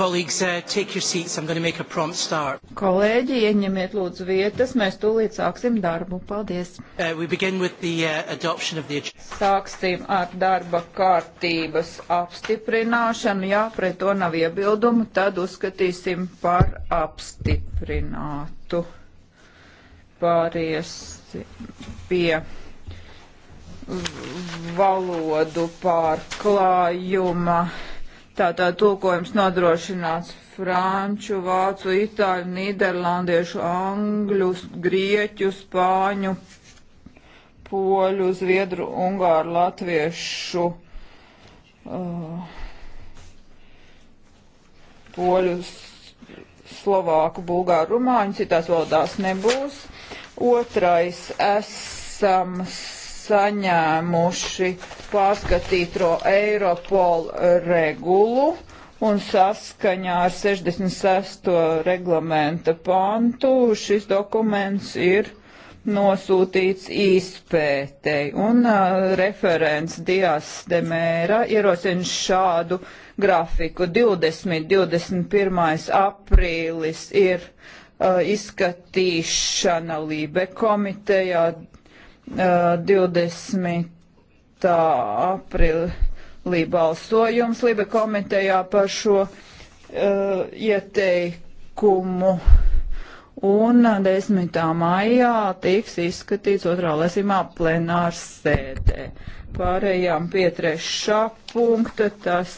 Colleagues, uh, take your seats. I'm going to make a prompt start. Kolēģi, ieņemiet lūdzu vietas, mēs tūlīt sāksim darbu. Paldies. Uh, we begin with the uh, adoption of the agenda. Sāksim ar darba kārtības apstiprināšanu. Ja pret to nav iebildumu, tad uzskatīsim par apstiprinātu. Pāriesim pie valodu pārklājuma Tātad tulkojums nodrošināts franču, vācu, itāļu, nīderlandiešu, angļu, grieķu, spāņu, poļu, zviedru, ungāru, latviešu, uh, poļu, slovāku, bulgāru, rumāņu, citās valodās nebūs. Otrais esams saņēmuši pārskatīto Eiropol regulu un saskaņā ar 66. reglamenta pantu šis dokuments ir nosūtīts izpētei. Un uh, referents Dijas Demēra ierosina šādu grafiku. 20. 21. aprīlis ir uh, izskatīšana Lībe komitejā. 20. aprīlī balsojums Libe komitejā par šo uh, ieteikumu. Un 10. maijā tiks izskatīts otrā lasīmā plenārs sēdē. Pārējām pie trešā punkta, tas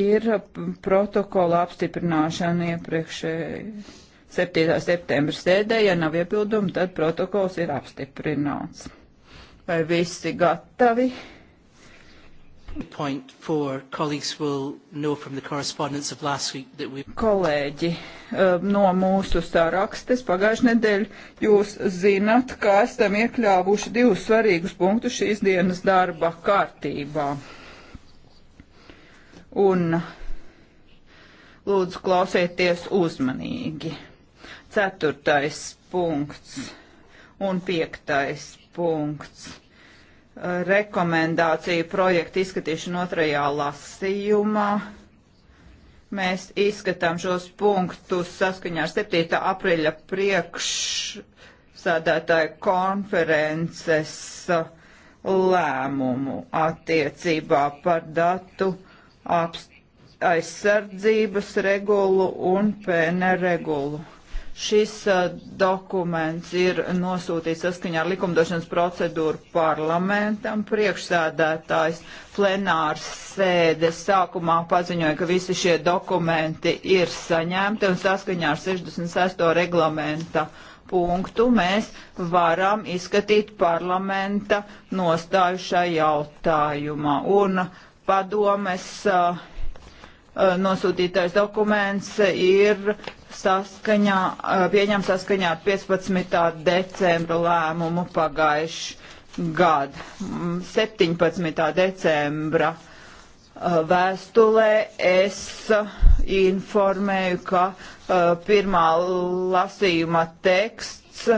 ir protokola apstiprināšana iepriekšēji 7. septembra sēdē, ja nav iebildumu, tad protokols ir apstiprināts. Vai visi gatavi? Point four, colleagues will know from the correspondence of last week that we... Kolēģi, eh, no mūsu sārakstes pagājušajā nedēļā jūs zinat, ka esam iekļāvuši divus svarīgus punktus šīs dienas darba kārtībā. Un lūdzu klausieties uzmanīgi. Ceturtais punkts un piektais punkts. Rekomendāciju projektu izskatīšanu otrajā lasījumā. Mēs izskatām šos punktus saskaņā ar 7. aprīļa priekšsādātāju konferences lēmumu attiecībā par datu apstākļiem aizsardzības regulu un PNR regulu. Šis dokuments ir nosūtīts saskaņā ar likumdošanas procedūru parlamentam. Priekšsēdētājs plenārs sēdes sākumā paziņoja, ka visi šie dokumenti ir saņemti un saskaņā ar 66. reglamenta punktu mēs varam izskatīt parlamenta nostāju šajā jautājumā. Un padomes uh, nosūtītais dokuments ir saskaņā, pieņem saskaņā ar 15. decembra lēmumu pagājuši gadu. 17. decembra vēstulē es informēju, ka pirmā lasījuma teksts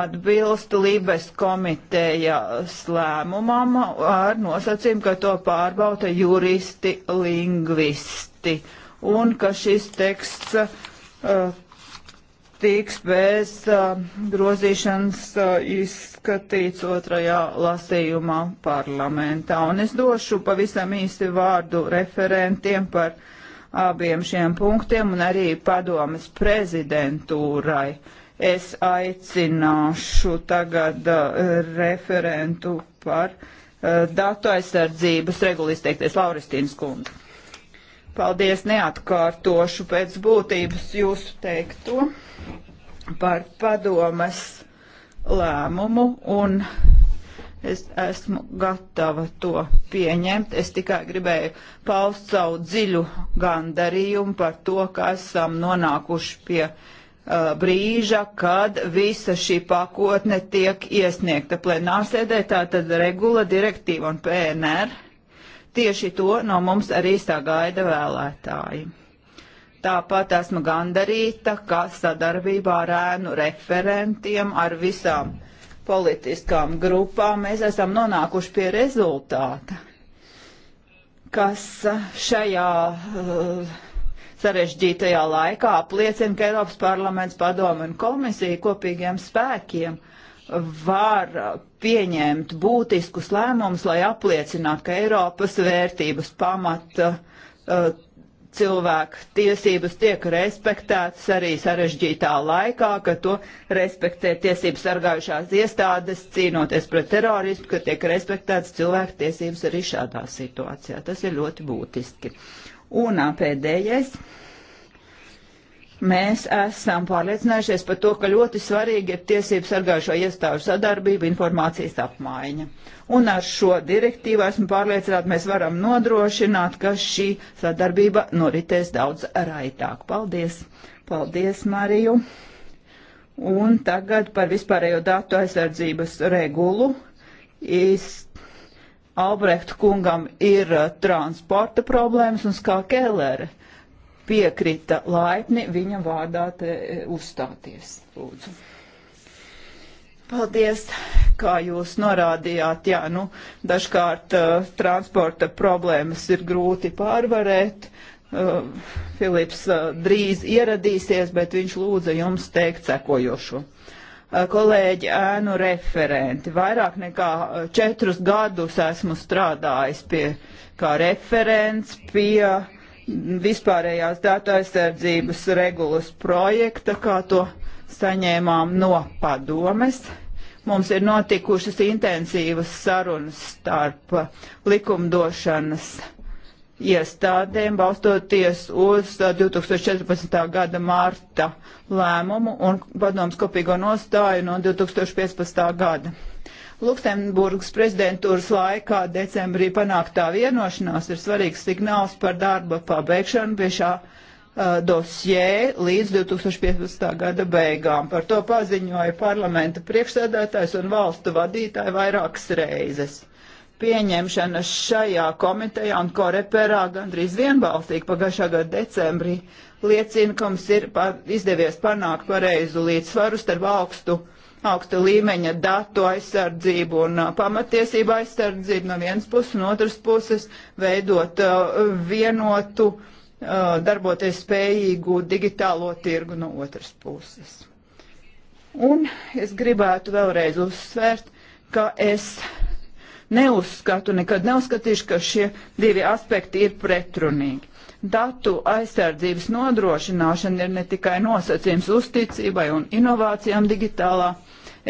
atbilst Lībes komitejas lēmumam ar nosacījumu, ka to pārbauda juristi, lingvisti, un ka šis teksts Uh, tiks bez uh, grozīšanas uh, izskatīts otrajā lasījumā parlamentā. Un es došu pavisam īsti vārdu referentiem par abiem šiem punktiem un arī padomas prezidentūrai. Es aicināšu tagad uh, referentu par uh, datu aizsardzības regulas teikties Lauristīnas kundze. Paldies, neatkārtošu pēc būtības jūsu teikto par padomas lēmumu un es esmu gatava to pieņemt. Es tikai gribēju paust savu dziļu gandarījumu par to, ka esam nonākuši pie uh, brīža, kad visa šī pakotne tiek iesniegta plenārsēdē, tā tad regula, direktīva un PNR Tieši to no mums arī sagaida vēlētāji. Tāpat esmu gandarīta, ka sadarbībā ar ēnu referentiem, ar visām politiskām grupām mēs esam nonākuši pie rezultāta, kas šajā uh, sarežģītajā laikā apliecina, ka Eiropas parlaments padomu un komisija kopīgiem spēkiem uh, var pieņemt būtiskus lēmumus, lai apliecinātu, ka Eiropas vērtības pamata uh, cilvēku tiesības tiek respektētas arī sarežģītā laikā, ka to respektē tiesības sargājušās iestādes, cīnoties pret terorismu, ka tiek respektētas cilvēku tiesības arī šādā situācijā. Tas ir ļoti būtiski. Un pēdējais mēs esam pārliecinājušies par to, ka ļoti svarīgi ir tiesību sargājušo iestāžu sadarbība, informācijas apmaiņa. Un ar šo direktīvu esmu pārliecināta, mēs varam nodrošināt, ka šī sadarbība noritēs daudz raitāk. Paldies! Paldies, Mariju! Un tagad par vispārējo datu aizsardzības regulu. Ist Albrecht kungam ir eh, transporta problēmas un skā Kellere piekrita laipni viņa vārdā te e, uzstāties. Lūdzu. Paldies, kā jūs norādījāt, jā, nu, dažkārt uh, transporta problēmas ir grūti pārvarēt. Uh, Filips uh, drīz ieradīsies, bet viņš lūdza jums teikt sekojošo. Uh, kolēģi ēnu referenti, vairāk nekā četrus gadus esmu strādājis pie, kā referents pie uh, vispārējās datu aizsardzības regulas projekta, kā to saņēmām no padomes. Mums ir notikušas intensīvas sarunas starp likumdošanas iestādēm, balstoties uz 2014. gada mārta lēmumu un padomus kopīgo nostāju no 2015. gada. Luksemburgas prezidentūras laikā decembrī panāktā vienošanās ir svarīgs signāls par darba pabeigšanu pie šā uh, dosjē līdz 2015. gada beigām. Par to paziņoja parlamenta priekšsēdētājs un valstu vadītāji vairākas reizes. Pieņemšana šajā komitejā un koreperā gandrīz vienbalstīgi pagājušā gada decembrī liecina, ka mums ir pa, izdevies panākt pareizu līdzsvaru starp augstu uh, augsta līmeņa datu aizsardzību un uh, pamatiesību aizsardzību no vienas puses, un otras puses veidot uh, vienotu, uh, darboties spējīgu digitālo tirgu no otras puses. Un es gribētu vēlreiz uzsvērt, ka es neuzskatu, nekad neuzskatīšu, ka šie divi aspekti ir pretrunīgi. Datu aizsardzības nodrošināšana ir ne tikai nosacījums uzticībai un inovācijām digitālā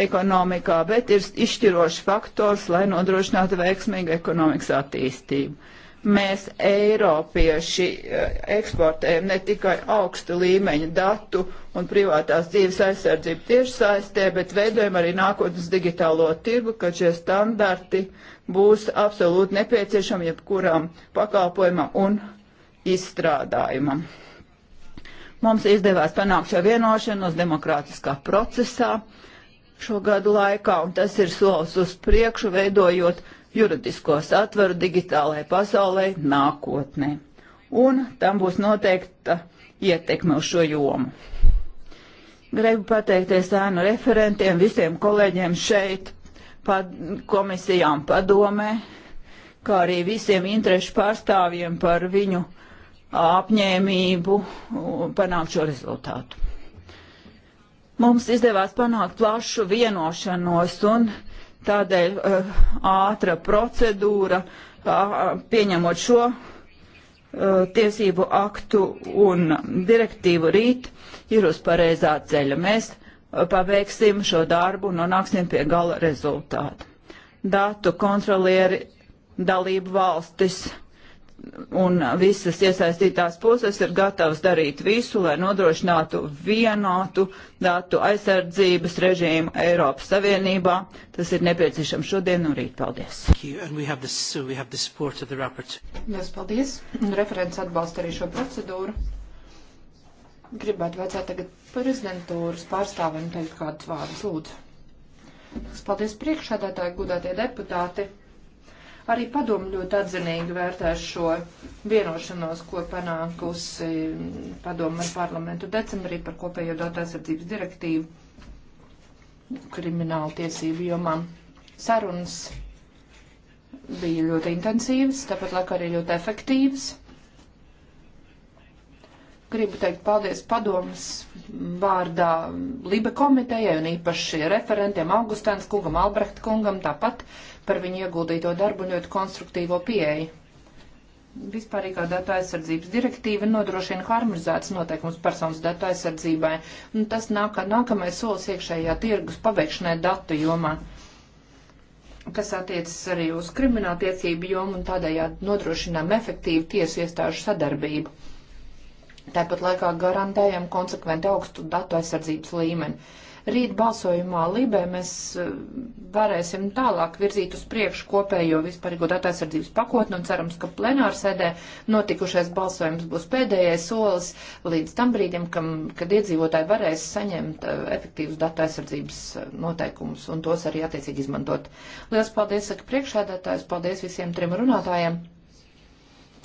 ekonomikā, bet ir izšķirošs faktors, lai nodrošinātu veiksmīgu ekonomikas attīstību. Mēs, Eiropieši, eh, eksportējam ne tikai augstu līmeņu datu un privātās dzīves aizsardzību tiešsaistē, bet veidojam arī nākotnes digitālo tirgu, kad šie standarti būs absolūti nepieciešami jebkuram pakalpojumam un izstrādājumam. Mums izdevās panākt šo vienošanos demokrātiskā procesā. Uh, šo gadu laikā, un tas ir solis uz priekšu, veidojot juridisko satvaru digitālajai pasaulē nākotnē. Un tam būs noteikta ietekme uz šo jomu. Gribu pateikties ēnu referentiem, visiem kolēģiem šeit, pad komisijām padomē, kā arī visiem interešu pārstāvjiem par viņu apņēmību panākt šo rezultātu. Mums izdevās panākt plašu vienošanos un tādēļ uh, ātra procedūra, uh, pieņemot šo uh, tiesību aktu un direktīvu rīt, ir uz pareizā ceļa. Mēs paveiksim šo darbu un nonāksim pie gala rezultātu. Datu kontrolieri dalību valstis un visas iesaistītās puses ir gatavas darīt visu, lai nodrošinātu vienātu datu aizsardzības režīmu Eiropas Savienībā. Tas ir nepieciešams šodien un rīt. Paldies! Jūs uh, paldies! Referents atbalsta arī šo procedūru. Gribētu vajadzētu tagad prezidentūras pārstāvim teikt kādus vārdus lūdzu. Paldies priekšādātāji, gudātie deputāti! Arī padomu ļoti atzinīgi vērtē šo vienošanos, ko panākusi padomu ar parlamentu decembrī par kopējo datāsardzības direktīvu kriminālu tiesību jomām. Sarunas bija ļoti intensīvas, tāpat laikā arī ļoti efektīvas. Gribu teikt paldies padomas vārdā Liba komitejai un īpaši referentiem Augustāns kungam, Albrecht kungam, tāpat par viņu ieguldīto darbu un ļoti konstruktīvo pieeju. Vispārīgā datu aizsardzības direktīva nodrošina harmonizētas noteikums personas datu aizsardzībai, un tas nāk kā nākamais solis iekšējā tirgus pabeigšanai datu jomā, kas attiecas arī uz krimināltiecību jomu un tādējādi nodrošinām efektīvu tiesu iestāžu sadarbību. Tāpat laikā garantējam konsekventi augstu datu aizsardzības līmeni. Rīt balsojumā Libē mēs e, varēsim tālāk virzīt uz priekšu kopējo vispārīgo datu aizsardzības pakotni un cerams, ka plenārsēdē notikušais balsojums būs pēdējais solis līdz tam brīdim, kam, kad iedzīvotāji varēs saņemt e, efektīvus datu aizsardzības e, noteikumus un tos arī attiecīgi izmantot. Lielas paldies, saka priekšēdētājs, paldies visiem trim runātājiem.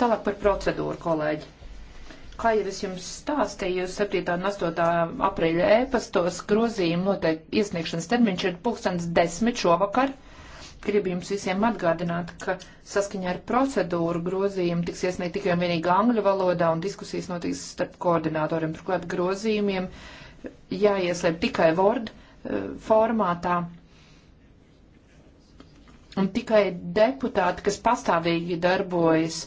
Tālāk par procedūru, kolēģi. Kā jau es jums stāstīju, 7. un 8. aprīļa ēpastos grozījuma noteikti iesniegšanas termiņš ir pulkstens 10 šovakar. Gribu jums visiem atgādināt, ka saskaņā ar procedūru grozījumu tiks iesniegt tikai un vienīgi angļu valodā un diskusijas notiks starp koordinatoriem. Turklāt grozījumiem jāieslēp tikai Word eh, formātā. Un tikai deputāti, kas pastāvīgi darbojas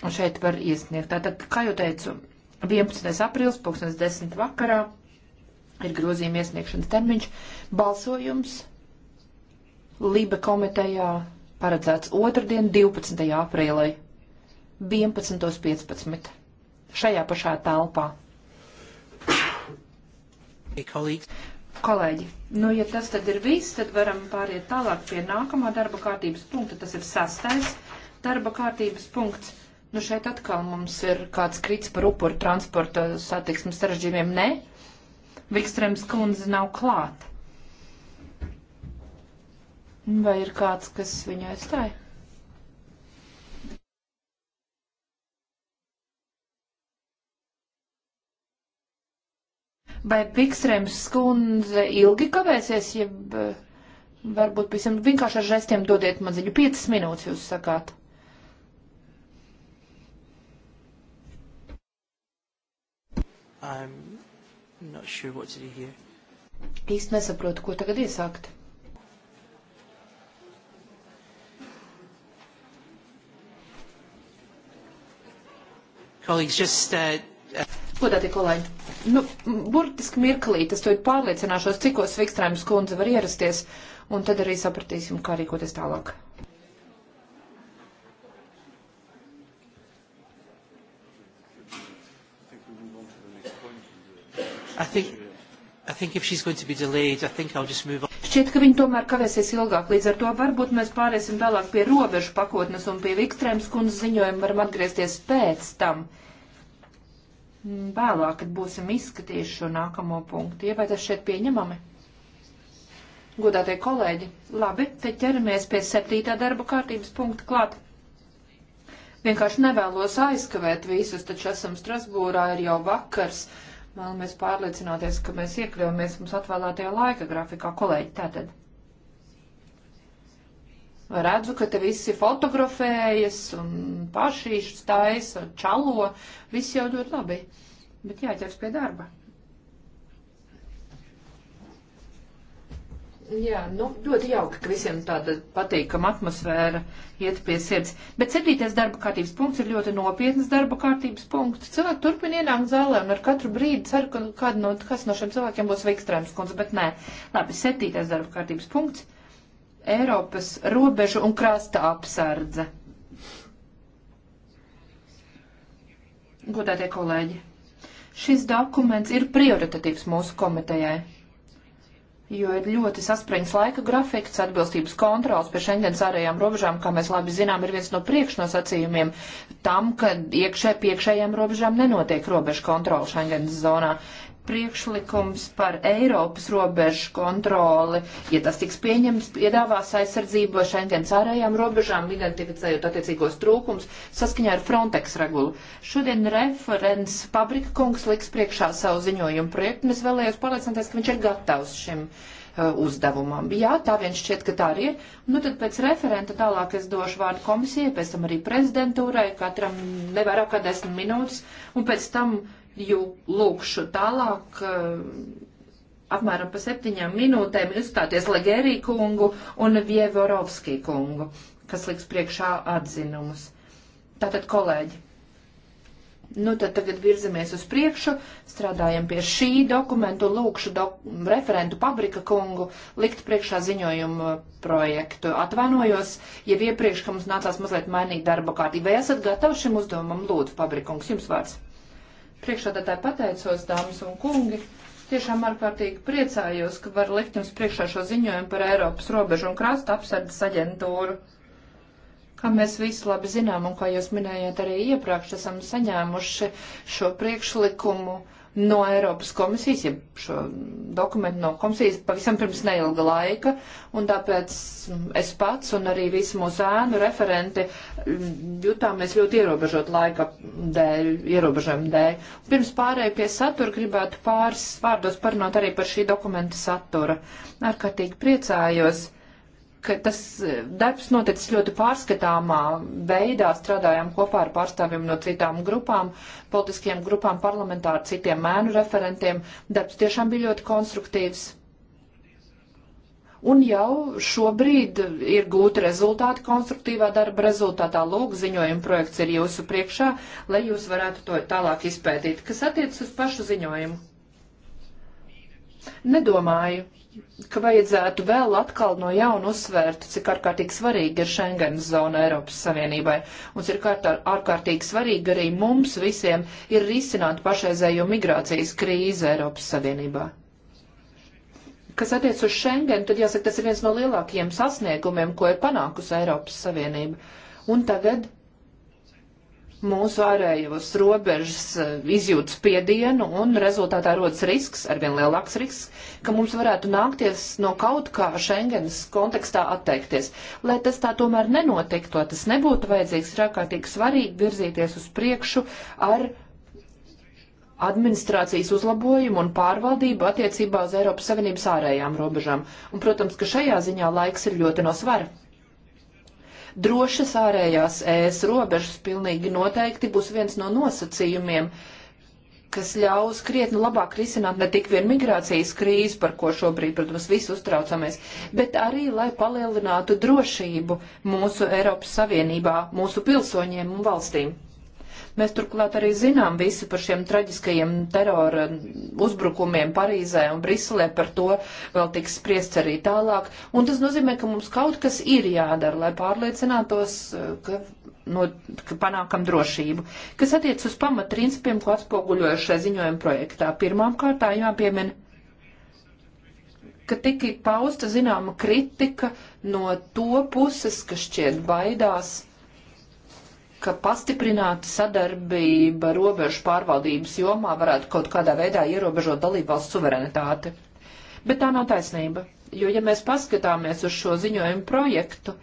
Un šeit var iesniegt. Tātad, kā jau teicu, 11. aprils, 2010. vakarā ir grozījuma iesniegšanas termiņš. Balsojums Liba komitejā paredzēts otrdien, 12. aprīlī, 11.15. šajā pašā telpā. Kolēģi, nu ja tas tad ir viss, tad varam pāriet tālāk pie nākamā darba kārtības punkta. Tas ir sastais darba kārtības punkts Nu šeit atkal mums ir kāds krits par upuru transporta satiksmes sarežģījumiem. Nē, Vikstrēms kundze nav klāt. Vai ir kāds, kas viņu aizstāja? Vai Pikstrēms skundze ilgi kavēsies, ja eh, varbūt visam vienkārši ar žestiem dodiet man ziņu? Piecas minūtes jūs sakāt. I'm not sure what to do here. Īsti nesaprotu, ko tagad iesākt. Colleagues, just uh, uh Godātie kolēģi, nu, burtiski mirklīt, es to ir pārliecināšos, cikos Vikstrēmas kundze var ierasties, un tad arī sapratīsim, kā rīkoties tālāk. I think, I think if she's going to be delayed, I think I'll just move on. Šķiet, ka viņi tomēr kavēsies ilgāk, līdz ar to varbūt mēs pāriesim tālāk pie robežu pakotnes un pie Vikstrēmas kundzes ziņojuma varam atgriezties pēc tam. Mm, vēlāk, kad būsim izskatījuši šo nākamo punktu, ja vai tas šeit pieņemami? Godātie kolēģi, labi, te ķeramies pie septītā darba kārtības punkta klāt. Vienkārši nevēlos aizkavēt visus, taču esam Strasbūrā, ir jau vakars. Uh, Vēlamies pārliecināties, ka mēs iekļaujamies mums atvēlētajā laika grafikā. Kolēģi, tātad. Redzu, ka te visi fotografējas un pašīšu stājas, čalo. Viss jau ļoti labi. Bet jāķers pie darba. Jā, nu, ļoti jauki, ka visiem tāda patīkama atmosfēra iet pie sirds. Bet septītais darba kārtības punkts ir ļoti nopietnas darba kārtības punkts. Cilvēki turpina ienākt zālē un ar katru brīdi ceru, ka kāda no, kas no šiem cilvēkiem būs veikstrēms kundze, bet nē. Labi, septītais darba kārtības punkts - Eiropas robežu un krasta apsardze. Godātie kolēģi, šis dokuments ir prioritatīvs mūsu komitejai jo ir ļoti saspringts laika grafiks, atbilstības kontrols pie Schengens ārējām robežām, kā mēs labi zinām, ir viens no priekšnosacījumiem tam, ka iekšē piekšējām robežām nenotiek robežu kontrola Schengens zonā priekšlikums par Eiropas robežu kontroli, ja tas tiks pieņemts, piedāvās aizsardzību Schengens ārējām robežām, identificējot attiecīgos trūkums saskaņā ar Frontex regulu. Šodien referents Pabrika kungs liks priekšā savu ziņojumu projektu, un es vēlējos pārliecināties, ka viņš ir gatavs šim uh, uzdevumam. Jā, tā vien šķiet, ka tā arī ir. Nu tad pēc referenta tālāk es došu vārdu komisijai, pēc tam arī prezidentūrai, katram nevairāk kā desmit minūtes, un pēc tam uh, lūkšu tālāk eh, apmēram pa septiņām minūtēm uzstāties Legērī kungu un Vievorovskī kungu, kas liks priekšā atzinumus. Tātad, kolēģi, nu tad tagad virzamies uz priekšu, strādājam pie šī dokumentu, lūkšu dok referentu Pabrika kungu likt priekšā ziņojumu projektu. Atvainojos, ja iepriekš, ka mums nācās mazliet mainīt darba kārtību. Vai esat gatavi šim uzdevumam? Lūdzu, Pabrikungs, jums vārds. Priekšādātāji pateicos, dāmas un kungi. Tiešām ārkārtīgi priecājos, ka var likt jums priekšā šo ziņojumu par Eiropas robežu un krasta apsardzes aģentūru. Kā mēs visi labi zinām, un kā jūs minējāt arī iepriekš, esam saņēmuši šo priekšlikumu uh, no Eiropas komisijas, ja šo dokumentu no komisijas pavisam pirms neilga laika, un tāpēc es pats un arī visi mūsu ēnu referenti mm, jutāmies ļoti ierobežot laika dēļ, ierobežojumu dēļ. Pirms pārēju pie satura gribētu pāris vārdos parunāt arī par šī dokumenta satura. Ārkārtīgi priecājos ka tas eh, darbs noticis ļoti pārskatāmā veidā. Strādājām kopā ar pārstāvjiem no citām grupām, politiskajām grupām parlamentā ar citiem mēnu referentiem. Darbs tiešām bija ļoti konstruktīvs. Un jau šobrīd ir gūti rezultāti konstruktīvā darba rezultātā. Lūk, ziņojuma projekts ir jūsu priekšā, lai jūs varētu to tālāk izpētīt. Kas attiec uz pašu ziņojumu? Nedomāju ka vajadzētu vēl atkal no jauna uzsvērt, cik ārkārtīgi svarīgi ir Schengens zona Eiropas Savienībai. Un cik ārkārtīgi svarīgi arī mums visiem ir risināt pašreizējo migrācijas krīzi Eiropas Savienībā. Kas attiec uz Schengen, tad jāsaka, tas ir viens no lielākajiem sasniegumiem, ko ir panākusi Eiropas Savienība. Un tagad mūsu ārējos robežas eh, izjūt spiedienu un rezultātā rodas risks, arvien lielāks risks, ka mums varētu nākties no kaut kā Schengens kontekstā atteikties. Lai tas tā tomēr nenotiktu, tas nebūtu vajadzīgs, ir ārkārtīgi svarīgi virzīties uz priekšu ar administrācijas uzlabojumu un pārvaldību attiecībā uz Eiropas Savienības ārējām robežām. Un, protams, ka šajā ziņā laiks ir ļoti no svara. Drošas ārējās ēs robežas pilnīgi noteikti būs viens no nosacījumiem, kas ļaus krietni labāk risināt ne tik vien migrācijas krīzi, par ko šobrīd, protams, visi uztraucamies, bet arī, lai palielinātu drošību mūsu Eiropas Savienībā, mūsu pilsoņiem un valstīm. Mēs turklāt arī zinām visi par šiem traģiskajiem terora uzbrukumiem Parīzē un Briselē, par to vēl tiks spriests arī tālāk. Un tas nozīmē, ka mums kaut kas ir jādara, lai pārliecinātos, eh, ka, no, ka panākam drošību. Kas attiec uz pamat principiem, ko atspoguļoju šai ziņojuma projektā. Pirmām kārtā jāpiemina ka tika pausta zināma kritika no to puses, kas šķiet baidās ka pastiprināta sadarbība robežu pārvaldības jomā varētu kaut kādā veidā ierobežot dalībvalsts suverenitāti. Bet tā nav taisnība, jo ja mēs paskatāmies uz šo ziņojumu projektu,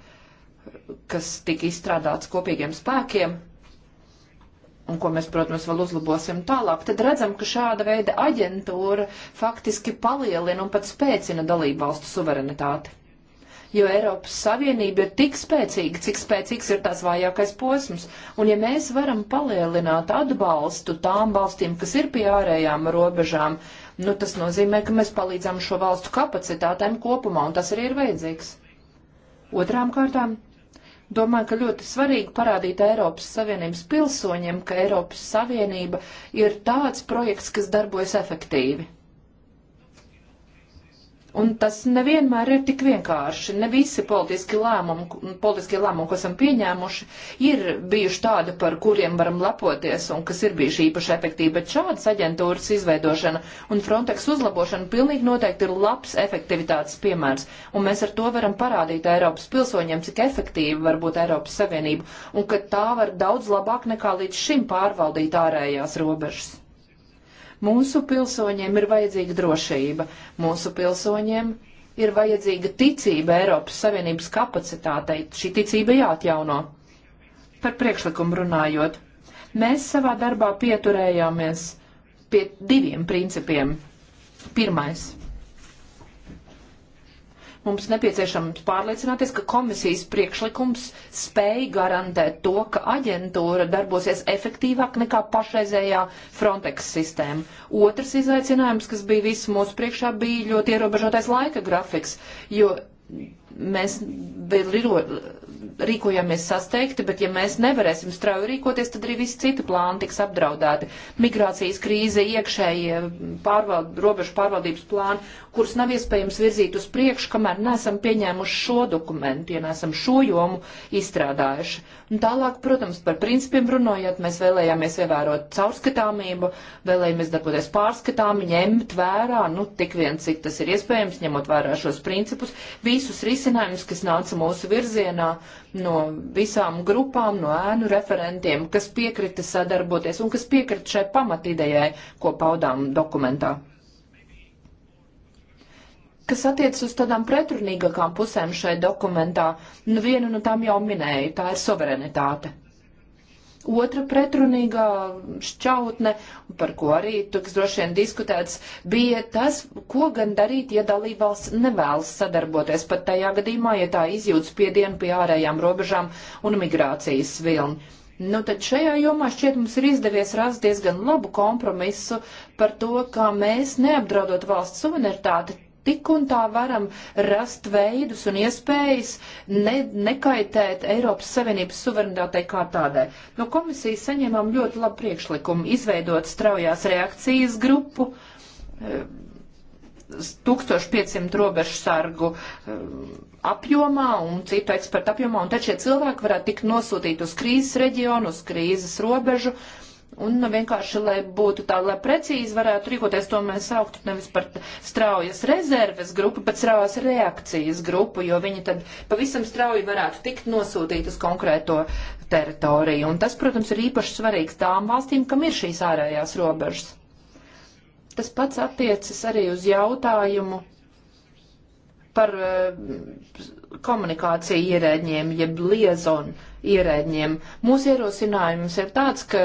kas tika izstrādāts kopīgiem spēkiem, un ko mēs, protams, vēl uzlabosim tālāk, tad redzam, ka šāda veida aģentūra faktiski palielina un pat spēcina dalībvalstu suverenitāti jo Eiropas Savienība ir tik spēcīga, cik spēcīgs ir tās vājākais posms. Un ja mēs varam palielināt atbalstu tām valstīm, kas ir pie ārējām robežām, nu, tas nozīmē, ka mēs palīdzam šo valstu kapacitātēm kopumā, un tas arī ir vajadzīgs. Otrām kārtām, domāju, ka ļoti svarīgi parādīt Eiropas Savienības pilsoņiem, ka Eiropas Savienība ir tāds projekts, kas darbojas efektīvi. Un tas nevienmēr ir tik vienkārši. Ne visi politiski lēmumi, politiskie lēmumi, ko esam pieņēmuši, ir bijuši tādi, par kuriem varam lepoties un kas ir bijuši īpaši efektīvi. Bet šādas aģentūras izveidošana un Frontex uzlabošana pilnīgi noteikti ir labs efektivitātes piemērs. Un mēs ar to varam parādīt Eiropas pilsoņiem, cik efektīvi var būt Eiropas Savienība un ka tā var daudz labāk nekā līdz šim pārvaldīt ārējās robežas. Mūsu pilsoņiem ir vajadzīga drošība, mūsu pilsoņiem ir vajadzīga ticība Eiropas Savienības kapacitātei. Šī ticība jāatjauno. Par priekšlikumu runājot, mēs savā darbā pieturējāmies pie diviem principiem. Pirmais Mums nepieciešams pārliecināties, ka komisijas priekšlikums spēj garantēt to, ka aģentūra darbosies efektīvāk nekā pašreizējā Frontex sistēma. Otrs izaicinājums, kas bija visu mūsu priekšā, bija ļoti ierobežotais laika grafiks, jo mēs rīkojāmies sasteigti, bet ja mēs nevarēsim strauji rīkoties, tad arī visi citi plāni tiks apdraudēti. Migrācijas krīze, iekšējie pārvald, robežu pārvaldības plāni, kurus nav iespējams virzīt uz priekšu, kamēr nesam pieņēmuši šo dokumentu, ja nesam šo jomu izstrādājuši. Un tālāk, protams, par principiem runājot, mēs vēlējāmies ievērot caurskatāmību, vēlējāmies darboties pārskatāmi, ņemt vērā, nu, tik vien, cik tas ir iespējams, ņemot vērā šos principus, visus risinājumus risinājums, kas nāca mūsu virzienā no visām grupām, no ēnu referentiem, kas piekrita sadarboties un kas piekrita šai pamatidejai, ko paudām dokumentā. Kas attiecas uz tādām pretrunīgākām pusēm šai dokumentā, nu vienu no tām jau minēju, tā ir suverenitāte. Otra pretrunīgā šķautne, par ko arī tiks droši vien diskutēts, bija tas, ko gan darīt, ja dalībvalsts nevēlas sadarboties, pat tajā gadījumā, ja tā izjūtas piedienu pie ārējām robežām un migrācijas vilni. Nu, tad šajā jomā šķiet mums ir izdevies rast diezgan labu kompromisu par to, kā mēs neapdraudot valsts suverenitāti tik un tā varam rast veidus un iespējas ne, nekaitēt Eiropas Savienības suverenitātei kā tādai. No komisijas saņēmām ļoti labu priekšlikumu izveidot straujās reakcijas grupu. 1500 eh, robežu sargu eh, apjomā un citu ekspertu apjomā, un tad šie cilvēki varētu tikt nosūtīti uz krīzes reģionu, uz krīzes robežu, uh, Un vienkārši, lai būtu tā, lai precīzi varētu rīkoties, to mēs sauktu nevis par straujas rezerves grupu, bet straujas reakcijas grupu, jo viņi tad pavisam strauji varētu tikt nosūtīti uz konkrēto teritoriju. Un tas, protams, ir īpaši svarīgs tām valstīm, kam ir šīs ārējās robežas. Tas pats attiecas arī uz jautājumu par eh, komunikāciju ierēģiem, jeb liezonu ierēģiem. Mūsu ierosinājums ir tāds, ka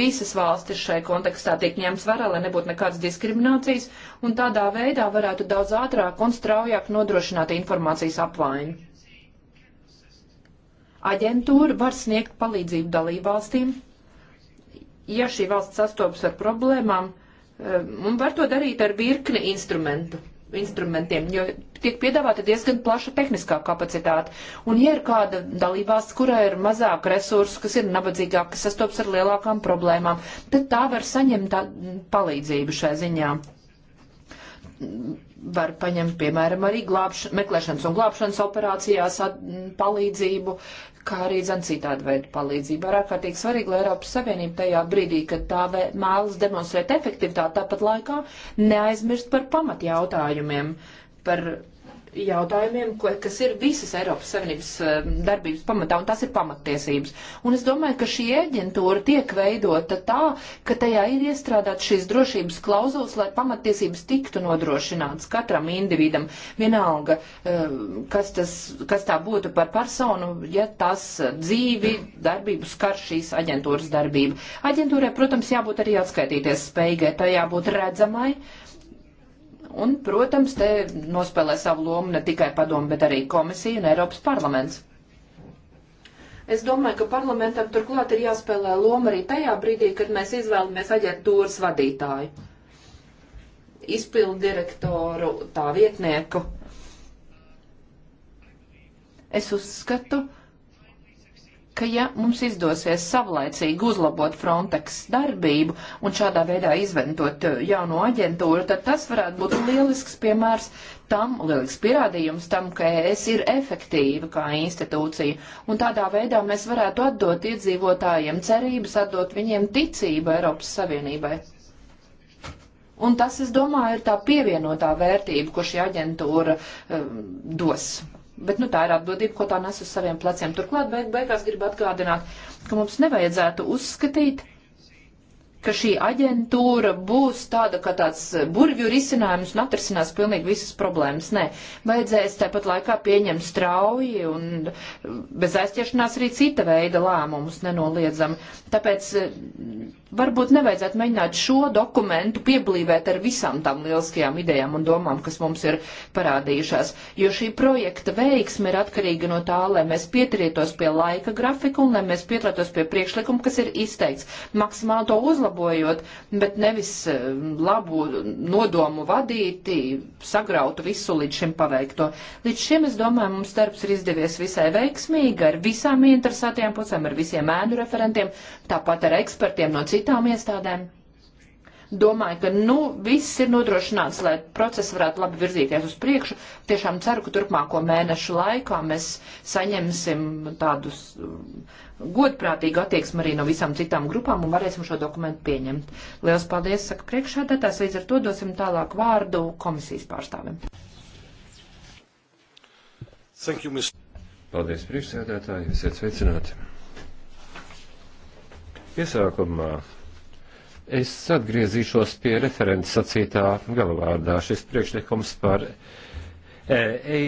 visas valstis šai kontekstā tiek ņemts vērā, lai nebūtu nekādas diskriminācijas, un tādā veidā varētu daudz ātrāk un straujāk nodrošināt informācijas apvainu. Aģentūra var sniegt palīdzību dalībvalstīm, ja šī valsts sastopas ar problēmām, eh, un var to darīt ar virkni instrumentu instrumentiem, jo tiek piedāvāta diezgan plaša tehniskā kapacitāte. Un, ja ir kāda dalībvalsts, kurā ir mazāk resursu, kas ir nabadzīgāk, kas sastops ar lielākām problēmām, tad tā var saņemt tā palīdzību šai ziņā var paņemt, piemēram, arī glābš, meklēšanas un glābšanas operācijās at, palīdzību, kā arī zan citādi veidu palīdzību. Ar ārkārtīgi svarīgi, lai Eiropas Savienība tajā brīdī, kad tā vē, mēlas demonstrēt efektivitāti, tāpat laikā neaizmirst par pamatjautājumiem, par jautājumiem, kas ir visas Eiropas Savienības eh, darbības pamatā, un tas ir pamatiesības. Un es domāju, ka šī aģentūra tiek veidota tā, ka tajā ir iestrādāt šīs drošības klauzulas, lai pamatiesības tiktu nodrošināts katram individam. Vienalga, eh, kas, tas, kas tā būtu par personu, ja tas dzīvi darbību skar šīs aģentūras darbība. Aģentūrai, protams, jābūt arī atskaitīties spējīgai, tā jābūt redzamai. Uh, Un, protams, te nospēlē savu lomu ne tikai padomu, bet arī komisija un Eiropas parlaments. Es domāju, ka parlamentam turklāt ir jāspēlē loma arī tajā brīdī, kad mēs izvēlamies aģentūras vadītāju, izpildu direktoru, tā vietnieku. Es uzskatu, ka ka ja mums izdosies savlaicīgi uzlabot Frontex darbību un šādā veidā izventot eh, jauno aģentūru, tad tas varētu būt lielisks piemērs tam, lielisks pierādījums tam, ka es ir efektīva kā institūcija. Un tādā veidā mēs varētu atdot iedzīvotājiem cerības, atdot viņiem ticību Eiropas Savienībai. Un tas, es domāju, ir tā pievienotā vērtība, ko šī aģentūra um, dos. Bet nu, tā ir atbildība, ko tā nes uz saviem pleciem. Turklāt beig beigās gribu atgādināt, ka mums nevajadzētu uzskatīt, ka šī aģentūra būs tāda, ka tāds burvju risinājums un atrisinās pilnīgi visas problēmas. Nē, vajadzēs tāpat laikā pieņemt strauji un bez aizķeršanās arī cita veida lēmumus nenoliedzami. Tāpēc varbūt nevajadzētu mēģināt šo dokumentu pieblīvēt ar visām tām lieliskajām idejām un domām, kas mums ir parādījušās, jo šī projekta veiksme ir atkarīga no tā, lai mēs pieturētos pie laika grafika un lai mēs pieturētos pie priekšlikuma, kas ir izteikts, maksimāli to uzlabojot, bet nevis eh, labu nodomu vadīti, sagrautu visu līdz šim paveikto. Līdz šim, es domāju, mums darbs ir izdevies visai veiksmīgi ar visām interesētajām pusēm, ar visiem ēnu referentiem, tāpat ar ekspertiem no citiem citām iestādēm. Domāju, ka nu, viss ir nodrošināts, lai process varētu labi virzīties uz priekšu. Tiešām ceru, ka turpmāko mēnešu laikā mēs saņemsim tādus um, godprātīgu attieksmi arī no visām citām grupām un varēsim šo dokumentu pieņemt. Lielas paldies, saka priekšādātās, līdz ar to dosim tālāk vārdu komisijas pārstāvim. Thank you, Mr. Paldies, priekšsēdētāji, esiet sveicināti. Iesākumā es atgriezīšos pie referents sacītā galvārdā šis priekšlikums par e, e,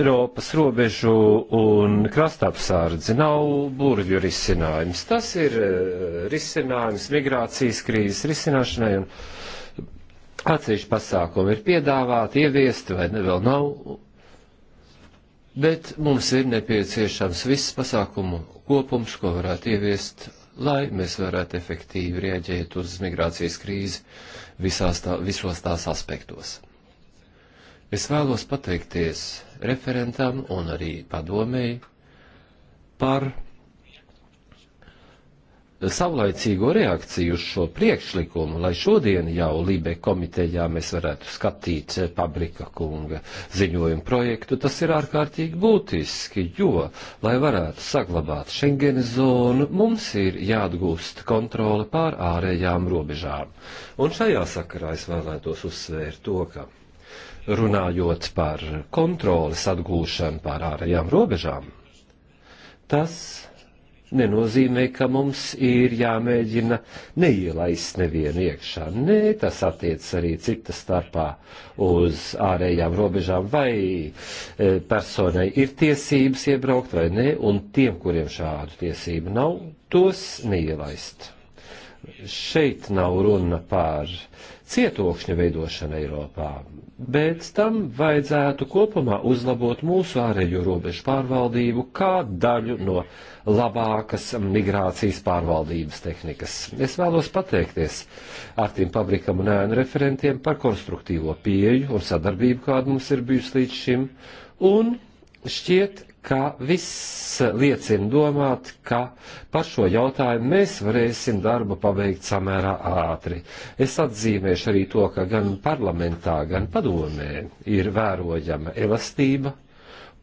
Eiropas robežu un krastapsārdzi nav burvju risinājums. Tas ir e, risinājums migrācijas krīzes risināšanai un atsevišķi pasākumi ir piedāvāti, ieviesti vai ne vēl nav. Bet mums ir nepieciešams viss pasākumu kopums, ko varētu ieviest, lai mēs varētu efektīvi rieģēt uz migrācijas krīzi visās tā, visos tās aspektos. Es vēlos pateikties referentam un arī padomēji par savlaicīgo reakciju uz šo priekšlikumu, lai šodien jau Lībe komitejā mēs varētu skatīt eh, Pabrika kunga ziņojumu projektu, tas ir ārkārtīgi būtiski, jo, lai varētu saglabāt Schengenes zonu, mums ir jāatgūst kontrole pār ārējām robežām. Un šajā sakarā es vēlētos uzsvērt to, ka runājot par kontroles atgūšanu pār ārējām robežām, tas nenozīmē, ka mums ir jāmēģina neielaist nevienu iekšā. Nē, tas attiec arī cita starpā uz ārējām robežām, vai e, personai ir tiesības iebraukt vai nē, un tiem, kuriem šādu tiesību nav, tos neielaist. Šeit nav runa par cietokšņu veidošanu Eiropā bet tam vajadzētu kopumā uzlabot mūsu ārējo robežu pārvaldību kā daļu no labākas migrācijas pārvaldības tehnikas. Es vēlos pateikties Artim Pabrikam un ēnu referentiem par konstruktīvo pieeju un sadarbību, kāda mums ir bijusi līdz šim, un šķiet, ka viss liecina domāt, ka par šo jautājumu mēs varēsim darbu pabeigt samērā ātri. Es atzīmēšu arī to, ka gan parlamentā, gan padomē ir vērojama elastība,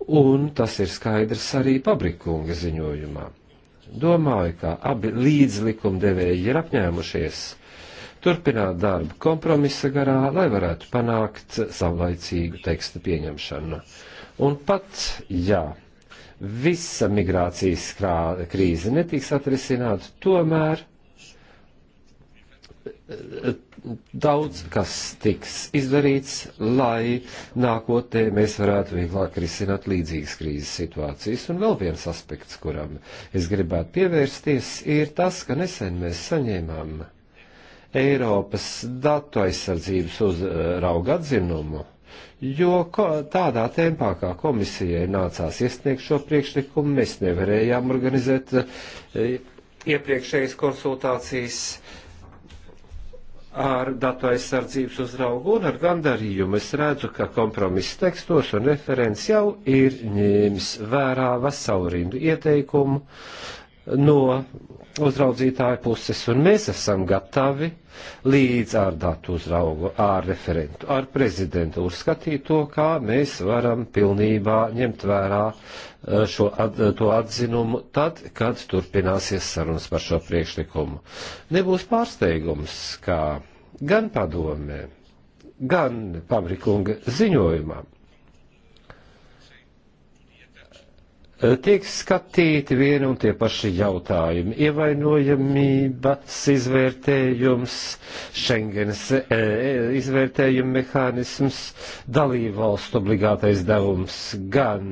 un tas ir skaidrs arī pabrikunga ziņojumā. Domāju, ka abi līdzlikumdevēji ir apņēmušies turpināt darbu kompromisa garā, lai varētu panākt savlaicīgu teksta pieņemšanu. Un pat, jā, visa migrācijas krā, krīze netiks atrisināta, tomēr eh, daudz kas tiks izdarīts, lai nākotnē mēs varētu vieglāk risināt līdzīgas krīzes situācijas. Un vēl viens aspekts, kuram es gribētu pievērsties, ir tas, ka nesen mēs saņēmām Eiropas datu aizsardzības uzrauga eh, atzinumu jo tādā tempā, kā komisijai nācās iesniegt šo priekšlikumu, mēs nevarējām organizēt eh, iepriekšējas konsultācijas ar datu aizsardzības uzraugu un ar gandarījumu. Es redzu, ka kompromiss tekstos un referents jau ir ņēmis vērā veselu rindu ieteikumu no uzraudzītāja puses, un mēs esam gatavi līdz ar datu uzraugu, ar referentu, ar prezidentu uzskatīt to, kā mēs varam pilnībā ņemt vērā eh, šo, at, to atzinumu tad, kad turpināsies sarunas par šo priekšlikumu. Nebūs pārsteigums, kā gan padomē, gan pabrikunga ziņojumā tiek skatīti vieni un tie paši jautājumi - ievainojamības izvērtējums, Schengenes e, e, izvērtējuma mehānisms, dalībvalstu obligātais devums gan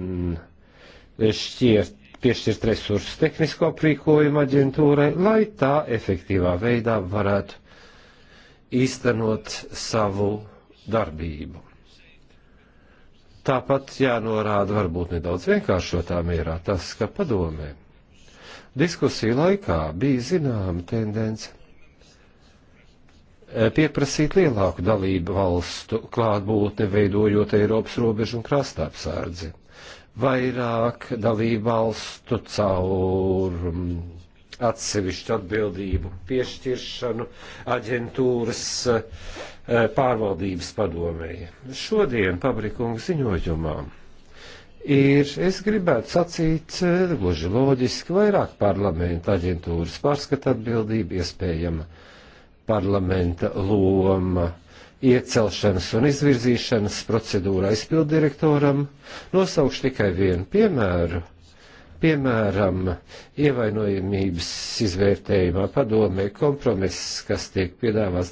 šķiet piešķirt resursus tehnisko aprīkojumu aģentūrai, lai tā efektīvā veidā varētu īstenot savu darbību. Tāpat jānorāda varbūt nedaudz vienkāršotā mērā tas, ka padomē. Diskusiju laikā bija zināma tendence eh, pieprasīt lielāku dalību valstu klātbūtni veidojot Eiropas robežu un krasta apsārdzi. Vairāk dalību valstu caur mm, atsevišķu atbildību piešķiršanu aģentūras eh, pārvaldības padomēji. Šodien pabrikunga ziņojumā ir, es gribētu sacīt, eh, gluži loģiski, vairāk parlamenta aģentūras pārskata atbildība iespējama parlamenta loma iecelšanas un izvirzīšanas procedūrā izpildirektoram, nosaukšu tikai vienu piemēru Piemēram, ievainojamības izvērtējumā padomē kompromiss, kas tiek piedāvāts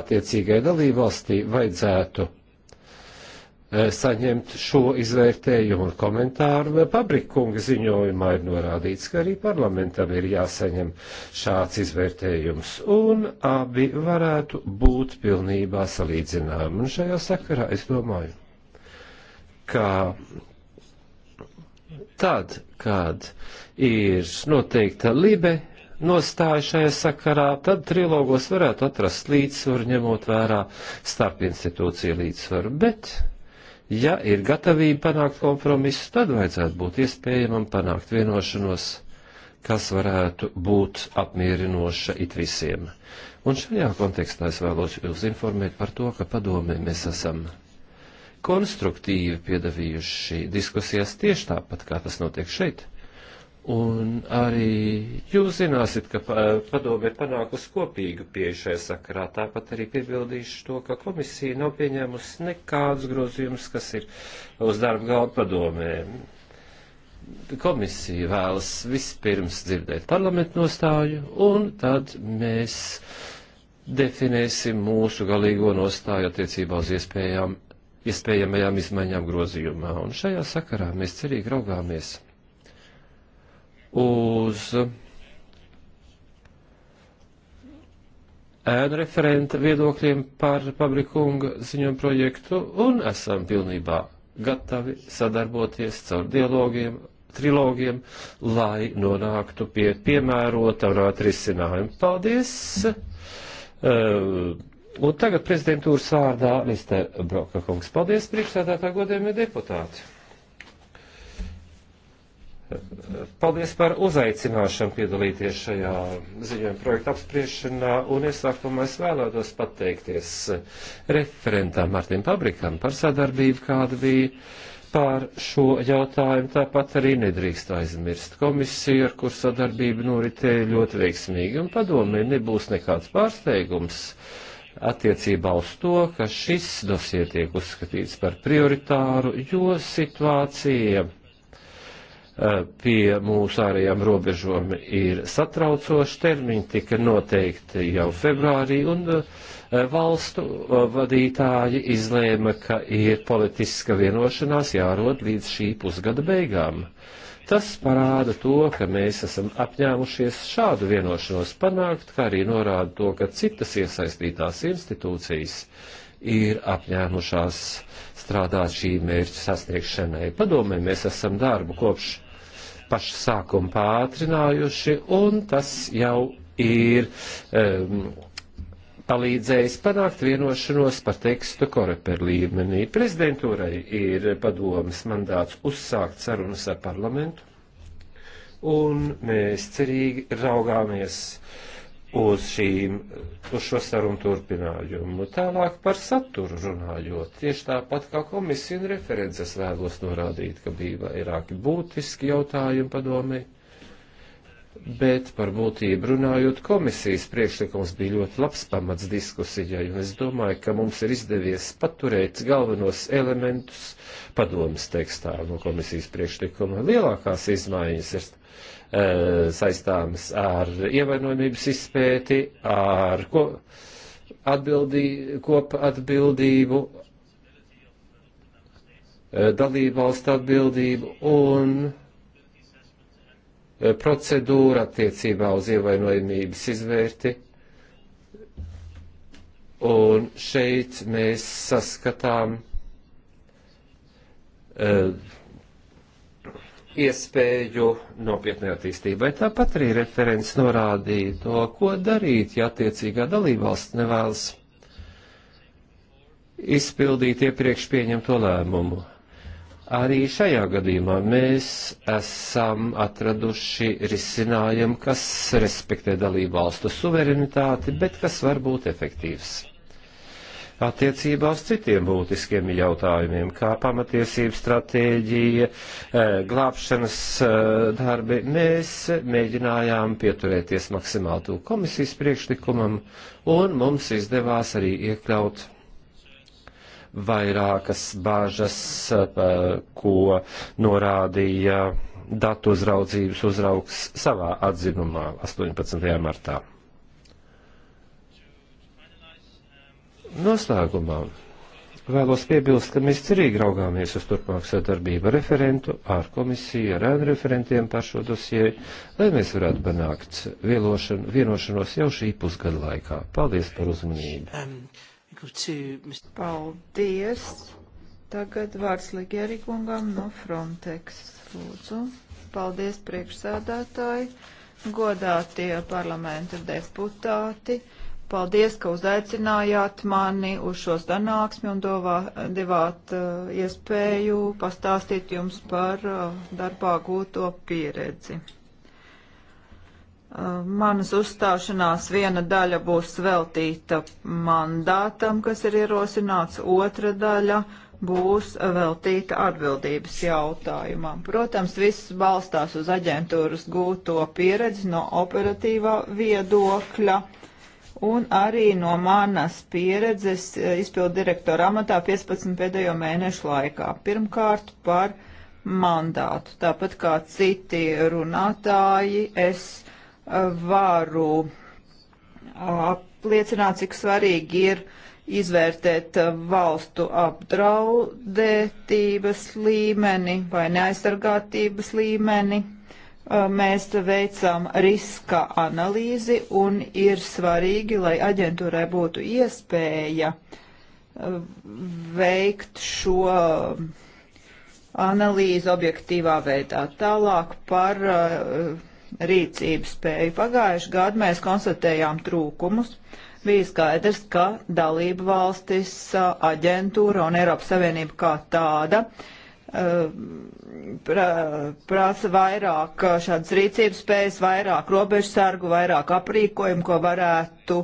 attiecīgai dalībvalstī, vajadzētu eh, saņemt šo izvērtējumu un komentāru. Pabrikunga ziņojumā ir norādīts, ka arī parlamentam ir jāsaņem šāds izvērtējums, un abi varētu būt pilnībā salīdzināmi. Un šajā sakarā es domāju, ka tad, kad ir noteikta libe nostāja šajā sakarā, tad trilogos varētu atrast līdzsvaru, ņemot vērā starp institūciju līdzsvaru. Bet, ja ir gatavība panākt kompromisu, tad vajadzētu būt iespējamam panākt vienošanos, kas varētu būt apmierinoša it visiem. Un šajā kontekstā es vēlos jūs informēt par to, ka padomē mēs esam konstruktīvi piedavījuši diskusijās tieši tāpat, kā tas notiek šeit. Un arī jūs zināsiet, ka padome ir panākusi kopīgu pieeju šajā sakarā. Tāpat arī piebildīšu to, ka komisija nav pieņēmusi nekādus grozījumus, kas ir uz darba galda padomē. Komisija vēlas vispirms dzirdēt parlamentu nostāju, un tad mēs definēsim mūsu galīgo nostāju attiecībā uz iespējām iespējamajām izmaiņām grozījumā. Un šajā sakarā mēs cerīgi raugāmies uz ēnu referenta viedokļiem par Pabrikunga ziņojumu projektu un esam pilnībā gatavi sadarboties caur dialogiem, trilogiem, lai nonāktu pie piemērota un atrisinājuma. Paldies! Uh, Un tagad prezidentūras vārdā Lister Broka kungs. Paldies, priekšsēdētā godējumie deputāti. Paldies par uzaicināšanu piedalīties šajā ziņojuma projekta apspriešanā, un iesākumā es vēlētos pateikties referentam Martin Pabrikam par sadarbību, kāda bija pār šo jautājumu. Tāpat arī nedrīkst aizmirst komisiju, ar kur sadarbība noritēja ļoti veiksmīgi, un padomē nebūs nekāds pārsteigums. Uh, attiecībā uz to, ka šis dosie tiek uzskatīts par prioritāru, jo situācija eh, pie mūsu ārējām robežām ir satraucoši. Termiņi tika noteikti jau februārī, un eh, valstu eh, vadītāji izlēma, ka ir politiska vienošanās jārod līdz šī pusgada beigām. Uh, Tas parāda to, ka mēs esam apņēmušies šādu vienošanos panākt, kā arī norāda to, ka citas iesaistītās institūcijas ir apņēmušās strādāt šī mērķa sasniegšanai. Padomē, mēs esam darbu kopš paša sākuma pātrinājuši, un tas jau ir um, palīdzējis panākt vienošanos par tekstu koreper līmenī. Prezidentūrai ir padomas mandāts uzsākt sarunas ar parlamentu, un mēs cerīgi raugāmies uz, šīm, uz šo sarunu turpinājumu. Tālāk par saturu runājot, tieši tāpat kā komisija un references vēlos norādīt, ka bija vairāki būtiski jautājumi padomē bet par būtību runājot, komisijas priekšlikums bija ļoti labs pamats diskusijai, un es domāju, ka mums ir izdevies paturēt galvenos elementus padomas tekstā no komisijas priekšlikuma. Lielākās izmaiņas ir e, saistāmas ar ievainojumības izpēti, ar ko, atbildī, kopa atbildību, e, dalību valstu atbildību un Eh, procedūra attiecībā uz ievainojamības izvērti. Un šeit mēs saskatām uh, iespēju nopietnē attīstībai. Tāpat arī referents norādīja to, ko darīt, ja attiecīgā dalībvalsts nevēlas izpildīt iepriekš pieņemto lēmumu. Arī šajā gadījumā mēs esam atraduši risinājumu, kas respektē dalību valstu suverenitāti, bet kas var būt efektīvs. Attiecībā uz citiem būtiskiem jautājumiem, kā pamatiesība stratēģija, eh, glābšanas eh, darbi, mēs mēģinājām pieturēties maksimāli tūl komisijas priekšlikumam, un mums izdevās arī iekļaut vairākas bāžas, eh, ko norādīja datu uzraudzības uzraugs savā atzinumā 18. martā. Noslēgumā vēlos piebilst, ka mēs cerīgi raugāmies uz turpmāk sadarbību referentu ar komisiju, ar ēnu referentiem par šo dosieju, lai mēs varētu panākt vienošanos jau šī pusgada laikā. Paldies par uzmanību! Um. Paldies! Tagad vārds Ligierikungam no Frontex. Lūdzu. Paldies priekšsēdētāji, godātie parlamenta deputāti. Paldies, ka uzaicinājāt mani uz šo sanāksmi un dovā, devāt uh, iespēju pastāstīt jums par uh, darbā gūto pieredzi. Manas uzstāšanās viena daļa būs veltīta mandātam, kas ir ierosināts, otra daļa būs veltīta atbildības jautājumam. Protams, viss balstās uz aģentūras gūto pieredzi no operatīvā viedokļa un arī no manas pieredzes izpildu direktora amatā 15 pēdējo mēnešu laikā. Pirmkārt par mandātu. Tāpat kā citi runātāji, es varu apliecināt, cik svarīgi ir izvērtēt valstu apdraudētības līmeni vai neaizsargātības līmeni. Mēs veicam riska analīzi un ir svarīgi, lai aģentūrai būtu iespēja veikt šo analīzi objektīvā veidā. Tālāk par uh, rīcības spēju. Pagājuši gadu mēs konstatējām trūkumus. Bija skaidrs, ka dalība valstis, aģentūra un Eiropas Savienība kā tāda pra, prasa vairāk šādas rīcības spējas, vairāk robežsargu, vairāk aprīkojumu, ko varētu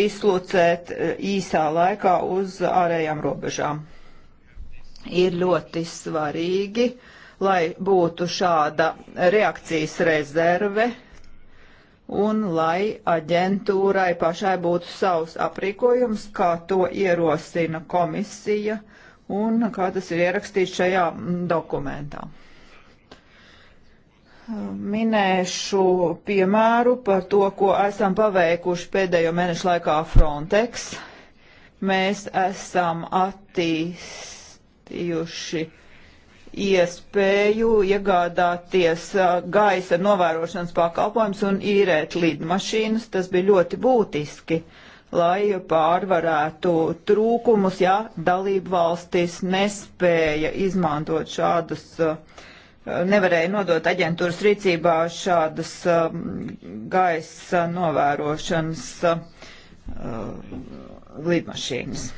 dislocēt īsā laikā uz ārējām robežām. Ir ļoti svarīgi uh, lai būtu šāda reakcijas rezerve un lai aģentūrai pašai būtu savs aprīkojums, kā to ierosina komisija un kā tas ir ierakstīts šajā dokumentā. Minēšu piemēru par to, ko esam paveikuši pēdējo mēnešu laikā Frontex. Mēs esam attīstījuši iespēju iegādāties gaisa novērošanas pakalpojums un īrēt lidmašīnas. Tas bija ļoti būtiski, lai pārvarētu trūkumus, ja dalību valstis nespēja izmantot šādus uh, nevarēja nodot aģentūras rīcībā šādas um, gaisa novērošanas um, lidmašīnas.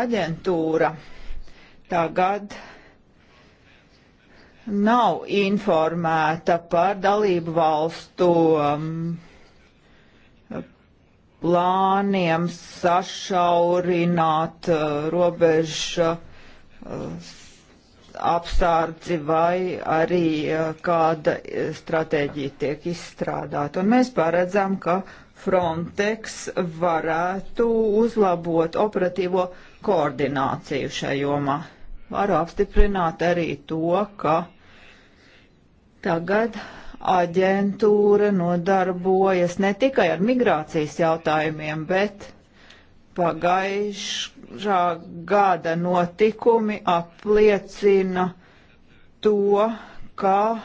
Aģentūra tagad nav informēta par dalību valstu um, plāniem sašaurināt uh, robežu uh, apstārdzi vai arī uh, kāda uh, stratēģija tiek izstrādāta. Un mēs paredzam, ka Frontex varētu uzlabot operatīvo koordināciju šajā jomā. Varu apstiprināt arī to, ka Tagad aģentūra nodarbojas ne tikai ar migrācijas jautājumiem, bet pagājušā gada notikumi apliecina to, ka uh,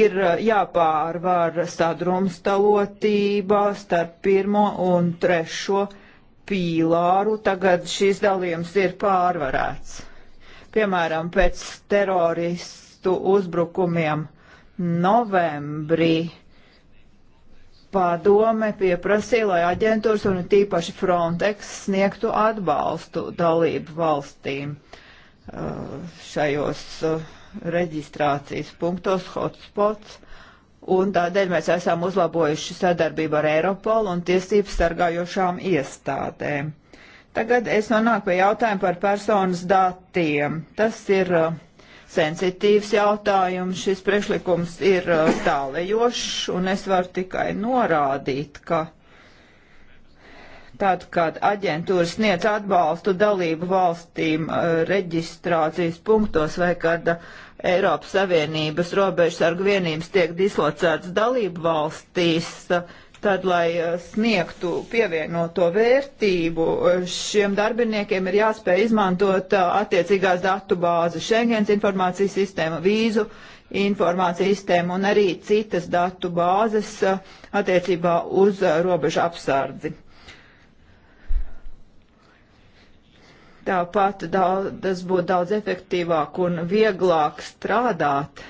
ir uh, jāpārvar sadrumstalotība starp pirmo un trešo pīlāru. Tagad šis dalījums ir pārvarēts. Piemēram, pēc terorismu teroristu uzbrukumiem novembrī padome pieprasīja, lai aģentūras un tīpaši Frontex sniegtu atbalstu dalību valstīm uh, šajos uh, reģistrācijas punktos, hotspots, un tādēļ mēs esam uzlabojuši sadarbību ar Eiropolu un tiesības sargājošām iestādēm. Tagad es nonāku pie jautājuma par personas datiem. Tas ir uh, sensitīvs jautājums. Šis priekšlikums ir uh, tālējošs, un es varu tikai norādīt, ka tad, kad aģentūra sniedz atbalstu dalību valstīm uh, reģistrācijas punktos vai kad uh, Eiropas Savienības robežsargu vienības tiek dislocētas dalību valstīs, Tad, lai e, sniegtu pievienoto vērtību, e, šiem darbiniekiem ir jāspēj izmantot e, attiecīgās datu bāzes, Schengens informācijas sistēma, vīzu informācijas sistēma un arī citas datu bāzes attiecībā uz robežu apsardzi. Tāpat daudz, tas būtu daudz efektīvāk un vieglāk strādāt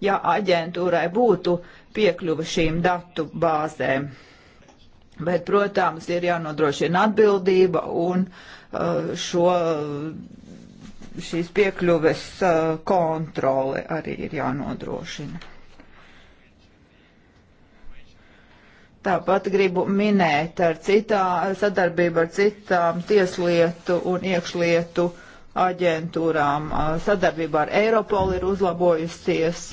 ja aģentūrai būtu piekļuva šīm datu bāzēm. Bet, protams, ir jānodrošina atbildība un uh, šo, šīs piekļuves uh, kontrole arī ir jānodrošina. Tāpat gribu minēt ar citā, sadarbību ar citām tieslietu un iekšlietu aģentūrām. Uh, sadarbība ar Eiropolu ir uzlabojusies.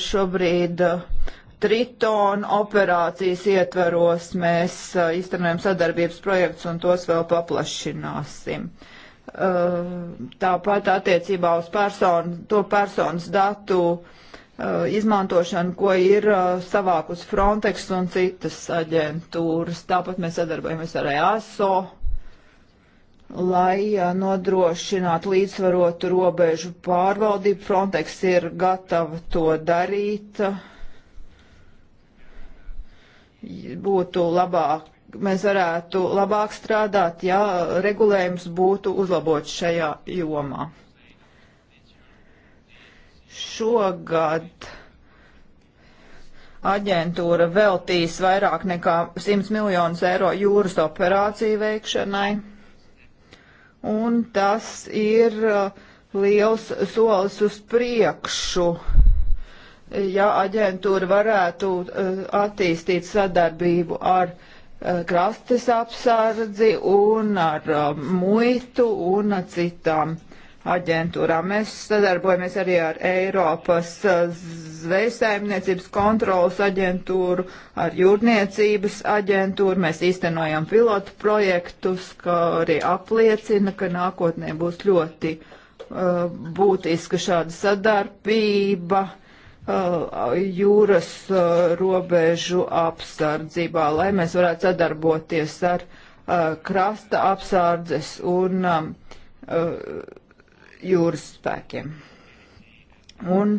šobrīd Tritona operācijas ietvaros mēs iztenojam sadarbības projekts un tos vēl paplašināsim. Tāpat attiecībā uz personu, to personas datu izmantošanu, ko ir savākus Frontex un citas aģentūras. Tāpat mēs sadarbojamies ar EASO lai nodrošinātu līdzsvarotu robežu pārvaldību. Frontex ir gatava to darīt. Būtu labāk, mēs varētu labāk strādāt, ja regulējums būtu uzlabots šajā jomā. Šogad aģentūra veltīs vairāk nekā 100 miljonus eiro jūras operāciju veikšanai un tas ir uh, liels solis uz priekšu. Ja aģentūra varētu uh, attīstīt sadarbību ar uh, krastes apsardzi un ar muitu un citām aģentūrām. Mēs sadarbojamies arī ar Eiropas eh, zvejsaimniecības kontrolas aģentūru, ar jūrniecības aģentūru. Mēs īstenojam pilotu projektus, kā arī apliecina, ka nākotnē būs ļoti uh, būtiska šāda sadarbība eh, jūras robežu apsardzībā, lai mēs varētu sadarboties ar krasta apsardzes un jūras spēkiem. Un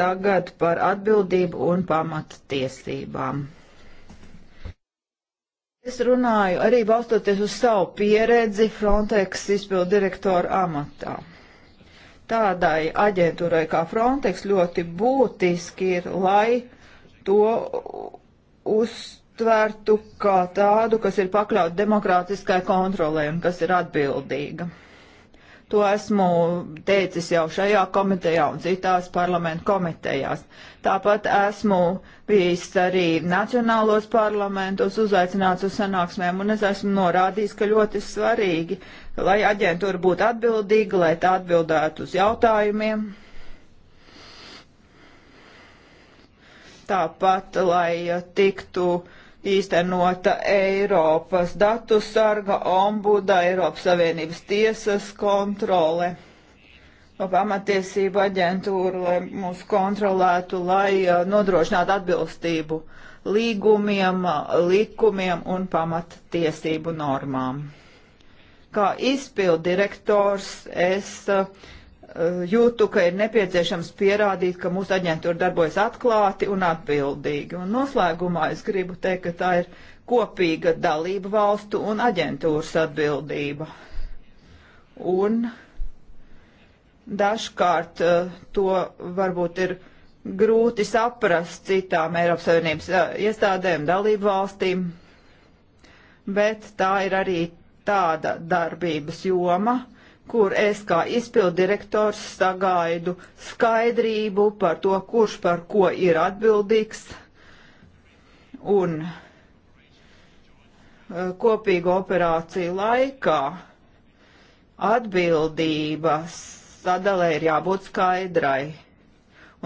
tagad par atbildību un pamattiesībām. Es runāju arī balstoties uz savu pieredzi Frontex izpildu direktoru amatā. Tādai aģentūrai kā Frontex ļoti būtiski ir, lai to uztvertu kā tādu, kas ir pakļaut demokrātiskai kontrolē un kas ir atbildīga. To esmu teicis jau šajā komitejā un citās parlamentu komitejās. Tāpat esmu bijis arī nacionālos parlamentos uzaicināts uz sanāksmēm un es esmu norādījis, ka ļoti svarīgi, lai aģentūra būtu atbildīga, lai tā atbildētu uz jautājumiem, tāpat, lai tiktu īstenota Eiropas datu sarga, ombuda, Eiropas Savienības tiesas kontrole, no pamatiesību aģentūra, lai mūs kontrolētu, lai uh, nodrošinātu atbilstību līgumiem, uh, likumiem un pamatiesību normām. Kā izpildirektors es uh, Eh, jūtu, ka ir nepieciešams pierādīt, ka mūsu aģentūra darbojas atklāti un atbildīgi. Un noslēgumā es gribu teikt, ka tā ir kopīga dalība valstu un aģentūras atbildība. Un dažkārt eh, to varbūt ir grūti saprast citām Eiropas Savienības eh, iestādēm, dalību valstīm, bet tā ir arī tāda darbības joma kur es kā izpildirektors sagaidu skaidrību par to, kurš par ko ir atbildīgs un e, kopīgu operāciju laikā atbildības sadalē ir jābūt skaidrai.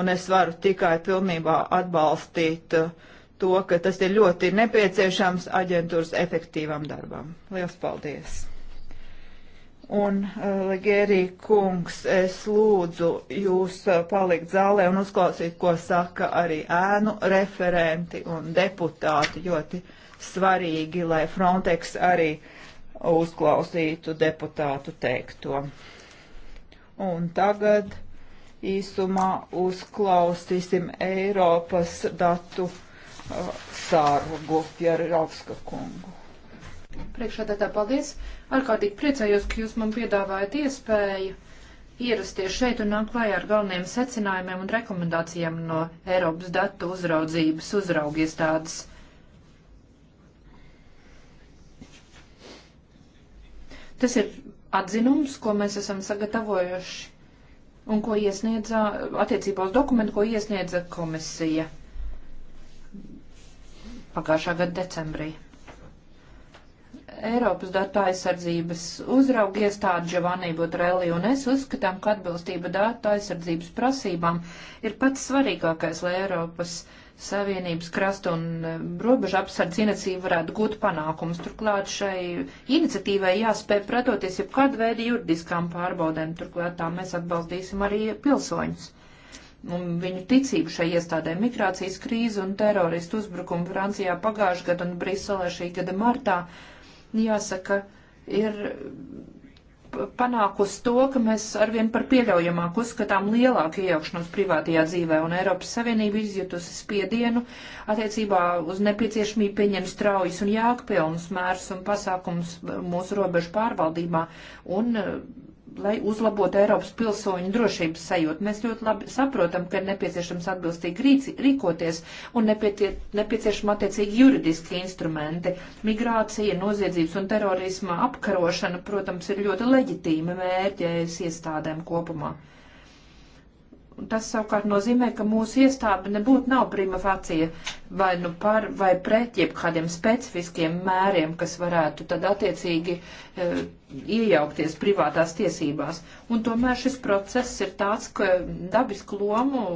Un es varu tikai pilnībā atbalstīt e, to, ka tas ir ļoti nepieciešams aģentūras efektīvam darbam. Lielas paldies! Un, eh, Ligērī kungs, es lūdzu jūs eh, palikt zālē un uzklausīt, ko saka arī ēnu referenti un deputāti. Ļoti svarīgi, lai Frontex arī uzklausītu deputātu teikto. Un tagad īsumā uzklausīsim Eiropas datu uh, eh, sārgu Pierre Ravska kungu. Priekšādā tā paldies. Uh, Ārkārtīgi priecājos, ka jūs man piedāvājat iespēju ierasties šeit un nāk klājā ar galvenajiem secinājumiem un rekomendācijām no Eiropas datu uzraudzības uzraugiestādes. Tas ir atzinums, ko mēs esam sagatavojuši un ko iesniedza attiecībā uz dokumentu, ko iesniedza komisija pagājušā gada decembrī. Eiropas datu aizsardzības uzrauga iestāde Giovanni Butrelli un es uzskatām, ka atbilstība datu aizsardzības prasībām ir pats svarīgākais, lai Eiropas Savienības krasta un e, robeža apsardz iniciatīva varētu gūt panākumus. Turklāt šai iniciatīvai jāspēj pretoties jau kādu veidu juridiskām pārbaudēm, turklāt tā mēs atbalstīsim arī pilsoņus. Un viņu ticību šai iestādē migrācijas krīze un teroristu uzbrukumi Francijā pagājušajā gadā un Briselē šī gada martā jāsaka, ir panākusi to, ka mēs arvien par pieļaujamāk uzskatām lielāku iejaukšanos privātajā dzīvē, un Eiropas Savienība izjutusi spiedienu attiecībā uz nepieciešamību pieņemt straujas un jākpilnus mērs un pasākums mūsu robežu pārvaldībā, un lai uzlabotu Eiropas pilsoņu drošības sajūtu. Mēs ļoti labi saprotam, ka ir nepieciešams atbilstīgi rīci, rīkoties un nepiecie, nepieciešama attiecīgi juridiski instrumenti. Migrācija, noziedzības un terorisma apkarošana, protams, ir ļoti leģitīma mērķējas iestādēm kopumā. Tas savukārt nozīmē, ka mūsu iestāde nebūtu nav prima facie vai nu par vai pret jebkādiem specifiskiem mēriem, kas varētu tad attiecīgi e, iejaukties privātās tiesībās. Un tomēr šis process ir tāds, ka dabisku lomu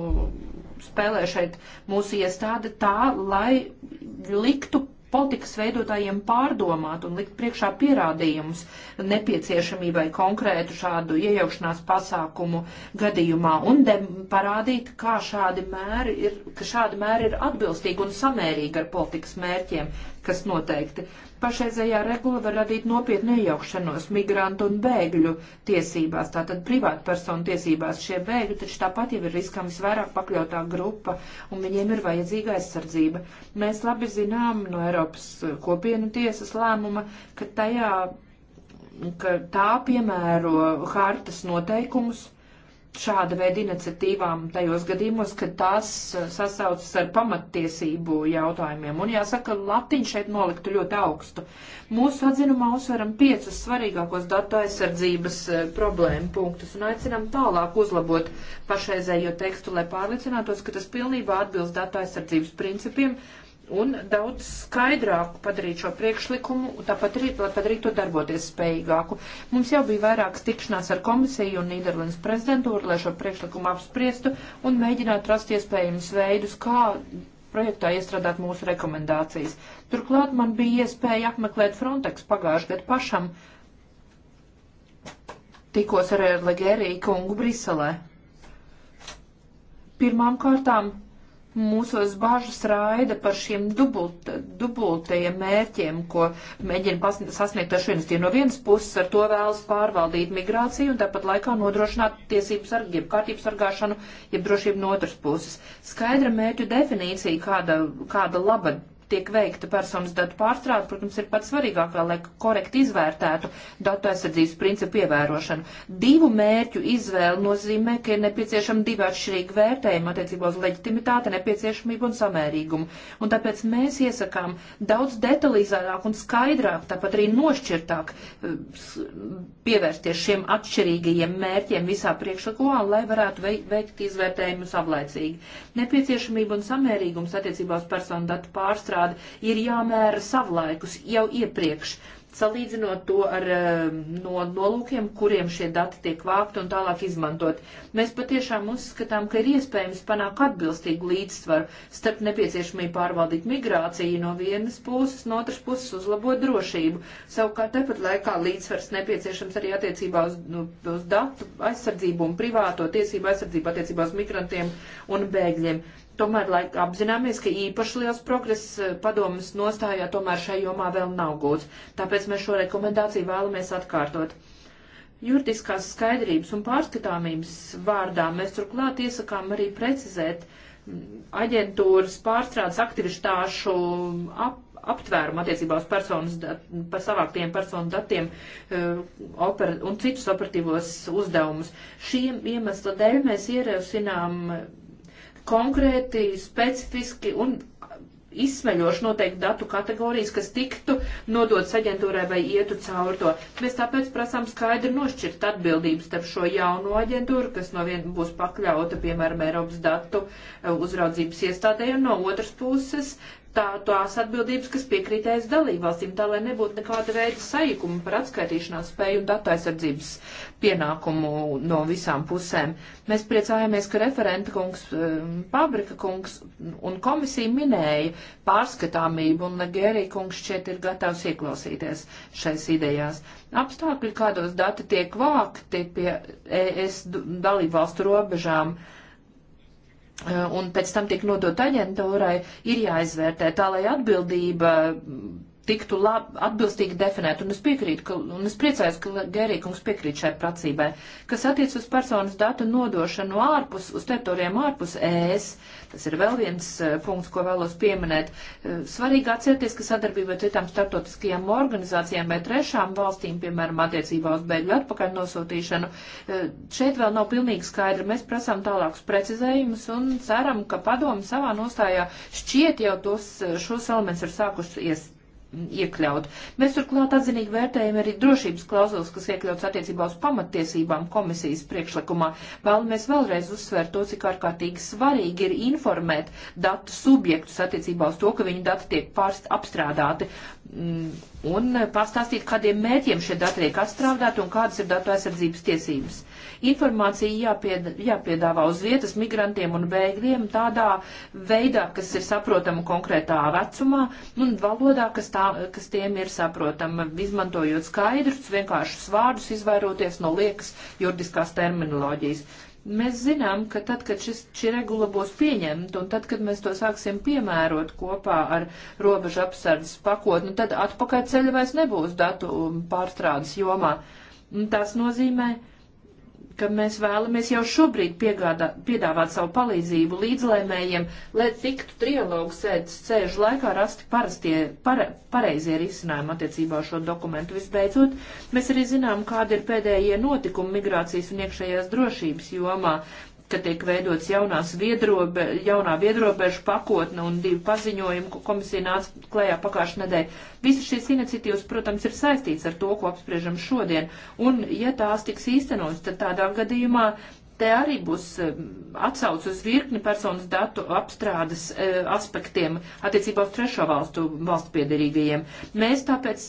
spēlē šeit mūsu iestāde tā, lai liktu politikas veidotājiem pārdomāt un likt priekšā pierādījumus nepieciešamībai konkrētu šādu iejaukšanās pasākumu gadījumā un parādīt, kā šādi mēri ir, ka šādi mēri ir atbilstīgi un samērīgi ar politikas mērķiem, kas noteikti pašreizējā regula var radīt nopietnu iejaukšanos migrantu un bēgļu tiesībās, tātad privātpersonu tiesībās. Šie bēgļi taču tāpat jau ir riskam visvairāk pakļautā grupa, un viņiem ir vajadzīga aizsardzība. Mēs labi zinām no Eiropas kopienu tiesas lēmuma, ka tajā, ka tā piemēro hartas noteikumus šāda veida iniciatīvām tajos gadījumos, kad tās uh, sasaucas ar pamattiesību jautājumiem. Un jāsaka, latiņa šeit noliktu ļoti augstu. Mūsu atzinumā uzsveram piecus svarīgākos datu aizsardzības uh, problēmu punktus un aicinam tālāk uzlabot pašreizējo tekstu, lai pārliecinātos, ka tas pilnībā atbilst datu aizsardzības principiem un daudz skaidrāku padarīt šo priekšlikumu, tāpat arī, lai padarītu to darboties spējīgāku. Mums jau bija vairākas tikšanās ar komisiju un Nīderlandes prezidentūru, lai šo priekšlikumu apspriestu un mēģinātu rast iespējams veidus, kā projektā iestrādāt mūsu rekomendācijas. Turklāt man bija iespēja apmeklēt Frontex pagājušajā gadā pašam. Tikos ar Erlegēriju kungu Briselē. Pirmām kārtām mūsos bažas raida par šiem dubult, dubultajiem mērķiem, ko mēģina sasniegt ar šo iniciatīvu. No vienas puses ar to vēlas pārvaldīt migrāciju un tāpat laikā nodrošināt tiesību sargu, jeb kārtību sargāšanu, jeb drošību no otras puses. Skaidra mērķu definīcija, kāda, kāda laba tiek veikta personas datu pārstrāde, protams, ir pats svarīgākā, lai korekti izvērtētu datu aizsardzības principu ievērošanu. Divu mērķu izvēle nozīmē, ka ir nepieciešama divi atšķirīgi vērtējumi attiecībā uz leģitimitāti, nepieciešamību un samērīgumu. Un tāpēc mēs iesakām daudz detalizētāk un skaidrāk, tāpat arī nošķirtāk eh, pievērsties šiem atšķirīgajiem mērķiem visā priekšlikumā, lai varētu veikt izvērtējumus savlaicīgi. Nepieciešamība un samērīgums attiecībā uz personu datu pārstrādi otrādi, ir jāmēra savlaikus jau iepriekš, salīdzinot to ar ehm, no, nolūkiem, kuriem šie dati tiek vākti un tālāk izmantot. Mēs patiešām uzskatām, ka ir iespējams panākt atbilstīgu līdzsvaru starp nepieciešamību pārvaldīt migrāciju no vienas puses, no otras puses uzlabot drošību. Savukārt tepat laikā līdzsvars nepieciešams arī attiecībā uz, nu, uz datu aizsardzību un privāto tiesību aizsardzību attiecībā uz migrantiem un bēgļiem. Tomēr, lai apzināmies, ka īpaši liels progress eh, padomas nostājā tomēr šai jomā vēl nav gūts, tāpēc mēs šo rekomendāciju vēlamies atkārtot. Juridiskās skaidrības un pārskatāmības vārdā mēs turklāt iesakām arī precizēt mm, aģentūras pārstrādes aktivitāšu ap aptvērumu attiecībā uz personas, dat, par savāktiem personu datiem uh, oper, un citus operatīvos uzdevumus. Šiem iemesla dēļ mēs ierosinām konkrēti, specifiski un izsmeļoši noteikti datu kategorijas, kas tiktu nodotas aģentūrai vai ietu cauri to. Mēs tāpēc prasām skaidri nošķirt atbildības starp šo jauno aģentūru, kas no viena būs pakļauta, piemēram, Eiropas datu uzraudzības iestādē, un no otras puses tā, tās atbildības, kas piekrītējas dalībvalstīm, tā lai nebūtu nekāda veida sajukuma par atskaitīšanās spēju un datu aizsardzības pienākumu no visām pusēm. Mēs priecājāmies, ka referenta kungs, um, pabrika kungs un komisija minēja pārskatāmību un Legērija kungs šeit ir gatavs ieklausīties šais idejās. Apstākļi, kādos dati tiek vākti pie ES dalībvalstu robežām, uh, un pēc tam tiek nodot aģentūrai, ir jāizvērtē tā, lai atbildība tiktu lab, atbilstīgi definēt, un es piekrītu, ka, un es priecājos, ka Gerīkungs piekrīt šai pracībai, kas attiec uz personas datu nodošanu ārpus, uz teritorijām ārpus ES. Tas ir vēl viens uh, punkts, ko vēlos pieminēt. Uh, svarīgi atcerieties, ka sadarbība ar citām startotiskajām organizācijām vai trešām valstīm, piemēram, attiecībā uz bēgļu atpakaļ nosūtīšanu, uh, šeit vēl nav pilnīgi skaidra. Mēs prasām tālākus precizējumus un ceram, ka padomu savā nostājā šķiet jau tos, šos elementus ir sākuši ies, iekļaut. Mēs turklāt atzinīgi vērtējam arī drošības klauzulas, kas iekļauts attiecībā uz pamattiesībām komisijas priekšlikumā. Vēlamies vēlreiz uzsvērt to, cik ārkārtīgi svarīgi ir informēt datu subjektus attiecībā uz to, ka viņu dati tiek pārst apstrādāti. Mm un eh, pastāstīt, kādiem mērķiem šie dati tiek atstrādāti un kādas ir datu aizsardzības tiesības. Informācija jāpied, jāpiedāvā uz vietas migrantiem un bēgļiem tādā veidā, kas ir saprotama konkrētā vecumā un valodā, kas, tā, kas tiem ir saprotama, izmantojot skaidrus, vienkāršus vārdus, izvairoties no liekas juridiskās terminoloģijas. Mēs zinām, ka tad, kad šis, šī regula būs pieņemta un tad, kad mēs to sāksim piemērot kopā ar robežu apsardzes pakotni, tad atpakaļ ceļa vairs nebūs datu pārstrādes jomā. Tas nozīmē, ka ka mēs vēlamies jau šobrīd piegādā, piedāvāt savu palīdzību līdzlēmējiem, lai tiktu trialogu sēdz, sēžu laikā rasti parastie, pare, pareizie risinājumi attiecībā uz šo dokumentu. Visbeidzot, mēs arī zinām, kāda ir pēdējie notikumi migrācijas un iekšējās drošības jomā ka tiek veidots jaunās viedrobe, jaunā viedrobežu pakotne un divi paziņojumi, ko komisija nāca klējā pagājušajā nedēļā. Visas šīs iniciatīvas, protams, ir saistīts ar to, ko apspriežam šodien. Un, ja tās tiks īstenotas, tad tādā gadījumā te arī būs eh, atsauc uz virkni personas datu apstrādes e, aspektiem attiecībā uz trešo valstu valstu piederīgajiem. Mēs tāpēc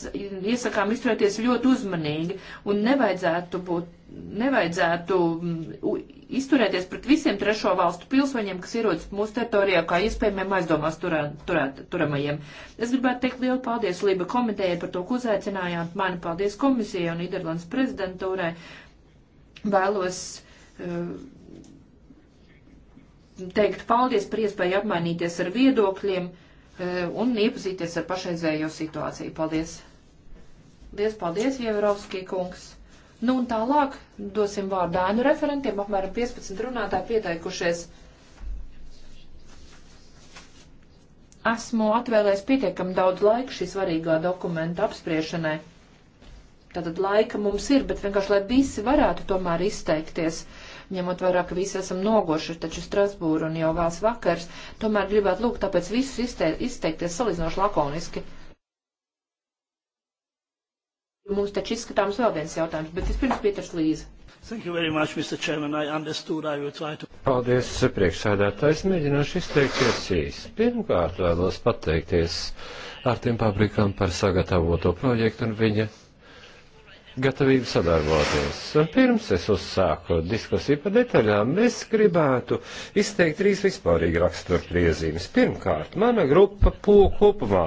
iesakām izturēties ļoti uzmanīgi un nevajadzētu būt. Nevajadzētu mm, izturēties pret visiem trešo valstu pilsoņiem, kas ierodas mūsu teritorijā, kā iespējamiem aizdomās turā, turā, turamajiem. Es gribētu teikt lielu paldies Lība komitējai par to, ka uzaicinājāt mani. Paldies komisijai un Nīderlandes prezidentūrai. Vēlos uh, Eh, teikt paldies par iespēju apmainīties ar viedokļiem eh, un iepazīties ar pašreizējo situāciju. Paldies! Lies paldies, Ievrovskī kungs! Nu un tālāk dosim vārdu ēnu referentiem, apmēram 15 runātāji pieteikušies. Esmu atvēlējis pietiekami daudz laika šī svarīgā dokumenta apspriešanai. Tātad laika mums ir, bet vienkārši, lai visi varētu tomēr izteikties. Uh, ņemot vērā, ka visi esam noguruši, taču Strasbūra un jau vēls vakars, tomēr gribētu lūgt, tāpēc visus izteikt, izteikties salīdzinoši lakoniski. Mums taču izskatāms vēl viens jautājums, bet vispirms Pieters Līze. Much, to... Paldies, priekšsēdētājs. Mēģināšu izteikties īsi. Pirmkārt, vēlos pateikties Artim Paprikam par sagatavoto projektu un viņa gatavību sadarboties. Pirms es uzsāku diskusiju par detaļām, es gribētu izteikt trīs vispārīgi rakstura priezīmes. Pirmkārt, mana grupa kopumā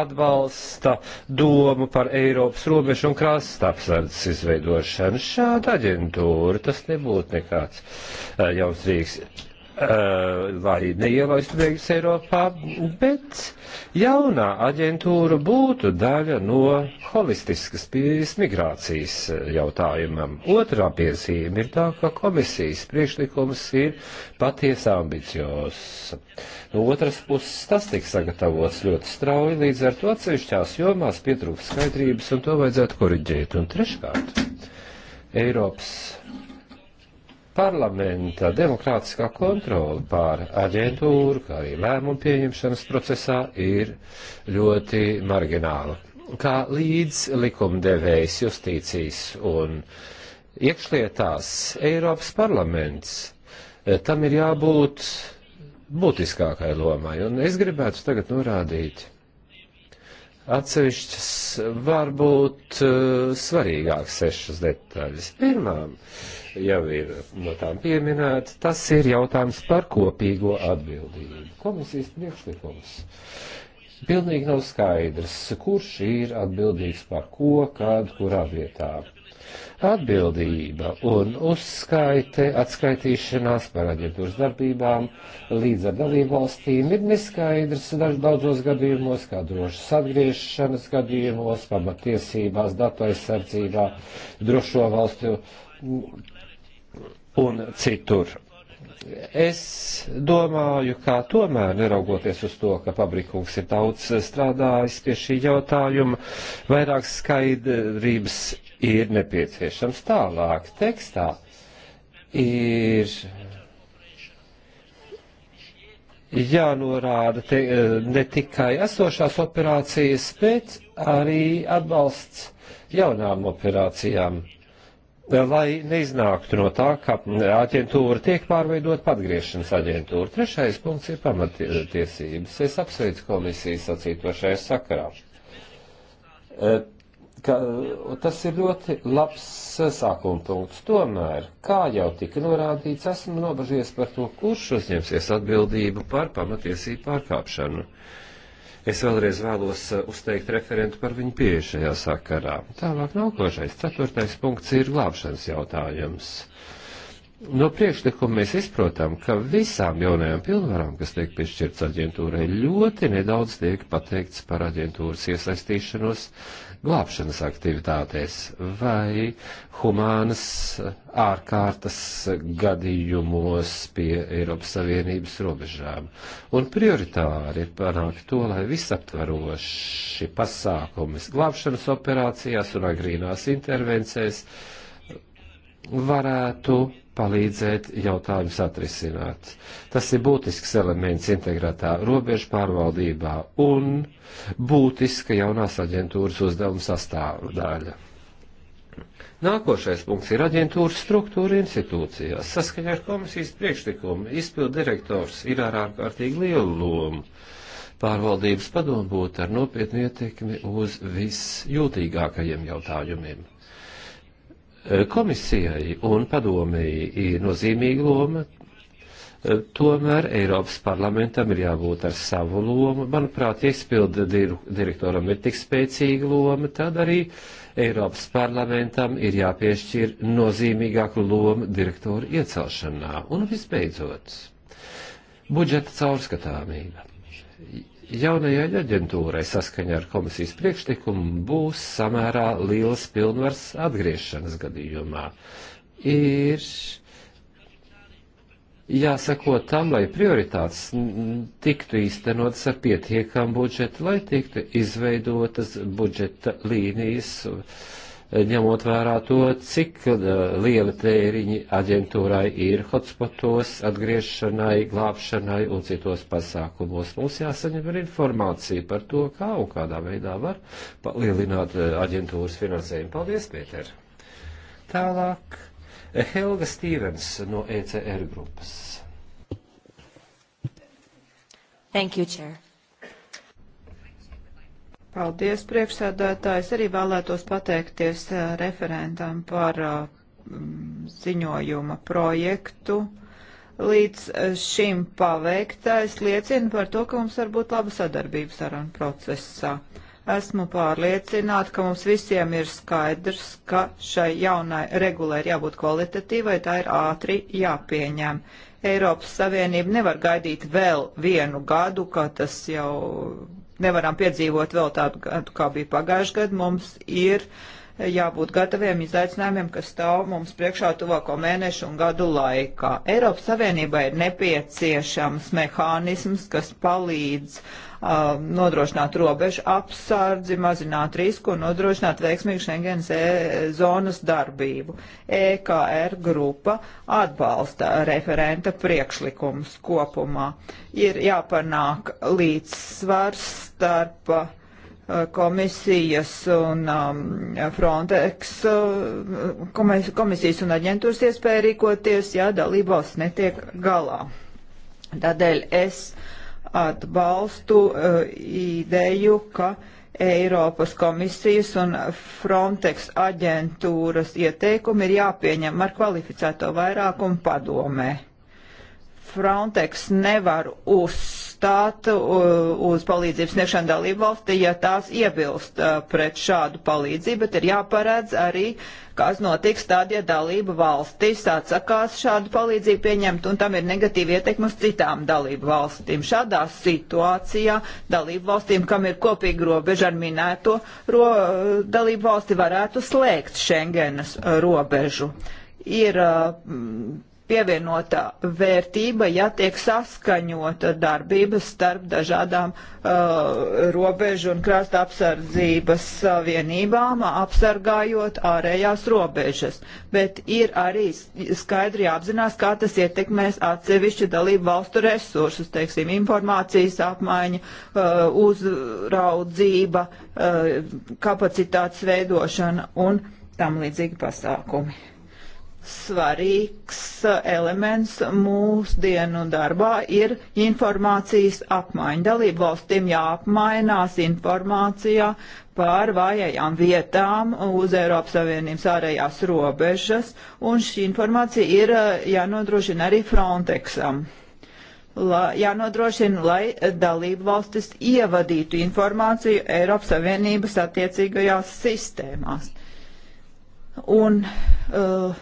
atbalsta domu par Eiropas robežu un krāsas apsardzes izveidošanu. Šāda aģentūra, tas nebūtu nekāds eh, jauns rīks lai eh, neielaistu bēgļus Eiropā, bet jaunā aģentūra būtu daļa no holistiskas pieejas migrācijas eh, jautājumam. Otrā piezīme ir tā, ka komisijas priekšlikums ir patiesi ambiciozs. No otras puses, tas tiks sagatavots ļoti strauji, līdz ar to atsevišķās jomās pietrūkst skaidrības un to vajadzētu koriģēt. Un treškārt, Eiropas parlamenta demokrātiskā kontrola pār aģentūru, kā arī lēmumu pieņemšanas procesā ir ļoti margināla. Kā līdz likumdevējs justīcijas un iekšlietās Eiropas parlaments, tam ir jābūt būtiskākai lomai. Un es gribētu tagad norādīt atsevišķas, varbūt eh, svarīgākas sešas detaļas. Pirmām, uh, jau ir no tām pieminēta, tas ir jautājums par kopīgo atbildību. Komisijas priekšlikums. Pilnīgi nav skaidrs, kurš ir atbildīgs par ko, kādu, kurā vietā. Atbildība un uzskaite, atskaitīšanās par aģentūras darbībām līdz ar dalību valstīm ir neskaidrs daudzos gadījumos, kā drošas atgriešanas gadījumos, pamatiesībās, datu aizsardzībā, drošo valstu un citur. Es domāju, ka tomēr, neraugoties uz to, ka Pabrikungs ir daudz strādājis pie šī jautājuma, vairāk skaidrības ir nepieciešams tālāk. Tekstā ir jānorāda te, eh, ne tikai esošās operācijas, bet arī atbalsts jaunām operācijām lai neiznāktu no tā, ka aģentūra tiek pārveidot patgriešanas aģentūra. Trešais punkts ir pamatiesības. Es apsveicu komisijas sacīto šajā sakarā. E, ka, tas ir ļoti labs sākuma punkts. Tomēr, kā jau tika norādīts, esmu nobažies par to, kurš uzņemsies atbildību par pamatiesību pārkāpšanu. Uh, Es vēlreiz vēlos eh, uzteikt referentu par viņu pieeju šajā sakarā. Tālāk nākošais, ceturtais punkts ir glābšanas jautājums. No priekšlikuma mēs izprotam, ka visām jaunajām pilnvarām, kas tiek piešķirts aģentūrai, ļoti nedaudz tiek pateikts par aģentūras iesaistīšanos glābšanas aktivitātēs vai humānas ārkārtas gadījumos pie Eiropas Savienības robežām. Un prioritāri ir panākt to, lai visaptvaroši pasākumis glābšanas operācijās un agrīnās intervencēs varētu palīdzēt jautājumus atrisināt. Tas ir būtisks elements integrētā robežu pārvaldībā un būtiska jaunās aģentūras uzdevuma sastāvdaļa. Nākošais punkts ir aģentūras struktūra institūcijās. Saskaņā ar komisijas priekšlikumu izpildu direktors ir ar ārkārtīgi lielu lomu. Pārvaldības padomu būtu ar nopietnu ietekmi uz visjūtīgākajiem jautājumiem. Komisijai un padomēji ir nozīmīga loma, Tomēr Eiropas parlamentam ir jābūt ar savu lomu. Manuprāt, ja izpildu direktoram ir tik spēcīga loma, tad arī Eiropas parlamentam ir jāpiešķir nozīmīgāku lomu direktoru iecelšanā. Un visbeidzot, budžeta caurskatāmība jaunajai aģentūrai saskaņā ar komisijas priekšlikumu būs samērā liels pilnvars atgriešanas gadījumā. Ir jāsako tam, lai prioritātes tiktu īstenotas ar pietiekamu budžetu, lai tiktu izveidotas budžeta līnijas. Uh, ņemot vērā to, cik uh, liela tēriņi aģentūrai ir hotspotos, atgriešanai, glābšanai un citos pasākumos. Mums jāsaņem arī informācija par to, kā un kādā veidā var palielināt uh, aģentūras finansējumu. Paldies, Pēter! Tālāk Helga Stīvens no ECR grupas. Thank you, Chair. Paldies, priekšsēdētājs. Arī vēlētos pateikties eh, referentam par eh, mm, ziņojuma projektu. Līdz eh, šim paveiktais liecina par to, ka mums var būt laba sadarbība sarunu procesā. Esmu pārliecināta, ka mums visiem ir skaidrs, ka šai jaunai regulē ir jābūt kvalitatīvai, tā ir ātri jāpieņem. Eiropas Savienība nevar gaidīt vēl vienu gadu, kā tas jau nevaram piedzīvot vēl tādu gadu, kā bija pagājuši gadu. Mums ir jābūt gataviem izaicinājumiem, kas stāv mums priekšā tuvāko mēnešu un gadu laikā. Eiropas Savienībai ir nepieciešams mehānisms, kas palīdz uh, nodrošināt robežu apsardzi, mazināt risku un nodrošināt veiksmīgu Schengens e zonas darbību. EKR grupa atbalsta referenta priekšlikums kopumā. Ir jāpanāk līdzsvars starp komisijas un um, Frontex komis komisijas un aģentūras iespēja rīkoties, ja dalībvalsts netiek galā. Tādēļ es uh, atbalstu uh, ideju, ka Eiropas komisijas un Frontex aģentūras ieteikumi ir jāpieņem ar kvalificēto vairākumu padomē. Frontex nevar uz uzstāt uz palīdzības sniegšanu dalību valsti, ja tās iebilst uh, pret šādu palīdzību, bet ir jāparedz arī, kas notiks tad, ja dalība valstis atsakās šādu palīdzību pieņemt, un tam ir negatīva ietekme uz citām dalību valstīm. Šādā situācijā dalību valstīm, kam ir kopīgi robeža ar minēto ro, uh, dalību valsti, varētu slēgt Schengenas uh, robežu ir uh, pievienotā vērtība, ja tiek saskaņota darbības starp dažādām uh, robežu un krasta apsardzības vienībām, apsargājot ārējās robežas. Bet ir arī skaidri jāapzinās, kā tas ietekmēs atsevišķu dalību valstu resursus, teiksim, informācijas apmaiņa, uh, uzraudzība, uh, kapacitātes veidošana un tam līdzīgi pasākumi svarīgs uh, elements mūsdienu darbā ir informācijas apmaiņa. Dalību valstīm jāapmainās informācijā par vājajām vietām uz Eiropas Savienības ārējās robežas, un šī informācija ir uh, jānodrošina arī Frontexam. La, jānodrošina, lai dalību valstis ievadītu informāciju Eiropas Savienības attiecīgajās sistēmās. Un uh,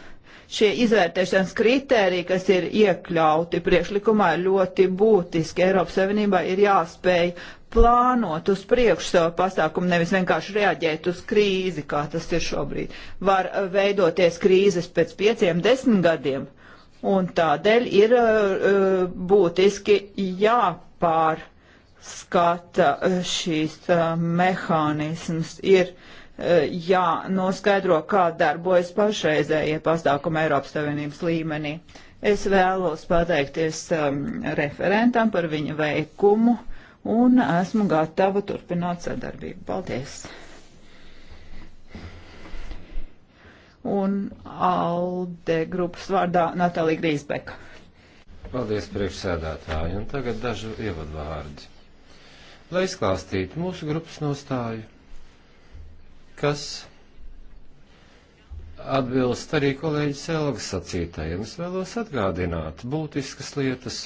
šie izvērtēšanas kritēriji, kas ir iekļauti priekšlikumā, ir ļoti būtiski. Eiropas Savienībā ir jāspēj plānot uz priekšu savu pasākumu, nevis vienkārši reaģēt uz krīzi, kā tas ir šobrīd. Var veidoties krīzes pēc pieciem, desmit gadiem, un tādēļ ir uh, būtiski jāpārskata uh, šīs uh, mehānismas. Ir uh, Eh, jānoskaidro, kā darbojas pašreizējie pasākumi Eiropas Savienības līmenī. Es vēlos pateikties um, referentam par viņa veikumu un esmu gatava turpināt sadarbību. Paldies! Un Alde grupas vārdā Natālija Grīsbeka. Paldies priekšsēdētāji, un tagad dažu ievadvārdi. Lai izklāstītu mūsu grupas nostāju kas atbilst arī kolēģis Elgas sacītajiem. Es vēlos atgādināt būtiskas lietas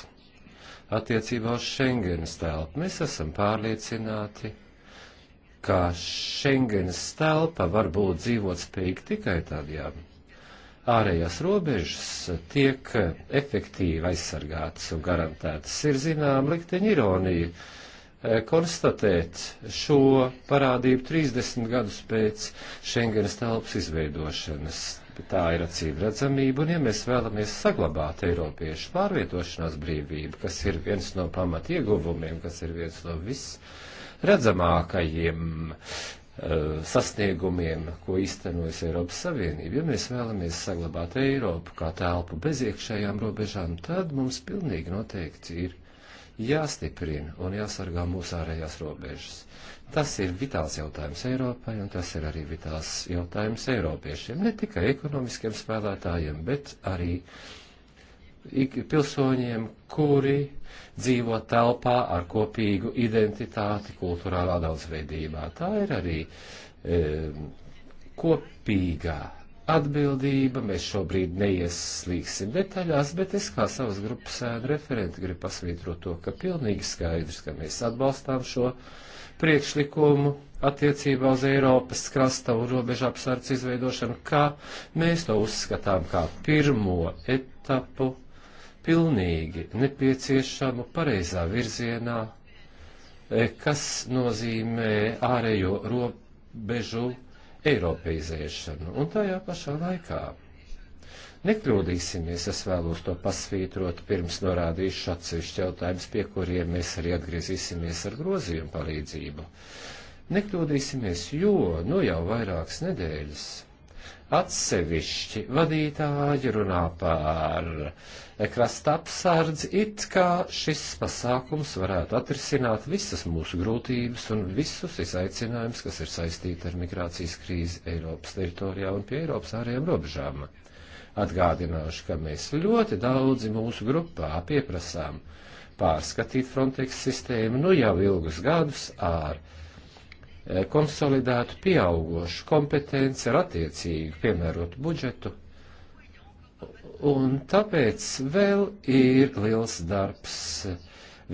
attiecībā uz Schengenas telpu. Mēs esam pārliecināti, ka Schengenas telpa var būt dzīvot spējīga tikai tad, ja ārējās robežas tiek efektīvi aizsargātas un garantētas. Ir zinām likteņa ironija Eh, konstatēt šo parādību 30 gadus pēc Schengenas telpas izveidošanas. Tā ir acīm redzamība, un ja mēs vēlamies saglabāt Eiropiešu pārvietošanās brīvību, kas ir viens no pamat ieguvumiem, kas ir viens no visredzamākajiem uh, sasniegumiem, ko īstenojas Eiropas Savienība. Ja mēs vēlamies saglabāt Eiropu kā telpu bez iekšējām robežām, tad mums pilnīgi noteikti ir jāstiprina un jāsargā mūsu ārējās robežas. Tas ir vitāls jautājums Eiropai, un tas ir arī vitāls jautājums Eiropiešiem, ne tikai ekonomiskiem spēlētājiem, bet arī pilsoņiem, kuri dzīvo telpā ar kopīgu identitāti, kultūrālā daudzveidībā. Tā ir arī e, kopīgā atbildība. Mēs šobrīd neieslīgsim detaļās, bet es kā savas grupas sēnu referenti gribu pasvītrot to, ka pilnīgi skaidrs, ka mēs atbalstām šo priekšlikumu attiecībā uz Eiropas krasta un robežu apsardz izveidošanu, kā mēs to uzskatām kā pirmo etapu pilnīgi nepieciešamu pareizā virzienā, eh, kas nozīmē ārējo robežu Eiropeizēšanu. Un tajā pašā laikā. Nekļūdīsimies, es vēlos to pasvītrot, pirms norādīšu atsevišķi jautājumus, pie kuriem mēs arī atgriezīsimies ar grozījumu palīdzību. Nekļūdīsimies, jo nu jau vairākas nedēļas atsevišķi vadītāji runā par krasta apsardzi, it kā šis pasākums varētu atrisināt visas mūsu grūtības un visus izaicinājumus, kas ir saistīti ar migrācijas krīzi Eiropas teritorijā un pie Eiropas ārējām robežām. Atgādināšu, ka mēs ļoti daudzi mūsu grupā pieprasām pārskatīt Frontex sistēmu nu jau ilgus gadus ārā Eh, konsolidētu pieaugošu kompetenci ar attiecīgu piemērotu budžetu. Un tāpēc vēl ir liels darbs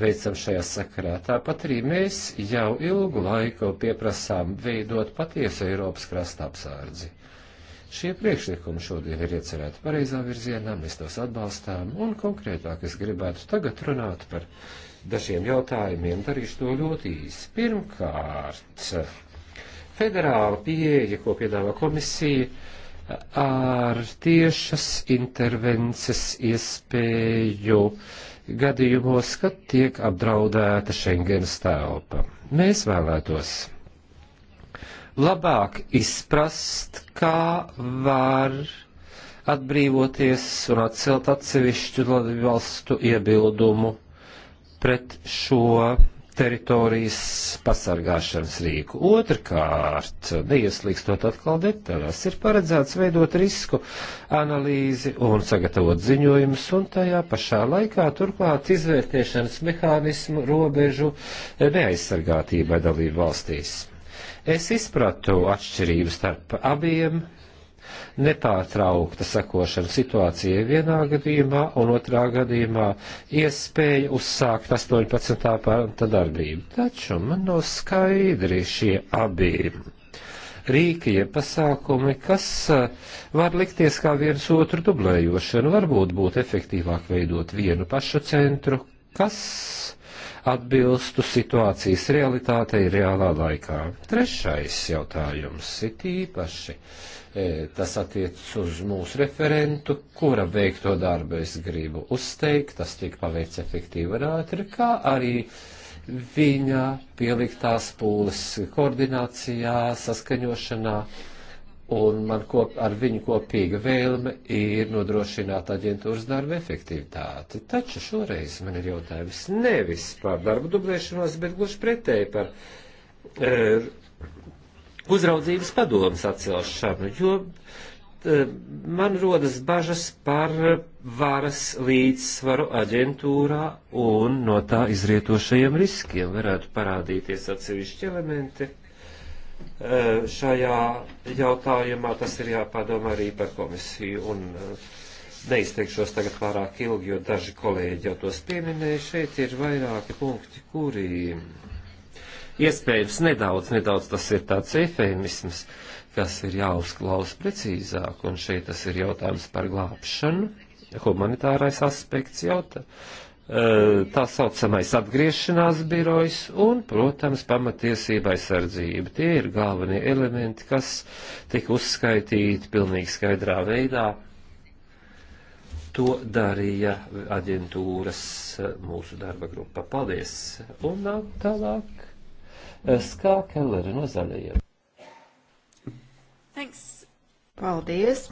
veicam šajā sakarā. Tāpat arī mēs jau ilgu laiku pieprasām veidot patiesu Eiropas krasta apsārdzi. Šie priekšlikumi šodien ir iecerēti pareizā virzienā, mēs tos atbalstām, un konkrētāk es gribētu tagad runāt par dažiem jautājumiem. Darīšu to ļoti īsi. Pirmkārt, federāla pieeja, ko piedāvā komisija, ar tiešas intervences iespēju gadījumos, kad tiek apdraudēta Schengenas telpa. Mēs vēlētos labāk izprast, kā var atbrīvoties un atcelt atsevišķu valstu iebildumu pret šo teritorijas pasargāšanas rīku. Otrkārt, neieslīkstot atkal detaļās, ir paredzēts veidot risku analīzi un sagatavot ziņojumus, un tajā pašā laikā turklāt izvērtēšanas mehānismu robežu neaizsargātībai dalību valstīs. Es izpratu atšķirību starp abiem nepārtraukta sakošana situācijai vienā gadījumā un otrā gadījumā iespēja uzsākt 18. panta darbību. Taču man nav skaidri šie abi rīki, jeb pasākumi, kas eh, var likties kā viens otru dublējošana, varbūt būtu efektīvāk veidot vienu pašu centru, kas atbilstu situācijas realitātei reālā laikā. Trešais jautājums ir īpaši E, tas attiecas uz mūsu referentu, kura veikto darbu es gribu uzteikt, tas tika paveikts efektīvi un ātri, kā arī viņa pieliktās pūles koordinācijā, saskaņošanā, un man kop, ar viņu kopīga vēlme ir nodrošināt aģentūras darba efektivitāti. Taču šoreiz man ir jautājums nevis par darbu dublēšanos, bet gluži pretēji par. Er, uzraudzības padomas atcelšanu, jo e, man rodas bažas par varas līdzsvaru aģentūrā un no tā izrietošajiem riskiem varētu parādīties atsevišķi elementi. E, šajā jautājumā tas ir jāpadomā arī par komisiju un e, neizteikšos tagad pārāk ilgi, jo daži kolēģi jau tos pieminēja. Šeit ir vairāki punkti, kuri Iespējams, nedaudz, nedaudz tas ir tāds efēmisms, kas ir jāuzklausa precīzāk, un šeit tas ir jautājums par glābšanu, humanitārais aspekts jautā, e, tā saucamais atgriešanās birojs un, protams, pamatiesība aizsardzība. Tie ir galvenie elementi, kas tika uzskaitīti pilnīgi skaidrā veidā. To darīja aģentūras e, mūsu darba grupa. Paldies! Un tālāk Skā Kellere no zaļajiem. Thanks. Paldies.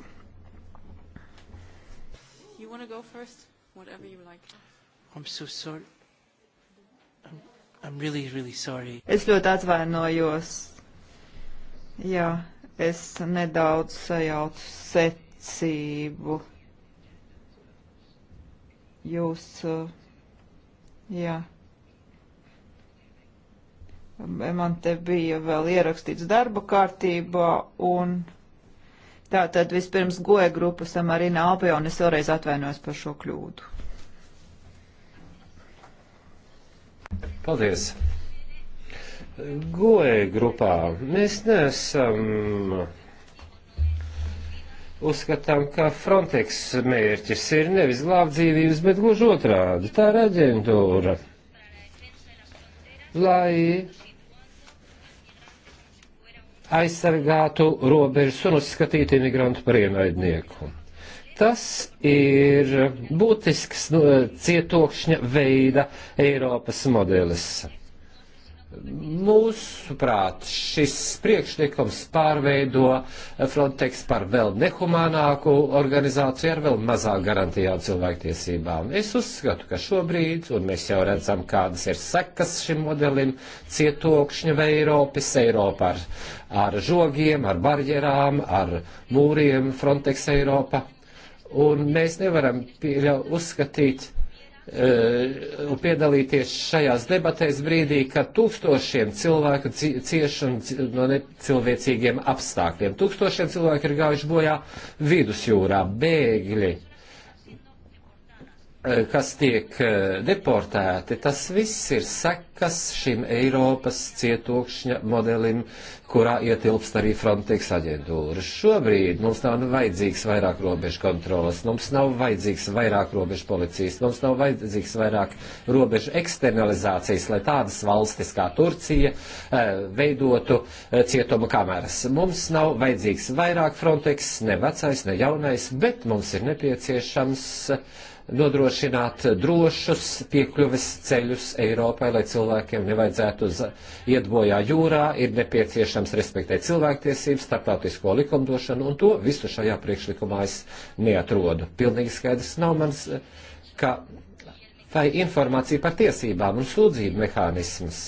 You want to go first? Whatever you like. I'm so sorry. I'm, I'm really, really sorry. Es ļoti atvainojos. Jā, es nedaudz sajautu secību. Jūs, uh, jā. Uh, yeah man te bija vēl ierakstīts darba kārtībā, un tā tad vispirms goja grupa Samarina Alpe, un es vēlreiz atvainojos par šo kļūdu. Paldies! Goja grupā mēs neesam uzskatām, ka Frontex mērķis ir nevis glābt dzīvības, bet gluži otrādi. Tā ir aģentūra lai aizsargātu robežas un uzskatītu imigrantu par ienaidnieku. Tas ir būtisks no, nu, cietokšņa veida Eiropas modelis. Mūsuprāt, šis priekšlikums pārveido Frontex par vēl nehumānāku organizāciju ar vēl mazāk garantijām cilvēktiesībām. Es uzskatu, ka šobrīd, un mēs jau redzam, kādas ir sekas šim modelim, cietokšņa vai Eiropas, Eiropa ar, ar žogiem, ar barjerām, ar mūriem, Frontex Eiropa. Un mēs nevaram uzskatīt, Eh, un piedalīties šajās debatēs brīdī, kad tūkstošiem cilvēku cieš un no necilvēcīgiem apstākļiem. Tūkstošiem cilvēku ir gājuši bojā vidusjūrā, bēgļi Eh, kas tiek eh, deportēti, tas viss ir sekas šim Eiropas cietokšņa modelim, kurā ietilpst arī Frontex aģentūra. Šobrīd mums nav nu vajadzīgs vairāk robežu kontrolas, mums nav vajadzīgs vairāk robežu policijas, mums nav vajadzīgs vairāk robežu eksternalizācijas, lai tādas valstis kā Turcija eh, veidotu cietuma kameras. Mums nav vajadzīgs vairāk Frontex, ne vecais, ne jaunais, bet mums ir nepieciešams uh, nodrošināt drošus piekļuves ceļus Eiropai, lai cilvēkiem nevajadzētu uz, iet bojā jūrā, ir nepieciešams respektēt cilvēktiesības, starptautisko likumdošanu, un to visu šajā priekšlikumā es neatrodu. Pilnīgi skaidrs nav mans, ka vai informācija par tiesībām un sūdzību mehānisms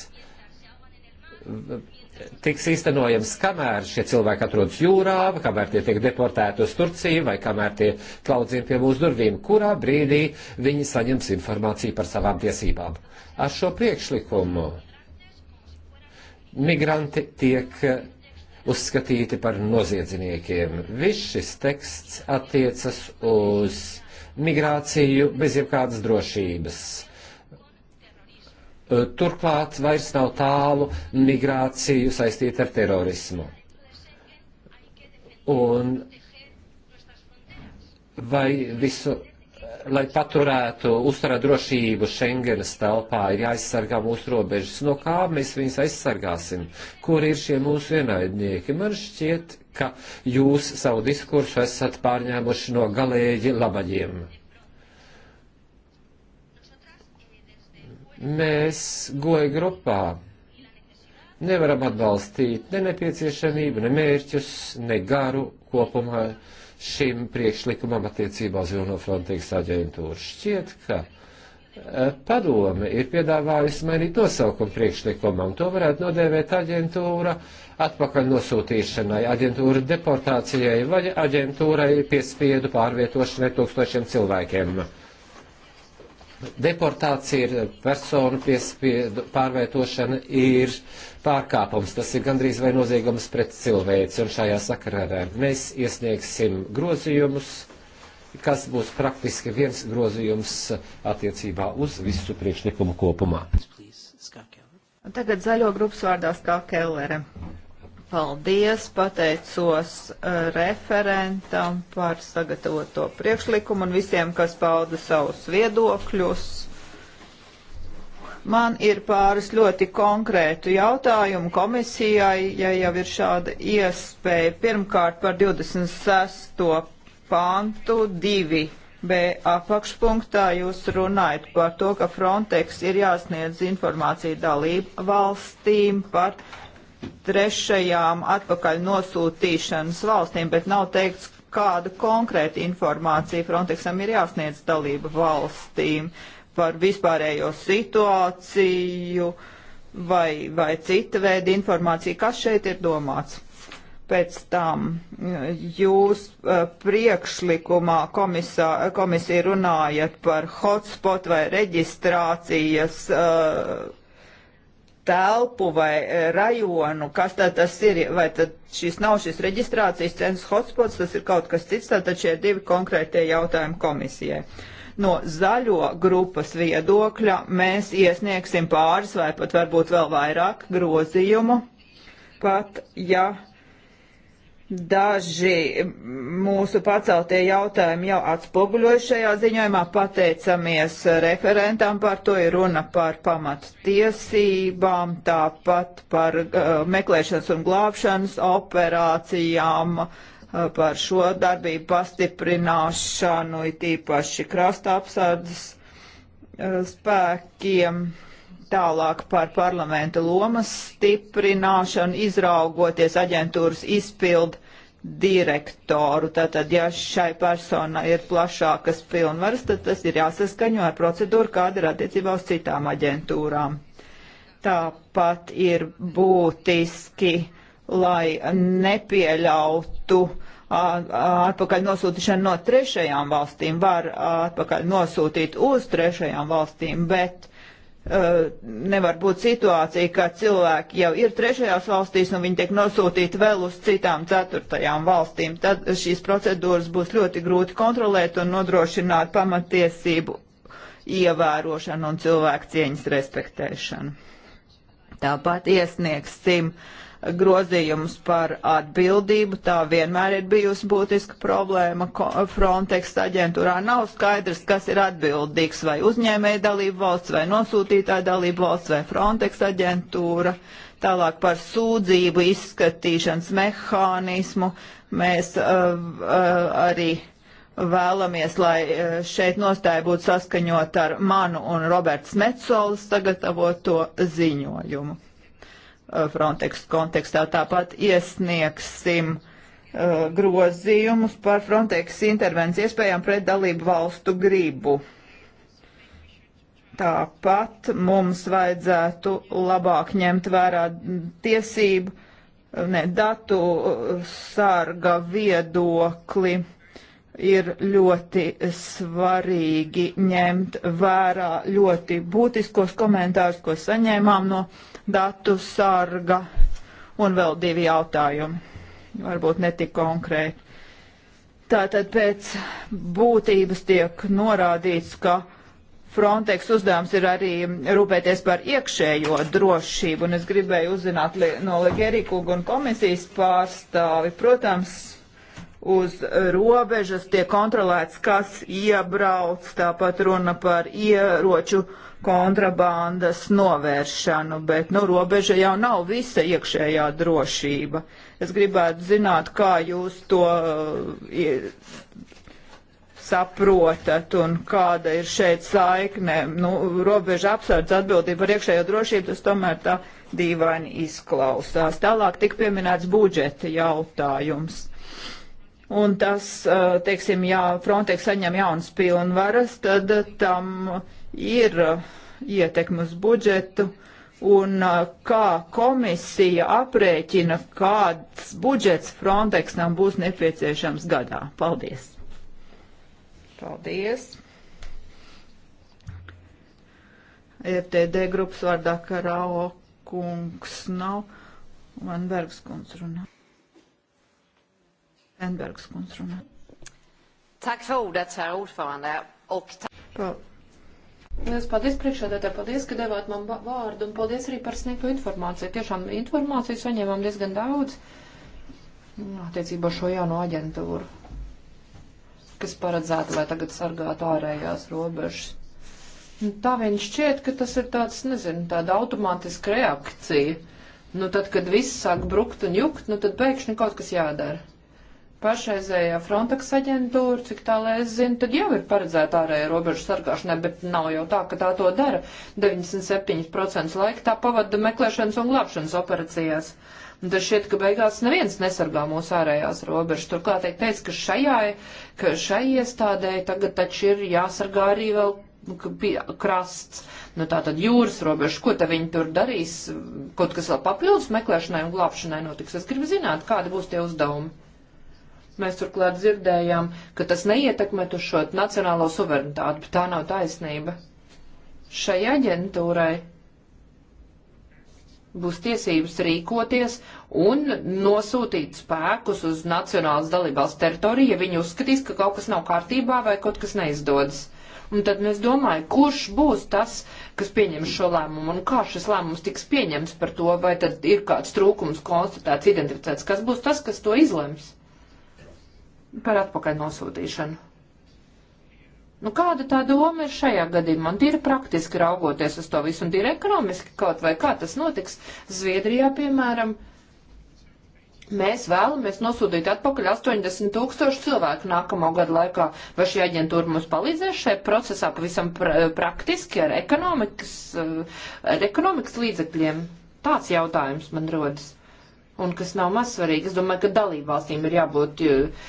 tiks īstenojams, kamēr šie cilvēki atrodas jūrā, kamēr tie tiek deportēti uz Turciju vai kamēr tie klaudzina pie mūsu durvīm, kurā brīdī viņi saņems informāciju par savām tiesībām. Ar šo priekšlikumu migranti tiek uzskatīti par noziedziniekiem. Viss šis teksts attiecas uz migrāciju bez jebkādas drošības Eh, turklāt vairs nav tālu migrāciju saistīt ar terorismu. Un vai visu, lai paturētu, uzturētu drošību Schengenas telpā, ir jāaizsargā mūsu robežas. No kā mēs viņus aizsargāsim? Kur ir šie mūsu ienaidnieki? Man šķiet, ka jūs savu diskursu esat pārņēmuši no galēģi labaģiem mēs goja grupā nevaram atbalstīt ne nepieciešamību, ne mērķus, ne garu kopumā šim priekšlikumam attiecībā uz jauno Frontex aģentūru. Šķiet, ka e, padome ir piedāvājusi mainīt nosaukumu priekšlikumam. To varētu nodēvēt aģentūra atpakaļ nosūtīšanai, aģentūra deportācijai vai aģentūrai piespiedu pārvietošanai tūkstošiem cilvēkiem. Uh, deportācija, ir personu piespiedu pārvietošana, ir pārkāpums. Tas ir gandrīz vai noziegums pret cilvēci. Un šajā sakarā mēs iesniegsim grozījumus, kas būs praktiski viens grozījums attiecībā uz visu priekšlikumu kopumā. Tagad zaļo grupas vārdā Skā Kellere. Paldies, pateicos uh, referentam par sagatavoto priekšlikumu un visiem, kas pauda savus viedokļus. Man ir pāris ļoti konkrētu jautājumu komisijai, ja jau ir šāda iespēja. Pirmkārt par 26. pantu 2. B apakšpunktā jūs runājat par to, ka Frontex ir jāsniedz informācija dalību valstīm par trešajām atpakaļ nosūtīšanas valstīm, bet nav teikts, kādu konkrētu informāciju Frontexam ir jāsniedz dalību valstīm par vispārējo situāciju vai, vai cita veida informāciju, kas šeit ir domāts. Pēc tam jūs eh, priekšlikumā komisā, komisija runājat par hotspot vai reģistrācijas uh, telpu vai e, rajonu, kas tad tas ir, vai tad šis nav šis reģistrācijas centrs hotspots, tas ir kaut kas cits, tātad šie divi konkrētie jautājumi komisijai. No zaļo grupas viedokļa mēs iesniegsim pāris vai pat varbūt vēl vairāk grozījumu, pat ja Daži mūsu paceltie jautājumi jau atspoguļoju šajā ziņojumā, pateicamies referentam par to, ir runa par pamattiesībām, tāpat par uh, meklēšanas un glābšanas operācijām, uh, par šo darbību pastiprināšanu, it īpaši krasta apsardzes uh, spēkiem. Uh, Tālāk par parlamenta lomas stiprināšanu, izraugoties aģentūras izpildu direktoru. Tātad, ja šai persona ir plašākas pilnvaras, tad tas ir jāsaskaņo ar procedūru, kāda ir attiecībā uz citām aģentūrām. Tāpat ir būtiski, lai nepieļautu atpakaļ nosūtīšanu no trešajām valstīm. Var atpakaļ nosūtīt uz trešajām valstīm, bet Uh, nevar būt situācija, ka cilvēki jau ir trešajās valstīs un viņi tiek nosūtīti vēl uz citām ceturtajām valstīm. Tad šīs procedūras būs ļoti grūti kontrolēt un nodrošināt pamatiesību ievērošanu un cilvēku cieņas respektēšanu. Tāpat iesniegsim uh, grozījums par atbildību. Tā vienmēr ir bijusi būtiska problēma. Frontex aģentūrā nav skaidrs, kas ir atbildīgs vai uzņēmēja dalību valsts, vai nosūtītāja dalību valsts, vai Frontex aģentūra. Tālāk par sūdzību izskatīšanas mehānismu mēs uh, uh, arī vēlamies, lai uh, šeit nostāja būtu saskaņot ar manu un Roberts Metsolis sagatavoto ziņojumu. Uh, Frontex kontekstā. Tāpat iesniegsim uh, grozījumus par Frontex intervenciju iespējām pret dalību valstu gribu. Tāpat mums vajadzētu labāk ņemt vērā tiesību, ne, datu uh, sarga viedokli ir ļoti svarīgi ņemt vērā ļoti būtiskos komentārus, ko saņēmām no datu sārga, un vēl divi jautājumi, varbūt netik konkrēti. Tātad pēc būtības tiek norādīts, ka Frontex uzdevums ir arī rūpēties par iekšējo drošību, un es gribēju uzzināt no Ligerikunga un komisijas pārstāvi, protams, uz robežas, tiek kontrolēts, kas iebrauc, tāpat runa par ieroču kontrabandas novēršanu, bet, nu, robeža jau nav visa iekšējā drošība. Es gribētu zināt, kā jūs to uh, saprotat un kāda ir šeit saikne. Nu, robeža apsardz atbildība par iekšējo drošību, tas tomēr tā dīvaini izklausās. Tālāk tik pieminēts budžeta jautājums un tas, teiksim, ja Frontex saņem jaunas pilnvaras, tad tam ir ietekmes budžetu. Un kā komisija aprēķina, kāds budžets Frontexam būs nepieciešams gadā? Paldies! Paldies! FTD grupas vārdā Karao kungs nav. Vanbergs kungs runā. Enbergs kungs runā. Tak for ordet, herr ordförande. Och tak... Liels paldies priekšādātā, paldies, ka devāt man vārdu un paldies arī par sniegto informāciju. Tiešām informāciju saņēmām diezgan daudz mm, attiecībā šo jauno aģentūru, kas paredzēta, lai tagad sargātu ārējās robežas. Un tā vien šķiet, ka tas ir tāds, nezinu, tāda automātiska reakcija. Nu, tad, kad viss sāk brukt un jukt, nu, tad pēkšņi kaut kas jādara pašreizējā Frontex aģentūra, cik tālē es zinu, tad jau ir paredzēta ārēja robežu sargāšanai, bet nav jau tā, ka tā to dara. 97% laika tā pavada meklēšanas un glābšanas operācijās. Un tad šķiet, ka beigās neviens nesargā mūsu ārējās robežas. Turklāt tiek teikt, ka šajā, ka šai iestādē tagad taču ir jāsargā arī vēl krasts, nu tā tad jūras robeža, ko tad viņi tur darīs, kaut kas vēl papildus meklēšanai un glābšanai notiks. Es gribu zināt, kādi būs tie uzdevumi. Mēs turklāt dzirdējām, ka tas neietekmētu šo nacionālo suverenitāti, bet tā nav taisnība. Šai aģentūrai būs tiesības rīkoties un nosūtīt spēkus uz nacionālas dalībās teritoriju, ja viņi uzskatīs, ka kaut kas nav kārtībā vai kaut kas neizdodas. Un tad es domāju, kurš būs tas, kas pieņems šo lēmumu un kā šis lēmums tiks pieņems par to, vai tad ir kāds trūkums konstatēts, identificēts, kas būs tas, kas to izlems par atpakaļ nosūtīšanu. Nu, kāda tā doma ir šajā gadījumā? Un tīri praktiski raugoties uz to visu, un tīri ekonomiski kaut vai kā tas notiks. Zviedrijā, piemēram, mēs vēlamies nosūtīt atpakaļ 80 tūkstošu cilvēku nākamo gadu laikā. Vai šī aģentūra mums palīdzēs šajā procesā pavisam pra praktiski ar ekonomikas, eh, ar ekonomikas līdzekļiem? Tāds jautājums man rodas un kas nav mazsvarīgi. Es domāju, ka dalībvalstīm ir jābūt eh,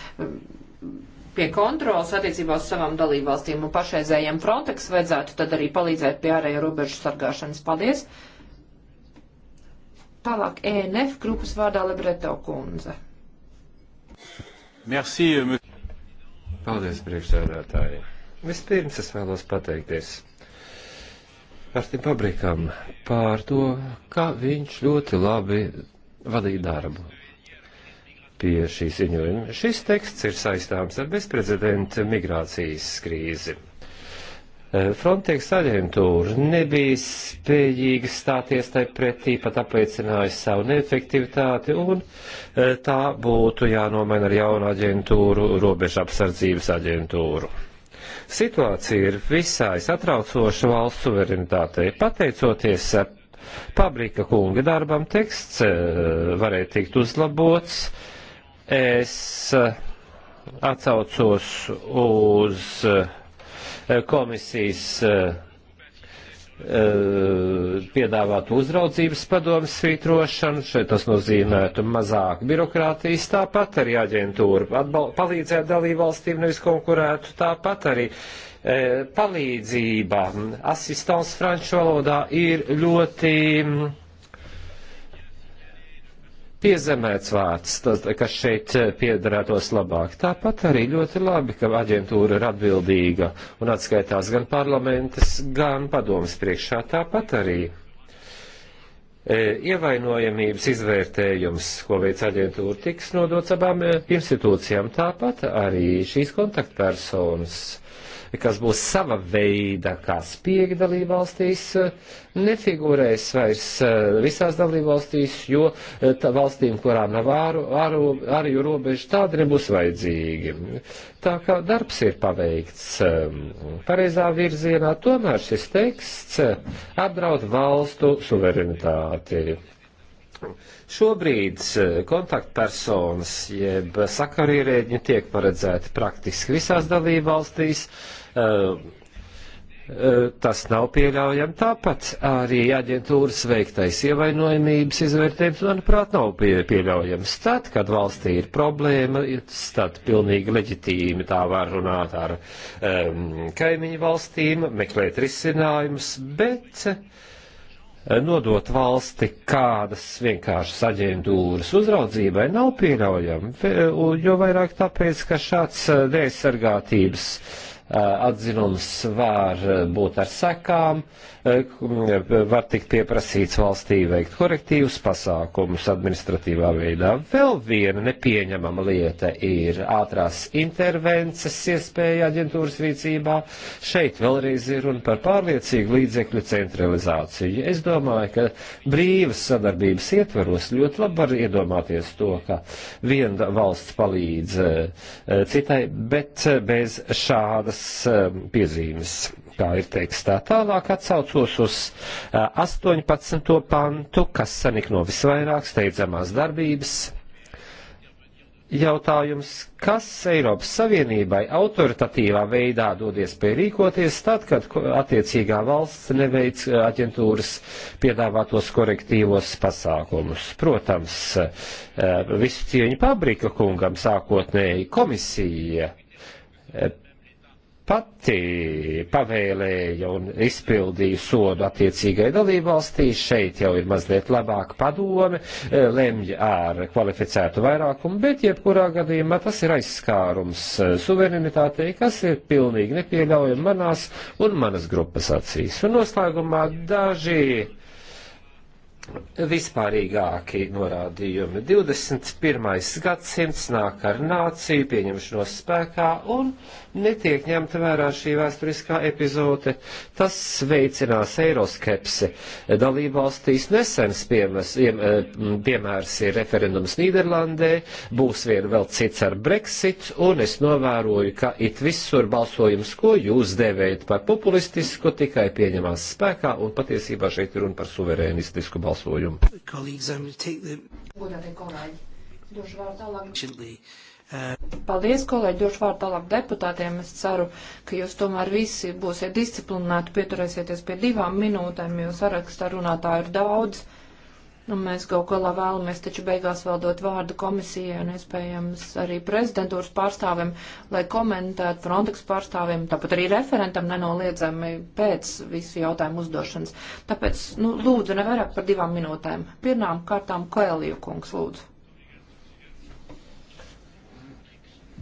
pie kontrolas attiecībā uz savām dalībvalstīm un pašreizējiem Frontex vajadzētu tad arī palīdzēt pie ārējo robežu sargāšanas. Paldies! Tālāk ENF grupas vārdā Lebreto kundze. Merci, euh, Paldies, priekšsēdētāji. Vispirms es vēlos pateikties Artim Pabrikam pār to, ka viņš ļoti labi vadīt darbu pie šī ziņojuma. Šis teksts ir saistāms ar bezprecedenta migrācijas krīzi. E, Frontex aģentūra nebija spējīga stāties tai pretī, pat apliecināja savu neefektivitāti, un e, tā būtu jānomaina ar jaunu aģentūru, robeža apsardzības aģentūru. Situācija ir visai satraucoša valsts suverenitātei. Pateicoties Pabrika kunga darbam teksts eh, varēja tikt uzlabots. Es eh, atsaucos uz eh, komisijas piedāvātu uzraudzības padomu svītrošanu, šeit tas nozīmētu mazāk birokrātijas, tāpat arī aģentūra palīdzētu dalībvalstīm, nevis konkurētu, tāpat arī E, palīdzība, asistants franču valodā ir ļoti mm, piezemēts vārds, tas, kas šeit e, piederētos labāk. Tāpat arī ļoti labi, ka aģentūra ir atbildīga un atskaitās gan parlamentas, gan padomas priekšā. Tāpat arī e, ievainojamības izvērtējums, ko veic aģentūra, tiks nodots abām e, institūcijām. Tāpat arī šīs kontaktpersonas kas būs sava veida kā spiegi dalībvalstīs, nefigurēs vairs eh, visās dalībvalstīs, jo eh, valstīm, kurām nav āru, āru, ārju robežu, tādi nebūs vajadzīgi. Tā kā darbs ir paveikts eh, pareizā virzienā, tomēr šis teksts apdraud valstu suverenitāti. Šobrīd kontaktpersonas jeb sakarierēģi tiek paredzēti praktiski visās dalībvalstīs. valstīs Eh, eh, tas nav pieļaujami. Tāpat arī aģentūras veiktais ievainojamības izvērtējums, manuprāt, nav pie, pieļaujams. Tad, kad valstī ir problēma, tad pilnīgi leģitīmi tā var runāt ar um, kaimiņu valstīm, meklēt risinājumus, bet eh, nodot valsti kādas vienkāršas aģentūras uzraudzībai nav pieļaujami, jo vairāk tāpēc, ka šāds neaizsargātības uh, Eh, atzinums var eh, būt ar sekām, eh, var tikt pieprasīts valstī veikt korektīvus pasākumus administratīvā veidā. Vēl viena nepieņemama lieta ir ātrās intervences iespēja aģentūras rīcībā. Šeit vēlreiz ir runa par pārliecīgu līdzekļu centralizāciju. Es domāju, ka brīvas sadarbības ietvaros ļoti labi var iedomāties to, ka viena valsts palīdz citai, bet bez šādas svarīgas um, piezīmes, kā ir tekstā. Tālāk atsaucos uz 18. Uh, pantu, kas sanik no visvairāk steidzamās darbības. Jautājums, kas Eiropas Savienībai autoritatīvā veidā dod iespēju rīkoties tad, kad attiecīgā valsts neveic aģentūras piedāvātos korektīvos pasākumus? Protams, uh, visu cieņu pabrika kungam sākotnēji komisija uh, pati pavēlēja un izpildīja sodu attiecīgai dalībvalstī. Šeit jau ir mazliet labāka padome, e, lemj ar kvalificētu vairākumu, bet jebkurā gadījumā tas ir aizskārums e, suverenitātei, kas ir pilnīgi nepieļaujami manās un manas grupas acīs. Un noslēgumā daži vispārīgāki norādījumi. 21. gadsimts nāk ar nāciju pieņemšanos spēkā un netiek ņemta vērā šī vēsturiskā epizode. Tas veicinās eiroskepsi. Dalībvalstīs nesens piemērs, eh, piemērs ir referendums Nīderlandē, būs vien vēl cits ar Brexit, un es novēroju, ka it visur balsojums, ko jūs devējat par populistisku, tikai pieņemās spēkā, un patiesībā šeit ir runa par suverēnistisku balsojumu balsojumu. Uh, Paldies, kolēģi, došu vārdu tālāk deputātiem. Es ceru, ka jūs tomēr visi būsiet disciplināti, pieturēsieties pie divām minūtēm, jo sarakstā runātāju ir daudz. Nu, mēs gal galā vēlamies taču beigās vēl dot vārdu komisijai un iespējams arī prezidentūras pārstāvim, lai komentētu Frontex pārstāvim, tāpat arī referentam nenoliedzami pēc visu jautājumu uzdošanas. Tāpēc, nu, lūdzu, ne vairāk par divām minūtēm. Pirmām kārtām Koeliju kungs, lūdzu.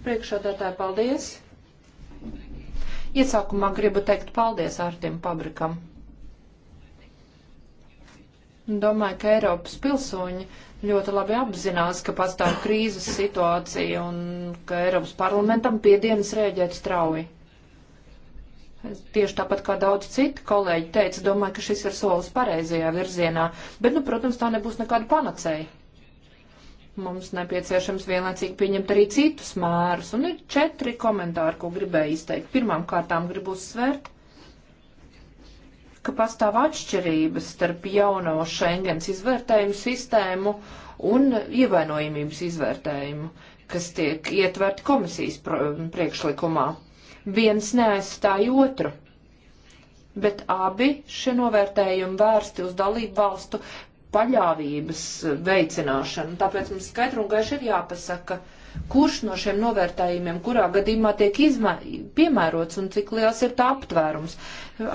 Priekšādātāji, paldies. Iesākumā gribu teikt paldies Ārtim Pabrikam Domāju, ka Eiropas pilsoņi ļoti labi apzinās, ka pastāv krīzes situācija un ka Eiropas parlamentam piedienas rēģēt strauji. Tieši tāpat kā daudz citu kolēģi teica, domāju, ka šis ir solis pareizajā virzienā, bet, nu, protams, tā nebūs nekāda panacēja. Mums nepieciešams vienlaicīgi pieņemt arī citus mērus, un ir četri komentāri, ko gribēju izteikt. Pirmām kārtām gribu uzsvērt, ka pastāv atšķirības starp jauno Schengens izvērtējumu sistēmu un ievainojamības izvērtējumu, kas tiek ietverti komisijas priekšlikumā. Viens neaizstāja otru, bet abi šie novērtējumi vērsti uz dalību valstu paļāvības veicināšanu. Tāpēc mums skaidru un gaiši ir jāpasaka, ka kurš no šiem novērtējumiem, kurā gadījumā tiek izmē, piemērots un cik liels ir tā aptvērums.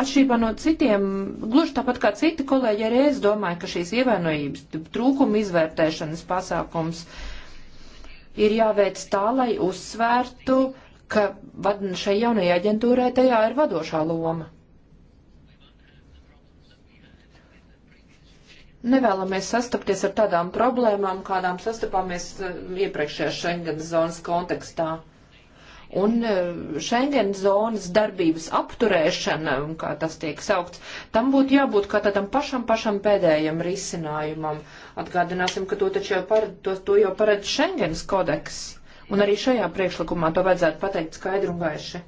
Atšķirībā no citiem, gluži tāpat kā citi kolēģi, arī es domāju, ka šīs ievainojības trūkuma izvērtēšanas pasākums ir jāveic tā, lai uzsvērtu, ka šai jaunajai aģentūrai tajā ir vadošā loma. Nevēlamies sastapties ar tādām problēmām, kādām sastapāmies eh, iepriekšējā Schengen zonas kontekstā. Un eh, Schengen zonas darbības apturēšana, kā tas tiek saukts, tam būtu jābūt kā tādam pašam pašam pēdējam risinājumam. Atgādināsim, ka to, taču jau, pared, to, to jau paredz Schengens kodeks. Un arī šajā priekšlikumā to vajadzētu pateikt skaidru un gaiši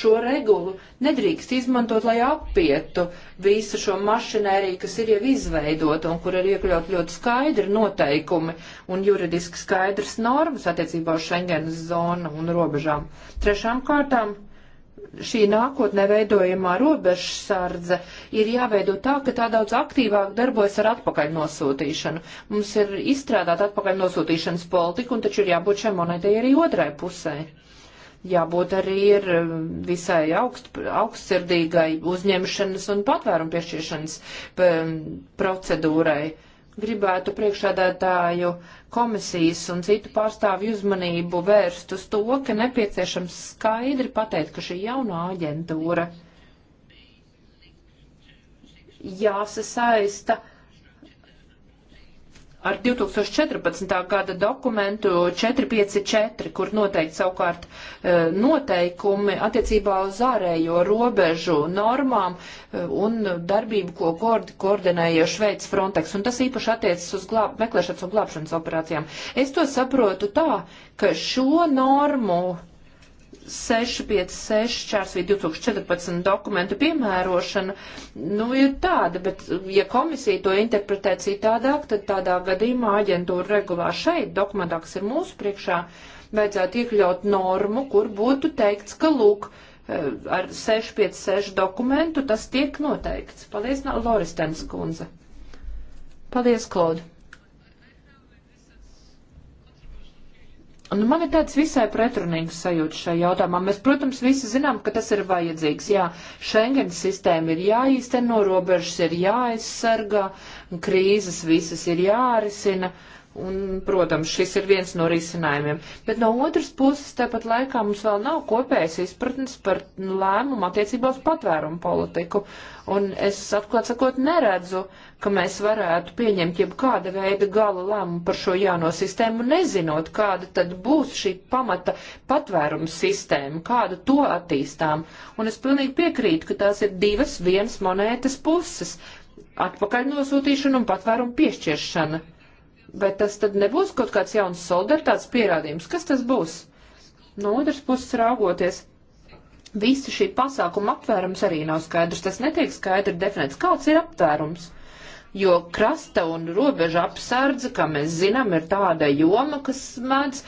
šo regulu nedrīkst izmantot, lai apietu visu šo mašinēriju, kas ir jau izveidota un kur ir iekļaut ļoti skaidri noteikumi un juridiski skaidrs normas attiecībā uz Schengenas zonu un robežām. Trešām kārtām šī nākotnē veidojamā robežsardze ir jāveido tā, ka tā daudz aktīvāk darbojas ar atpakaļnosūtīšanu. Mums ir izstrādāt atpakaļnosūtīšanas politiku, un taču ir jābūt šai monētai arī otrai pusē jābūt arī ir um, visai augst, augstsirdīgai uzņemšanas un patvērumu piešķiršanas um, procedūrai. Gribētu priekšādātāju komisijas un citu pārstāvju uzmanību vērst uz to, ka nepieciešams skaidri pateikt, ka šī jaunā aģentūra jāsasaista ar 2014. gada dokumentu 454, kur noteikti savukārt e, noteikumi attiecībā uz ārējo robežu normām e, un darbību, ko koordinēja Šveic Frontex. Un tas īpaši attiecas uz glāb, meklēšanas un glābšanas operācijām. Es to saprotu tā, ka šo normu 656 čārsvīt 2014 dokumentu piemērošana, nu, ir tāda, bet ja komisija to interpretē citādāk, tad tādā gadījumā aģentūra regulā šeit dokumentā, kas ir mūsu priekšā, vajadzētu iekļaut normu, kur būtu teikts, ka lūk, eh, ar 656 dokumentu tas tiek noteikts. Paldies, Loristens kundze. Paldies, Klaudu. Nu, man ir tāds visai pretrunīgs sajūta šajā jautājumā. Mēs, protams, visi zinām, ka tas ir vajadzīgs. Jā, Schengen sistēma ir jāīsteno, robežas ir jāaizsargā, krīzes visas ir jārisina. Uh, Un, protams, šis ir viens no risinājumiem. Bet no otras puses, tāpat laikā mums vēl nav kopējas izpratnes par lēmumu attiecībā uz patvērumu politiku. Un es atklāt sakot neredzu, ka mēs varētu pieņemt jau kāda veida gala lēmumu par šo jauno sistēmu, nezinot, kāda tad būs šī pamata patvērumu sistēma, kādu to attīstām. Un es pilnīgi piekrītu, ka tās ir divas vienas monētas puses - atpakaļ nosūtīšana un patvērumu piešķiršana Bet tas tad nebūs kaut kāds jauns solidaritātes pierādījums. Kas tas būs? No otras puses raugoties, visa šī pasākuma aptvērums arī nav skaidrs. Tas netiek skaidri definēts. Kāds ir aptvērums? jo krasta un robeža apsardze, kā mēs zinām, ir tāda joma, kas mēdz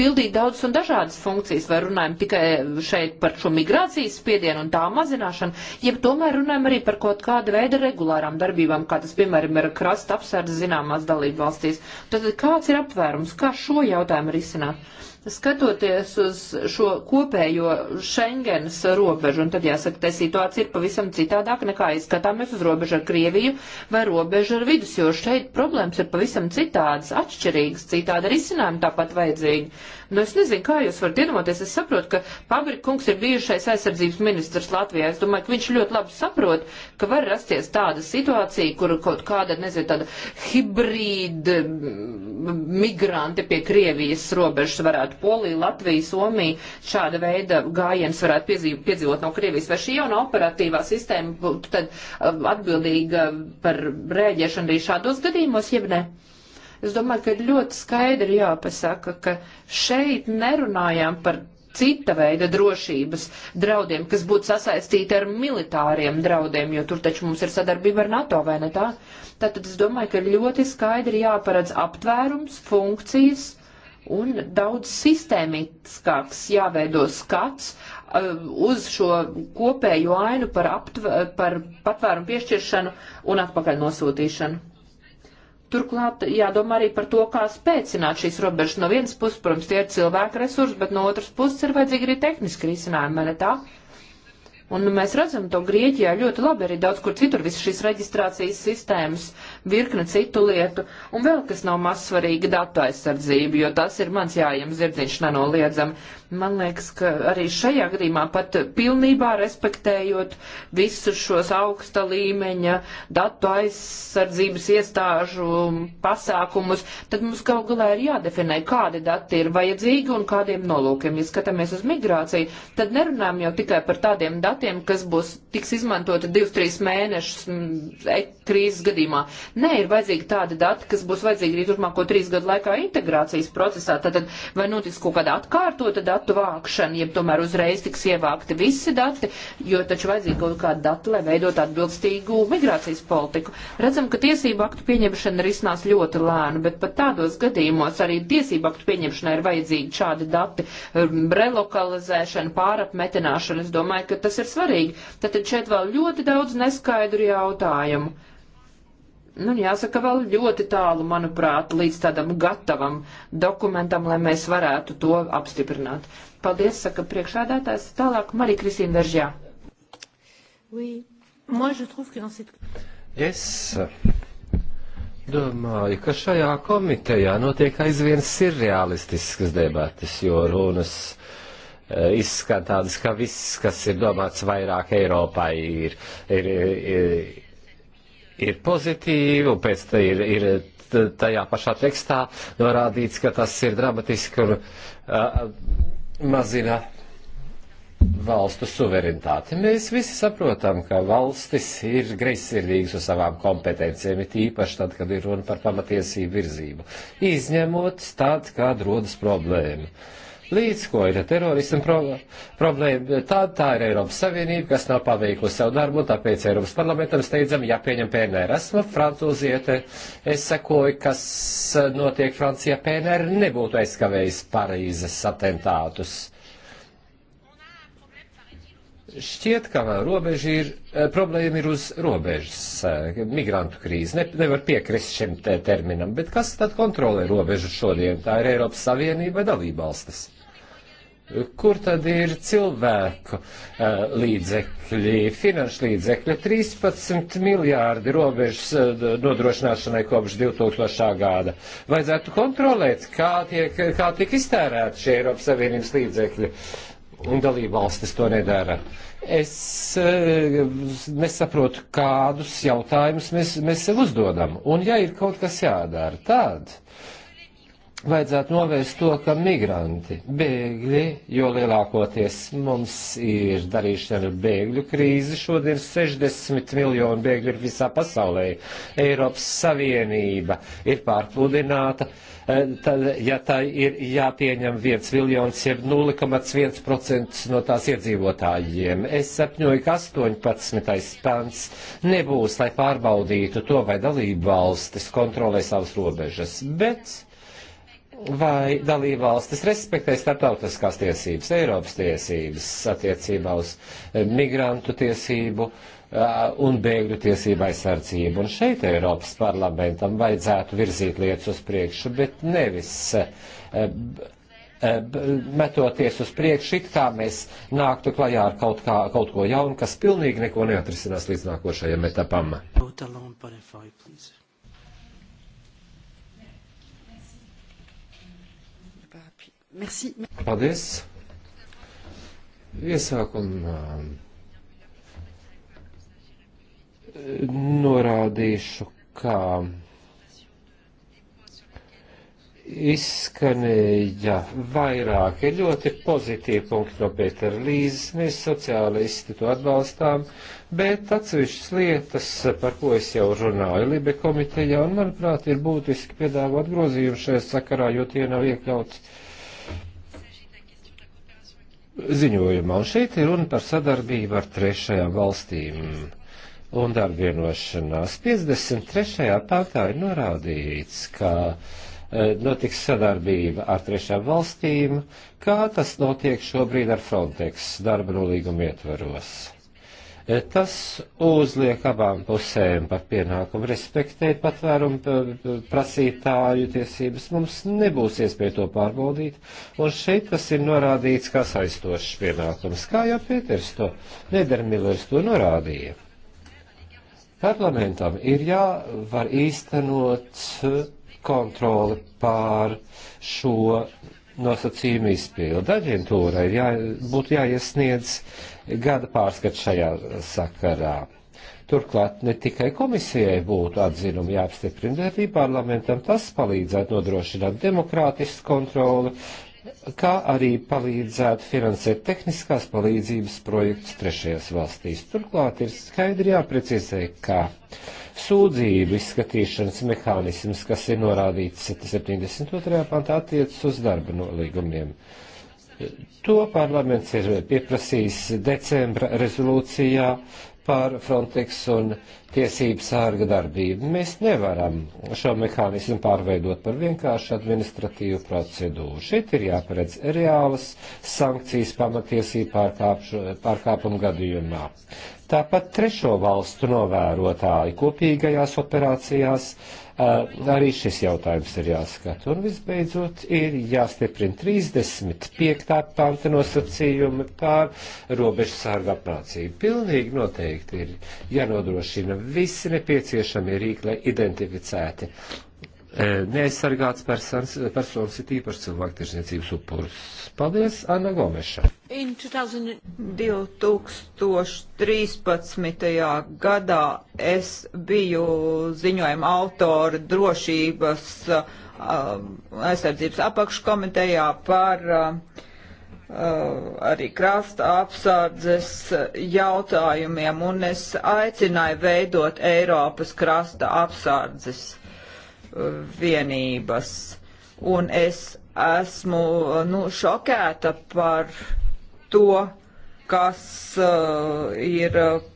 pildīt daudz un dažādas funkcijas, vai runājam tikai šeit par šo migrācijas spiedienu un tā mazināšanu, jeb tomēr runājam arī par kaut kādu veidu regulārām darbībām, kā tas, piemēram, ir krasta apsardze zināmās dalību valstīs. Tad kāds ir apvērums, kā šo jautājumu risināt? skatoties uz šo kopējo Schengenas robežu, un tad jāsaka, te situācija ir pavisam citādāka nekā izskatāmies uz robežu ar Krieviju vai robežu ar vidus, jo šeit problēmas ir pavisam citādas, atšķirīgas, citāda risinājuma tāpat vajadzīgi. Nu, es nezinu, kā jūs varat iedomāties. Es saprotu, ka Pabrikungs ir bijušais aizsardzības ministrs Latvijā. Es domāju, ka viņš ļoti labi saprot, ka var rasties tāda situācija, kur kaut kāda, nezinu, tāda hibrīda mm, migranti pie Krievijas robežas varētu Polija, Latvija, Somija šāda veida gājiens varētu piedzīvot, piedzīvot no Krievijas. Vai šī jauna operatīvā sistēma būtu tad um, atbildīga par rēģēšanu arī šādos gadījumos, jeb ne? Es domāju, ka ļoti skaidri jāpasaka, ka šeit nerunājām par cita veida drošības draudiem, kas būtu sasaistīti ar militāriem draudiem, jo tur taču mums ir sadarbība ar NATO, vai ne tā? Tātad es domāju, ka ļoti skaidri jāparedz aptvērums, funkcijas un daudz sistēmiskāks jāveido skats uh, uz šo kopējo ainu par, aptver, par patvērumu piešķiršanu un atpakaļ nosūtīšanu. Turklāt jādomā arī par to, kā spēcināt šīs robežas. No vienas puses, protams, tie ir cilvēku resursi, bet no otras puses ir vajadzīgi arī tehniski risinājumi, ne tā? Un nu, mēs redzam to Grieķijā ļoti labi, arī daudz kur citur visas šīs reģistrācijas sistēmas virkne citu lietu, un vēl kas nav maz svarīga datu aizsardzība, jo tas ir mans jājams zirdziņš nenoliedzami. Man liekas, ka arī šajā gadījumā pat pilnībā respektējot visus šos augsta līmeņa datu aizsardzības iestāžu pasākumus, tad mums kaut galā ir jādefinē, kādi dati ir vajadzīgi un kādiem nolūkiem. Ja skatāmies uz migrāciju, tad nerunājam jau tikai par tādiem datiem, kas būs tiks izmantoti 2-3 mēnešus mm, e, krīzes gadījumā. Nē, ir vajadzīgi tādi dati, kas būs vajadzīgi arī turpmāko trīs gadu laikā integrācijas procesā. Tad vai notiks kaut kāda atkārtota datu vākšana, ja tomēr uzreiz tiks ievākti visi dati, jo taču vajadzīgi kaut kādi dati, lai veidot atbilstīgu migrācijas politiku. Redzam, ka tiesību aktu pieņemšana risinās ļoti lēnu, bet pat tādos gadījumos arī tiesību aktu pieņemšanai ir vajadzīgi šādi dati, um, relokalizēšana, pārapmetināšana. Es domāju, ka tas ir svarīgi. Tad šeit vēl ļoti daudz neskaidru jautājumu nu, jāsaka, vēl ļoti tālu, manuprāt, līdz tādam gatavam dokumentam, lai mēs varētu to apstiprināt. Paldies, saka priekšādātājs. Tālāk Marija Kristīna Veržjā. Oui. Moi, trouve, cette... Es domāju, ka šajā komitejā notiek aizvien surrealistiskas debatas, jo runas e, izskan tādas, ka viss, kas ir domāts vairāk Eiropai, ir, ir, ir ir pozitīvi, un pēc tam ir, ir tajā pašā tekstā norādīts, ka tas ir dramatiski un uh, mazina valstu suverenitāti. Mēs visi saprotam, ka valstis ir greizsirdīgas uz savām kompetencijām, it īpaši tad, kad ir runa par pamatiesību virzību, izņemot tad, kad rodas problēma. Uh, līdz ko ir terorisma pro problēma. Tā, tā ir Eiropas Savienība, kas nav paveikusi savu darbu, un tāpēc Eiropas parlamentam steidzam jāpieņem PNR. Esmu francūziete, es sekoju, kas notiek Francijā. PNR nebūtu aizskavējis Parīzes atentātus. Šķiet, ka robeža ir, eh, problēma ir uz robežas, eh, migrantu krīze. Ne, nevar piekrist šim te terminam, bet kas tad kontrolē robežu šodien? Tā ir Eiropas Savienība dalībvalstis. Kur tad ir cilvēku līdzekļi, finanšu līdzekļi? 13 miljārdi robežas nodrošināšanai kopš 2000. gada. Vajadzētu kontrolēt, kā tiek, kā tiek iztērēti šie Eiropas Savienības līdzekļi. Un dalībvalstis to nedara. Es nesaprotu, kādus jautājumus mēs, mēs sev uzdodam. Un ja ir kaut kas jādara, tad. Uh, vajadzētu novērst to, ka migranti, bēgļi, jo lielākoties mums ir darīšana ar bēgļu krīzi, šodien 60 miljonu bēgļu ir visā pasaulē, Eiropas Savienība ir pārpludināta, eh, tad, ja tā ir jāpieņem 1 miljons, jeb 0,1% no tās iedzīvotājiem. Es sapņoju, ka 18. pants nebūs, lai pārbaudītu to, vai dalību valstis kontrolē savas robežas, bet vai dalībvalstis respektē starptautiskās tiesības, Eiropas tiesības attiecībā uz eh, migrantu tiesību eh, un bēgļu tiesību aizsardzību. Un šeit Eiropas parlamentam vajadzētu virzīt lietas uz priekšu, bet nevis eh, metoties uz priekšu, it kā mēs nāktu klajā ar kaut, kā, kaut ko jaunu, kas pilnīgi neko neatrisinās līdz nākošajam etapam. Merci. Paldies. Iesākumā uh, norādīšu, kā izskanēja vairāki ļoti pozitīvi punkti no Pētera Līzes. Mēs sociālisti to atbalstām, bet atsevišķas lietas, par ko es jau runāju Libe komitejā, un manuprāt ir būtiski piedāvāt grozījumu šajā sakarā, jo tie nav iekļauts ziņojumā. Un šeit ir runa par sadarbību ar trešajām valstīm un darbvienošanās. 53. pāntā ir norādīts, ka e, notiks sadarbība ar trešām valstīm, kā tas notiek šobrīd ar Frontex darba nolīgumu ietvaros. Tas uzliek abām pusēm par pienākumu respektēt patvērumu prasītāju tiesības. Mums nebūs iespēja to pārbaudīt, un šeit tas ir norādīts kā saistošs pienākums, kā jau Pēters to, Nedermilers to norādīja. Parlamentam ir jāvar īstenot kontroli pār šo nosacījumu izpildu. Aģentūrai jā, būtu jāiesniedz gada pārskats šajā sakarā. Turklāt ne tikai komisijai būtu atzinumi jāapstiprina, bet arī parlamentam tas palīdzētu nodrošināt demokrātisku kontroli, kā arī palīdzētu finansēt tehniskās palīdzības projektus trešajās valstīs. Turklāt ir skaidri jāprecizē, ka sūdzību izskatīšanas mehānisms, kas ir norādīts 72. pantā, attiecas uz darba nolīgumiem. To parlaments ir pieprasījis decembra rezolūcijā par Frontex un tiesību sārga darbību. Mēs nevaram šo mehānismu pārveidot par vienkāršu administratīvu procedūru. Šeit ir jāparedz reālas sankcijas pamatiesību pārkāpumu gadījumā. Tāpat trešo valstu novērotāji kopīgajās operācijās uh, arī šis jautājums ir jāskata. Un visbeidzot ir jāstiprina 35. panta nosacījumi pār robežu sārgu apmācību. Pilnīgi noteikti ir jānodrošina visi nepieciešamie rīkli identificēti E, neaizsargāts persons, personas ir īpaši cilvēktiesniecības upurus. Paldies, Anna Gomeša. 2013. gadā es biju ziņojuma autora drošības aizsardzības apakškomitejā par arī krasta apsardzes jautājumiem, un es aicināju veidot Eiropas krasta apsardzes vienības. Un es esmu nu, šokēta par to, kas uh, ir uh,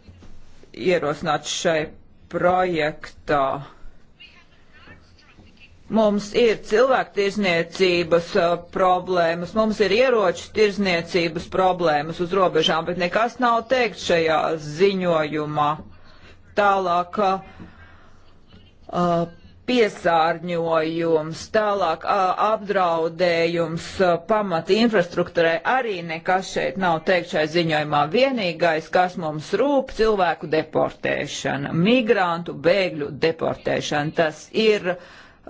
ierosināts šai projektā. Mums ir cilvēktirzniecības uh, problēmas, mums ir ieroču tirzniecības problēmas uz robežām, bet nekas nav teikt šajā ziņojumā. Tālāk uh, uh piesārņojums, tālāk apdraudējums pamata infrastruktūrai arī nekas šeit nav teikt šai ziņojumā. Vienīgais, kas mums rūp, cilvēku deportēšana, migrantu, bēgļu deportēšana. Tas ir uh,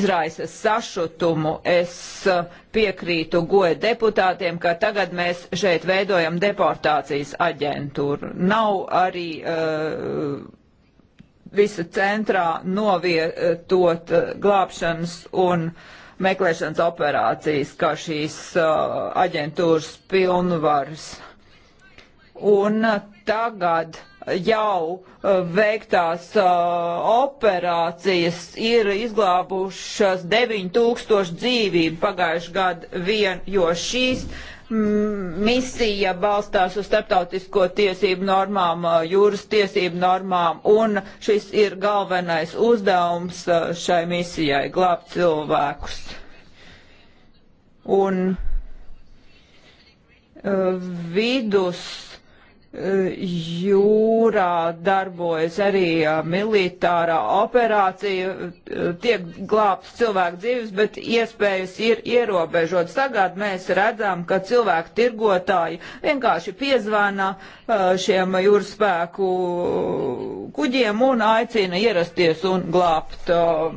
izraisa sašutumu. Es uh, piekrītu goja deputātiem, ka tagad mēs šeit veidojam deportācijas aģentūru. Nav arī uh, visu centrā novietot eh, glābšanas un meklēšanas operācijas, kā šīs uh, aģentūras pilnvaras. Un eh, tagad jau veiktās uh, operācijas ir izglābušas 9000 dzīvību pagājuši gadu vien, jo šīs uh, misija balstās uz starptautisko tiesību normām, jūras tiesību normām, un šis ir galvenais uzdevums šai misijai - glābt cilvēkus. Un vidus jūrā darbojas arī militārā operācija, tiek glābts cilvēku dzīves, bet iespējas ir ierobežotas. Tagad mēs redzam, ka cilvēku tirgotāji vienkārši piezvana šiem jūras spēku kuģiem un aicina ierasties un glābt uh,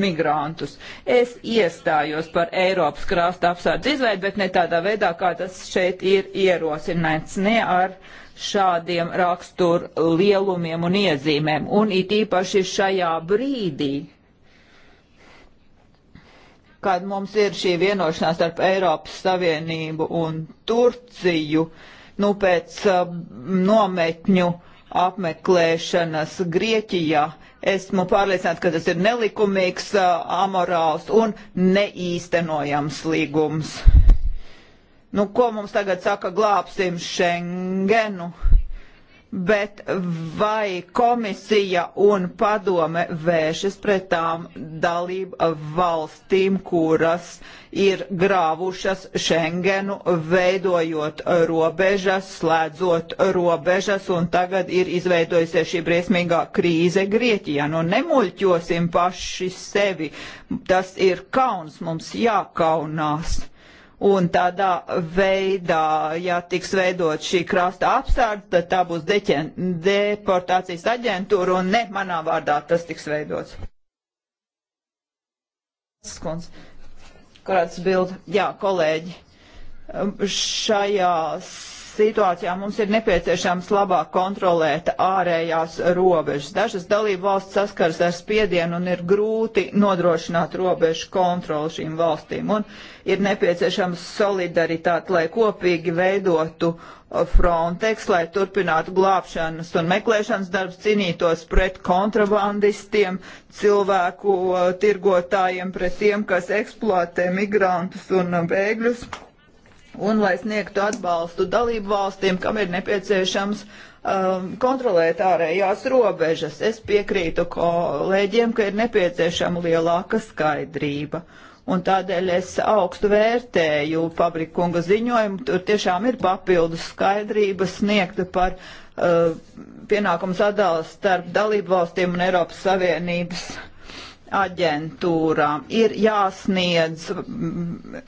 migrantus. Es iestājos par Eiropas krasta apsardz izveidu, bet ne tādā veidā, kā tas šeit ir ierosināts, ne ar uh, šādiem rakstur lielumiem un iezīmēm. Un it īpaši šajā brīdī, kad mums ir šī vienošanās starp Eiropas Savienību un Turciju, nu pēc uh, nometņu apmeklēšanas Grieķijā, esmu pārliecināts, ka tas ir nelikumīgs, uh, amorāls un neīstenojams līgums. Nu, ko mums tagad saka, glābsim Schengenu? Bet vai komisija un padome vēršas pret tām dalību valstīm, kuras ir grāvušas Schengenu, veidojot robežas, slēdzot robežas, un tagad ir izveidojusies šī briesmīgā krīze Grieķijā? Nu, nemuļķosim paši sevi, tas ir kauns, mums jākaunās. Un tādā veidā, ja tiks veidot šī krasta apsārds, tad tā būs deķen, deportācijas aģentūra un ne manā vārdā tas tiks veidots. Skons. Kurāds bild, jā, kolēģi, šajās situācijā mums ir nepieciešams labāk kontrolēt ārējās robežas. Dažas dalību valsts saskars ar spiedienu un ir grūti nodrošināt robežu kontroli šīm valstīm. Un ir nepieciešams solidaritāte, lai kopīgi veidotu uh, Frontex, lai turpinātu glābšanas un meklēšanas darbs, cīnītos pret kontrabandistiem, cilvēku uh, tirgotājiem, pret tiem, kas eksploatē migrantus un bēgļus. Uh, un lai sniegtu atbalstu dalību valstīm, kam ir nepieciešams um, kontrolēt ārējās robežas. Es piekrītu kolēģiem, ka ir nepieciešama lielāka skaidrība. Un tādēļ es augstu vērtēju Fabrikunga ziņojumu. Tur tiešām ir papildus skaidrība sniegta par uh, pienākumu sadalu starp dalību valstīm un Eiropas Savienības aģentūrām. Ir jāsniedz mm,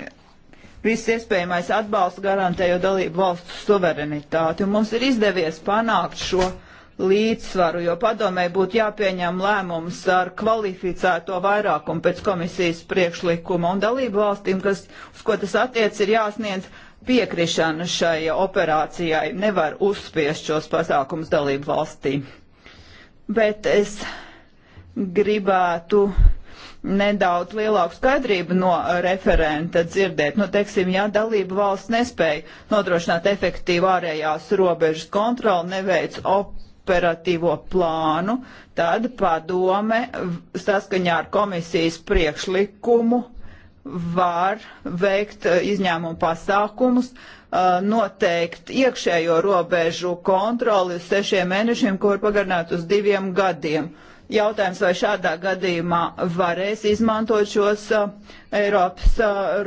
viss iespējamais atbalsts garantējot dalību valstu suverenitāti. Un mums ir izdevies panākt šo līdzsvaru, jo padomē būtu jāpieņem lēmums ar kvalificēto vairākumu pēc komisijas priekšlikuma un dalību valstīm, kas, uz ko tas attiec, ir jāsniedz piekrišana šai operācijai. Nevar uzspiest šos pasākumus dalību valstī. Bet es gribētu uh, nedaudz lielāku skaidrību no referenta dzirdēt. Nu, teiksim, ja dalība valsts nespēja nodrošināt efektīvu ārējās robežas kontroli, neveic operatīvo plānu, tad padome saskaņā ar komisijas priekšlikumu var veikt uh, izņēmumu pasākumus, uh, noteikt iekšējo robežu kontroli uz sešiem mēnešiem, ko var pagarināt uz diviem gadiem. Uh, Jautājums, vai šādā gadījumā varēs izmantot šos Eiropas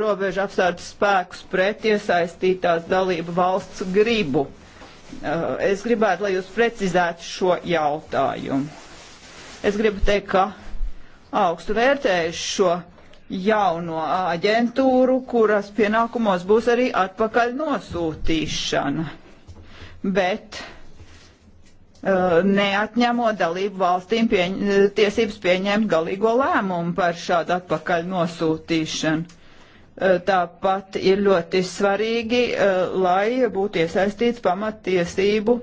robežu apsardzes spēkus pret iesaistītās dalību valsts gribu. Es gribētu, lai jūs precizētu šo jautājumu. Es gribu teikt, ka augstu vērtēju šo jauno aģentūru, kuras pienākumos būs arī atpakaļ nosūtīšana. Bet uh, Uh, neatņemot dalību valstīm pieņ uh, tiesības pieņemt galīgo lēmumu par šādu atpakaļ nosūtīšanu. Uh, tāpat ir ļoti svarīgi, lai būtu iesaistīts pamattiesību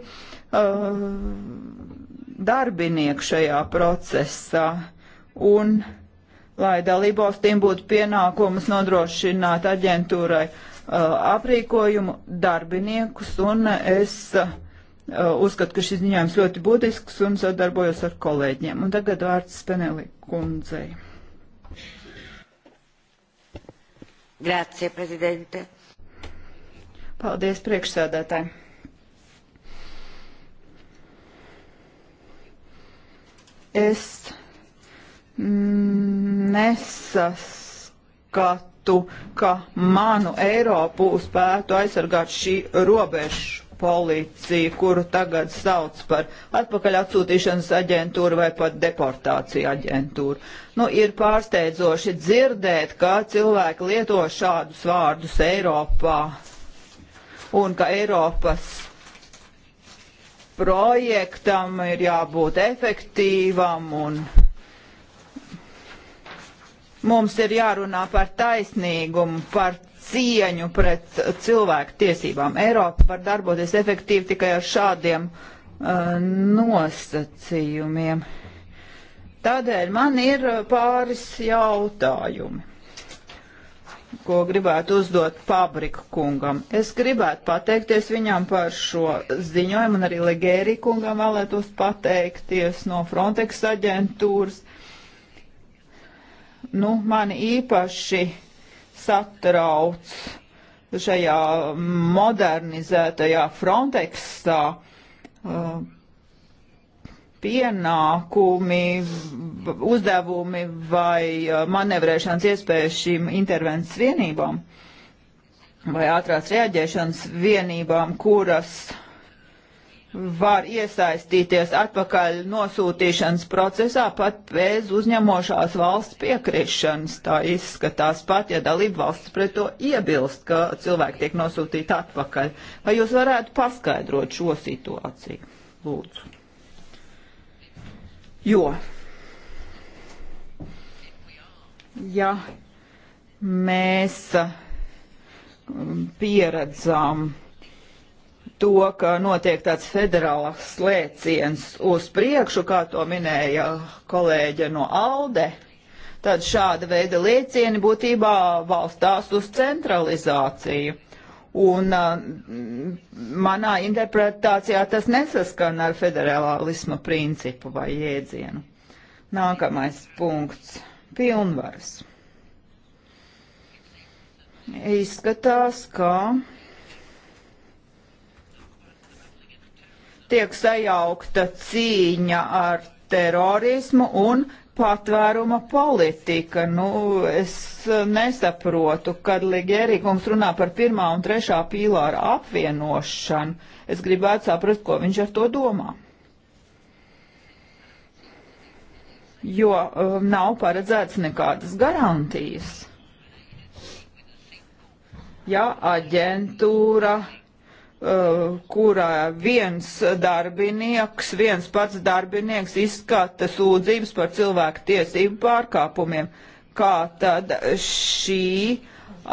darbinieku šajā procesā un lai dalību valstīm būtu pienākums nodrošināt aģentūrai aprīkojumu darbiniekus un es uh, Eh, uzskatu, ka šis ziņojums ļoti būtisks un sadarbojos ar kolēģiem. Un tagad vārds Penelī kundzei. Grācie, prezidente. Paldies, priekšsēdētāji. Es mm, nesaskatu, ka manu Eiropu spētu aizsargāt šī robežu policija, kuru tagad sauc par atpakaļ atsūtīšanas aģentūru vai pat deportāciju aģentūru. Nu, ir pārsteidzoši dzirdēt, kā cilvēki lieto šādus vārdus Eiropā un ka Eiropas projektam ir jābūt efektīvam un mums ir jārunā par taisnīgumu, par cieņu pret cilvēku tiesībām. Eiropa var darboties efektīvi tikai ar šādiem uh, nosacījumiem. Tādēļ man ir uh, pāris jautājumi, ko gribētu uzdot Pabriku kungam. Es gribētu pateikties viņam par šo ziņojumu un arī Legēri kungam vēlētos pateikties no Frontex aģentūras. Nu, mani īpaši satrauc šajā modernizētajā Frontexā. Uh, pienākumi, uzdevumi vai uh, manevrēšanas iespējas šīm intervences vienībām vai ātrās reaģēšanas vienībām, kuras var iesaistīties atpakaļ nosūtīšanas procesā pat bez uzņemošās valsts piekrišanas. Tā izskatās pat, ja dalība valsts pret to iebilst, ka cilvēki tiek nosūtīti atpakaļ. Vai jūs varētu paskaidrot šo situāciju? Lūdzu. Jo. Ja mēs um, pieredzām to, ka notiek tāds federāls lēciens uz priekšu, kā to minēja kolēģe no ALDE, tad šāda veida lēcieni būtībā valstās uz centralizāciju. Un uh, manā interpretācijā tas nesaskan ar federālisma principu vai jēdzienu. Nākamais punkts - pilnvaras. Izskatās, ka tiek sajaukta cīņa ar terorismu un patvēruma politika. Nu, es nesaprotu, kad Ligērīkums runā par pirmā un trešā pīlāra apvienošanu. Es gribētu saprast, ko viņš ar to domā. Jo um, nav paredzēts nekādas garantijas. Ja aģentūra Eh, kurā viens darbinieks, viens pats darbinieks izskata sūdzības par cilvēku tiesību pārkāpumiem. Kā tad šī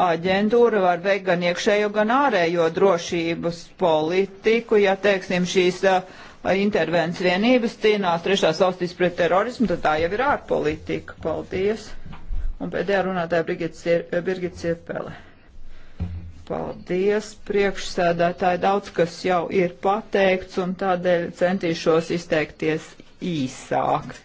aģentūra var veikt gan iekšējo, gan ārējo drošības politiku, ja, teiksim, šīs eh, intervences vienības cīnās trešās valstīs pret terorismu, tad tā jau ir ārpolitika. Paldies! Un pēdējā runātāja Birgit Sirpele. Sir Paldies, priekšsēdētāji, daudz kas jau ir pateikts, un tādēļ centīšos izteikties īsāk.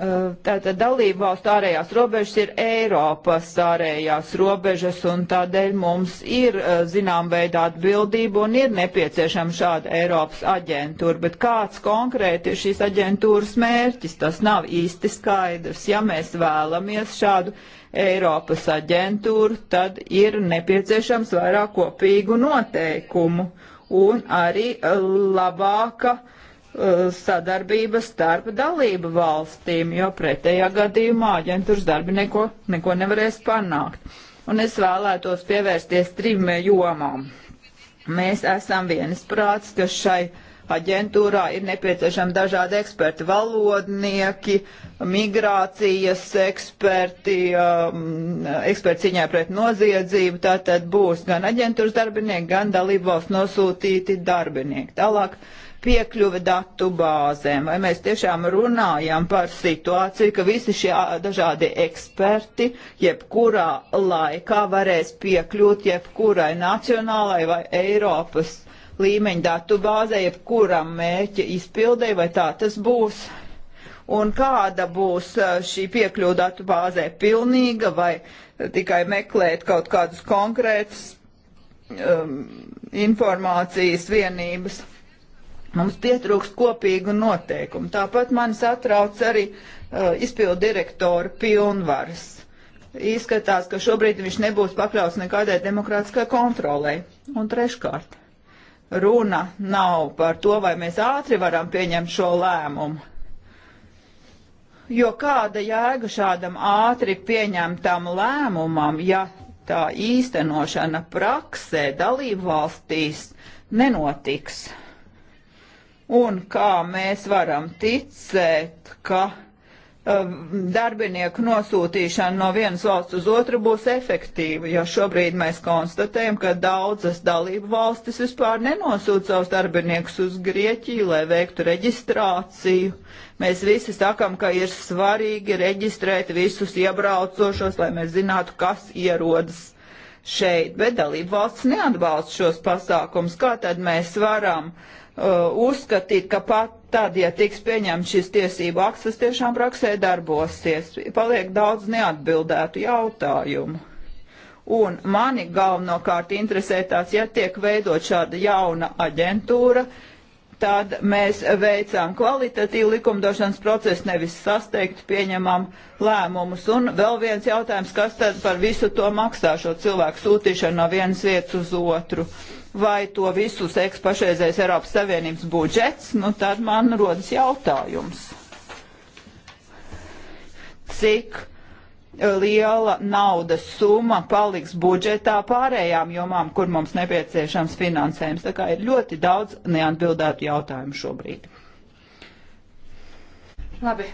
Eh, tātad dalību valstu ārējās robežas ir Eiropas ārējās robežas, un tādēļ mums ir eh, zinām veidā atbildība un ir nepieciešama šāda Eiropas aģentūra. Bet kāds konkrēti ir šīs aģentūras mērķis, tas nav īsti skaidrs. Ja mēs vēlamies šādu Eiropas aģentūru, tad ir nepieciešams vairāk kopīgu noteikumu un arī eh, labāka uh, Uh, sadarbība starp dalību valstīm, jo pretējā gadījumā aģentūras darbi neko, neko nevarēs panākt. Un es vēlētos pievērsties trim jomām. Mēs esam vienisprāts, ka šai aģentūrā ir nepieciešami dažādi eksperti, valodnieki, migrācijas eksperti, um, eksperti ciņā pret noziedzību. Tātad būs gan aģentūras darbinieki, gan dalībvalsts nosūtīti darbinieki. Tālāk uh, piekļuve datu bāzēm. Vai mēs tiešām runājam par situāciju, ka visi šie dažādi eksperti jebkurā laikā varēs piekļūt jebkurai nacionālai vai Eiropas līmeņa datu bāzē, jebkuram mērķa izpildē, vai tā tas būs? Un kāda būs šī piekļuva datu bāzē pilnīga vai tikai meklēt kaut kādus konkrētus um, informācijas vienības? Mums pietrūkst kopīgu noteikumu. Tāpat man satrauc arī uh, izpildu direktora pilnvaras. Izskatās, ka šobrīd viņš nebūs pakļauts nekādai demokrātiskai kontrolē. Un treškārt, runa nav par to, vai mēs ātri varam pieņemt šo lēmumu. Jo kāda jēga šādam ātri pieņemtam lēmumam, ja tā īstenošana praksē dalību valstīs nenotiks? Un kā mēs varam ticēt, ka um, darbinieku nosūtīšana no vienas valsts uz otru būs efektīva, jo šobrīd mēs konstatējam, ka daudzas dalību valstis vispār nenosūta savus darbiniekus uz Grieķiju, lai veiktu reģistrāciju. Mēs visi sakam, ka ir svarīgi reģistrēt visus iebraucošos, lai mēs zinātu, kas ierodas šeit, bet dalību valsts neatbalsta šos pasākums. Kā tad mēs varam uh, Uh, uzskatīt, ka pat tad, ja tiks pieņemts šis tiesību akts, tas tiešām praksē darbosies. Paliek daudz neatbildētu jautājumu. Un mani galvenokārt interesē tās, ja tiek veidot šāda jauna aģentūra, tad mēs veicām kvalitatīvu likumdošanas procesu, nevis sasteigti pieņemam lēmumus. Un vēl viens jautājums, kas tad par visu to maksā šo cilvēku sūtīšanu no vienas vietas uz otru. Uh, vai to visu seks pašreizējais Eiropas Savienības budžets, nu tad man rodas jautājums, cik e, liela naudas summa paliks budžetā pārējām jomām, kur mums nepieciešams finansējums. Tā kā ir ļoti daudz neatbildētu jautājumu šobrīd. Labi,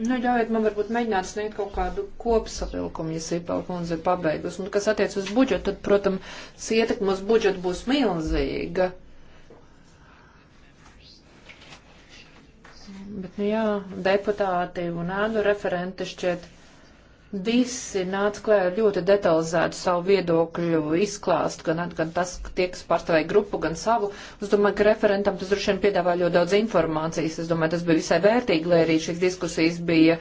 Nu, ļaujiet man varbūt mēģināt sniegt kaut kādu kopsavilkumu, ja Sīpela kundze ir pabeigus. Un, nu, kas attiec uz budžetu, tad, protams, ietekme uz budžetu būs milzīga. Bet, nu jā, deputāti un ēnu referenti šķiet Visi nāca klajā ar ļoti detalizētu savu viedokļu izklāstu, gan, gan tas, tie, kas pārstāvēja grupu, gan savu. Es domāju, ka referentam tas droši vien piedāvā ļoti daudz informācijas. Es domāju, tas bija visai vērtīgi, lai arī šīs diskusijas bija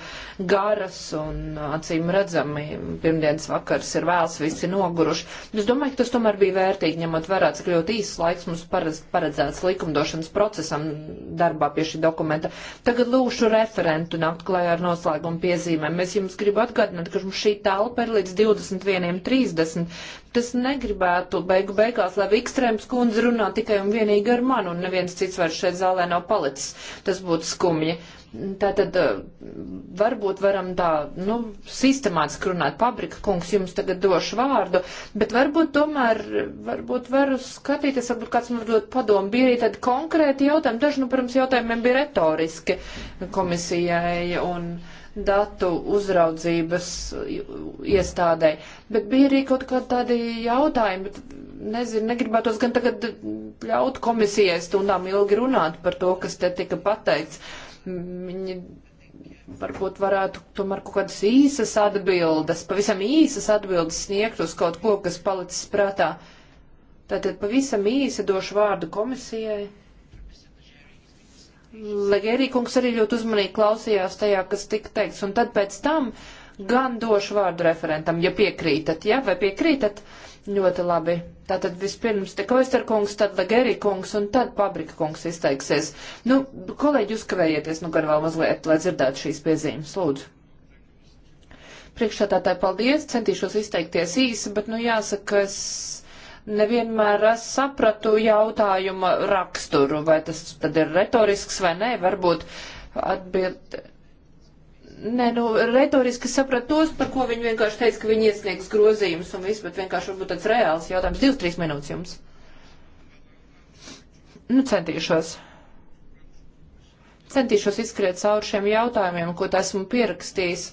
garas un acīm redzami. Pirmdienas vakars ir vēls, visi noguruši. Es domāju, ka tas tomēr bija vērtīgi, ņemot vērā, cik ļoti īsts laiks mums paredz, paredzēts likumdošanas procesam darbā pie šī dokumenta. Tagad lūšu referentu nākt klajā ar noslēgumu piezīmēm. Es jums gribu atgādināt atgādināt, ka mums šī telpa ir līdz 21.30. Tas negribētu beigu beigās, lai Vikstrēms kundze runā tikai un vienīgi ar mani, un neviens cits vairs šeit zālē nav palicis. Tas būtu skumji. Tātad eh, varbūt varam tā, nu, sistemātiski runāt. Pabrika kungs jums tagad došu vārdu, bet varbūt tomēr, varbūt varu skatīties, varbūt kāds man dod padomu. Bija arī tādi konkrēti jautājumi, daži, nu, pirms jautājumiem bija retoriski komisijai un. Uh, datu uzraudzības iestādē. Bet bija arī kaut kādi tādi jautājumi, bet nezinu, negribētos gan tagad ļaut komisijai stundām ilgi runāt par to, kas te tika pateikts. Viņi varbūt varētu tomēr kaut kādas īsas atbildes, pavisam īsas atbildes sniegt uz kaut ko, kas palicis prātā. Tātad pavisam īsi došu vārdu komisijai. Legērīkungs arī ļoti uzmanīgi klausījās tajā, kas tika teikts, un tad pēc tam gan došu vārdu referentam, ja piekrītat, ja, vai piekrītat, ļoti labi. Tātad vispirms te Koisterkungs, tad Legērīkungs, un tad Pabrika kungs izteiksies. Nu, kolēģi, uzkavējieties, nu, gan vēl mazliet, lai dzirdētu šīs piezīmes, lūdzu priekšstādātāji, paldies. Centīšos izteikties īsi, bet, nu, jāsaka, es nevienmēr es sapratu jautājuma raksturu, vai tas tad ir retorisks vai nē, varbūt atbild. Nē, nu, retoriski sapratu tos, par ko viņi vienkārši teica, ka viņi iesniegs grozījumus un viss, bet vienkārši varbūt tāds reāls jautājums. Divas, trīs minūtes jums. Nu, centīšos centīšos izskriet cauri šiem jautājumiem, ko esmu pierakstījis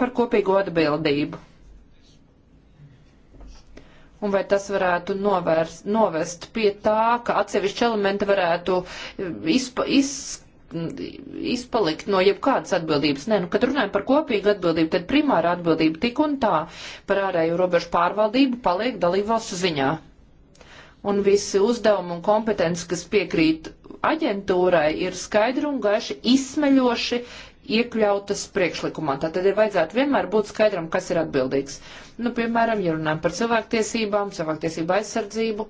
par kopīgu atbildību un vai tas varētu novērs, novest pie tā, ka atsevišķi elementi varētu e, izpa, iz, izpalikt no jebkādas atbildības. Nē, nu, kad runājam par kopīgu atbildību, tad primāra atbildība tik un tā par ārēju robežu pārvaldību paliek dalībvalstu ziņā. Un visi uzdevumi un kompetences, kas piekrīt aģentūrai, ir skaidri un gaiši izsmeļoši iekļautas priekšlikumā. Tātad ir vajadzētu vienmēr būt skaidram, kas ir atbildīgs. Nu, piemēram, ja runājam par cilvēktiesībām, cilvēktiesību aizsardzību,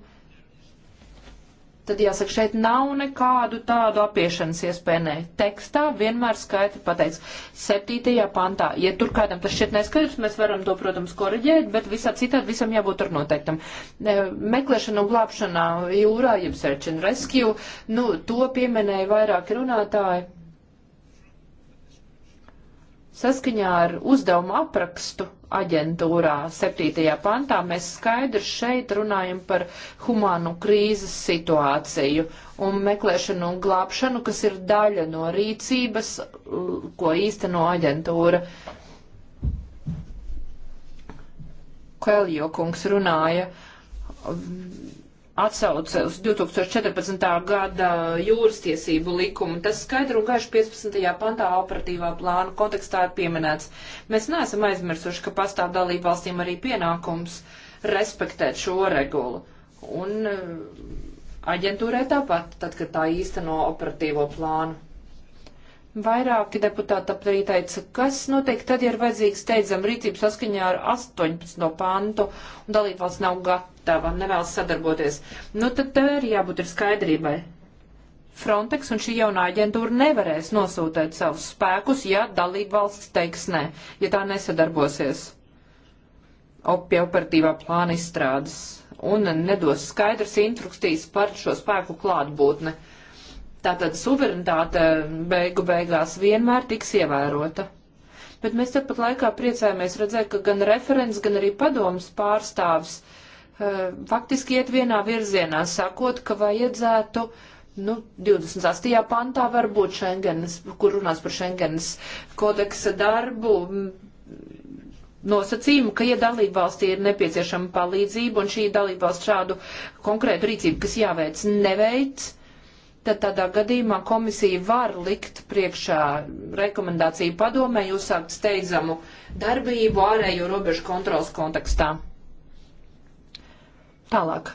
tad jāsaka, šeit nav nekādu tādu apiešanas iespēju. Nē, tekstā vienmēr skaidri pateikts. Septītajā pantā, ja tur kādam tas šķiet neskaidrs, mēs varam to, protams, koriģēt, bet visā citādi visam jābūt ar noteiktam. E, meklēšana un glābšana jūrā, jeb search and rescue, nu, to pieminēja vairāki runātāji. Saskaņā ar uzdevumu aprakstu aģentūrā 7. pantā mēs skaidri šeit runājam par humānu krīzes situāciju un meklēšanu un glābšanu, kas ir daļa no rīcības, uh, ko īsteno aģentūra. Kvēljo kungs runāja atsauce uz 2014. gada jūras tiesību likumu. Tas skaidru un gaišu 15. pantā operatīvā plāna kontekstā ir pieminēts. Mēs neesam aizmirsuši, ka pastāv dalību valstīm arī pienākums respektēt šo regulu. Un eh, aģentūrai tāpat, tad, kad tā īsteno operatīvo plānu. Vairāki deputāti arī teica, kas notiek tad, ja ir vajadzīgs steidzam rīcību saskaņā ar 18. pantu un dalībvalsts nav gatava, nevēlas sadarboties. Nu tad te ir jābūt ir skaidrībai. Frontex un šī jaunā aģentūra nevarēs nosūtēt savus spēkus, ja dalībvalsts teiks nē, ja tā nesadarbosies pie operatīvā plāna izstrādes un nedos skaidras instrukcijas par šo spēku klātbūtni. Tātad suverenitāte beigu beigās vienmēr tiks ievērota. Bet mēs tepat laikā priecājamies redzēt, ka gan referents, gan arī padomas pārstāvs eh, faktiski iet vienā virzienā, sakot, ka vajadzētu nu, 28. pantā varbūt Schengenas, kur runās par Schengenas kodeksa darbu, nosacījumu, ka, ja dalībvalstī ir nepieciešama palīdzība un šī dalībvalsts šādu konkrētu rīcību, kas jāveic, neveic, tad tādā gadījumā komisija var likt priekšā rekomendāciju padomē uzsākt steidzamu darbību ārējo robežu kontrolas kontekstā. Tālāk.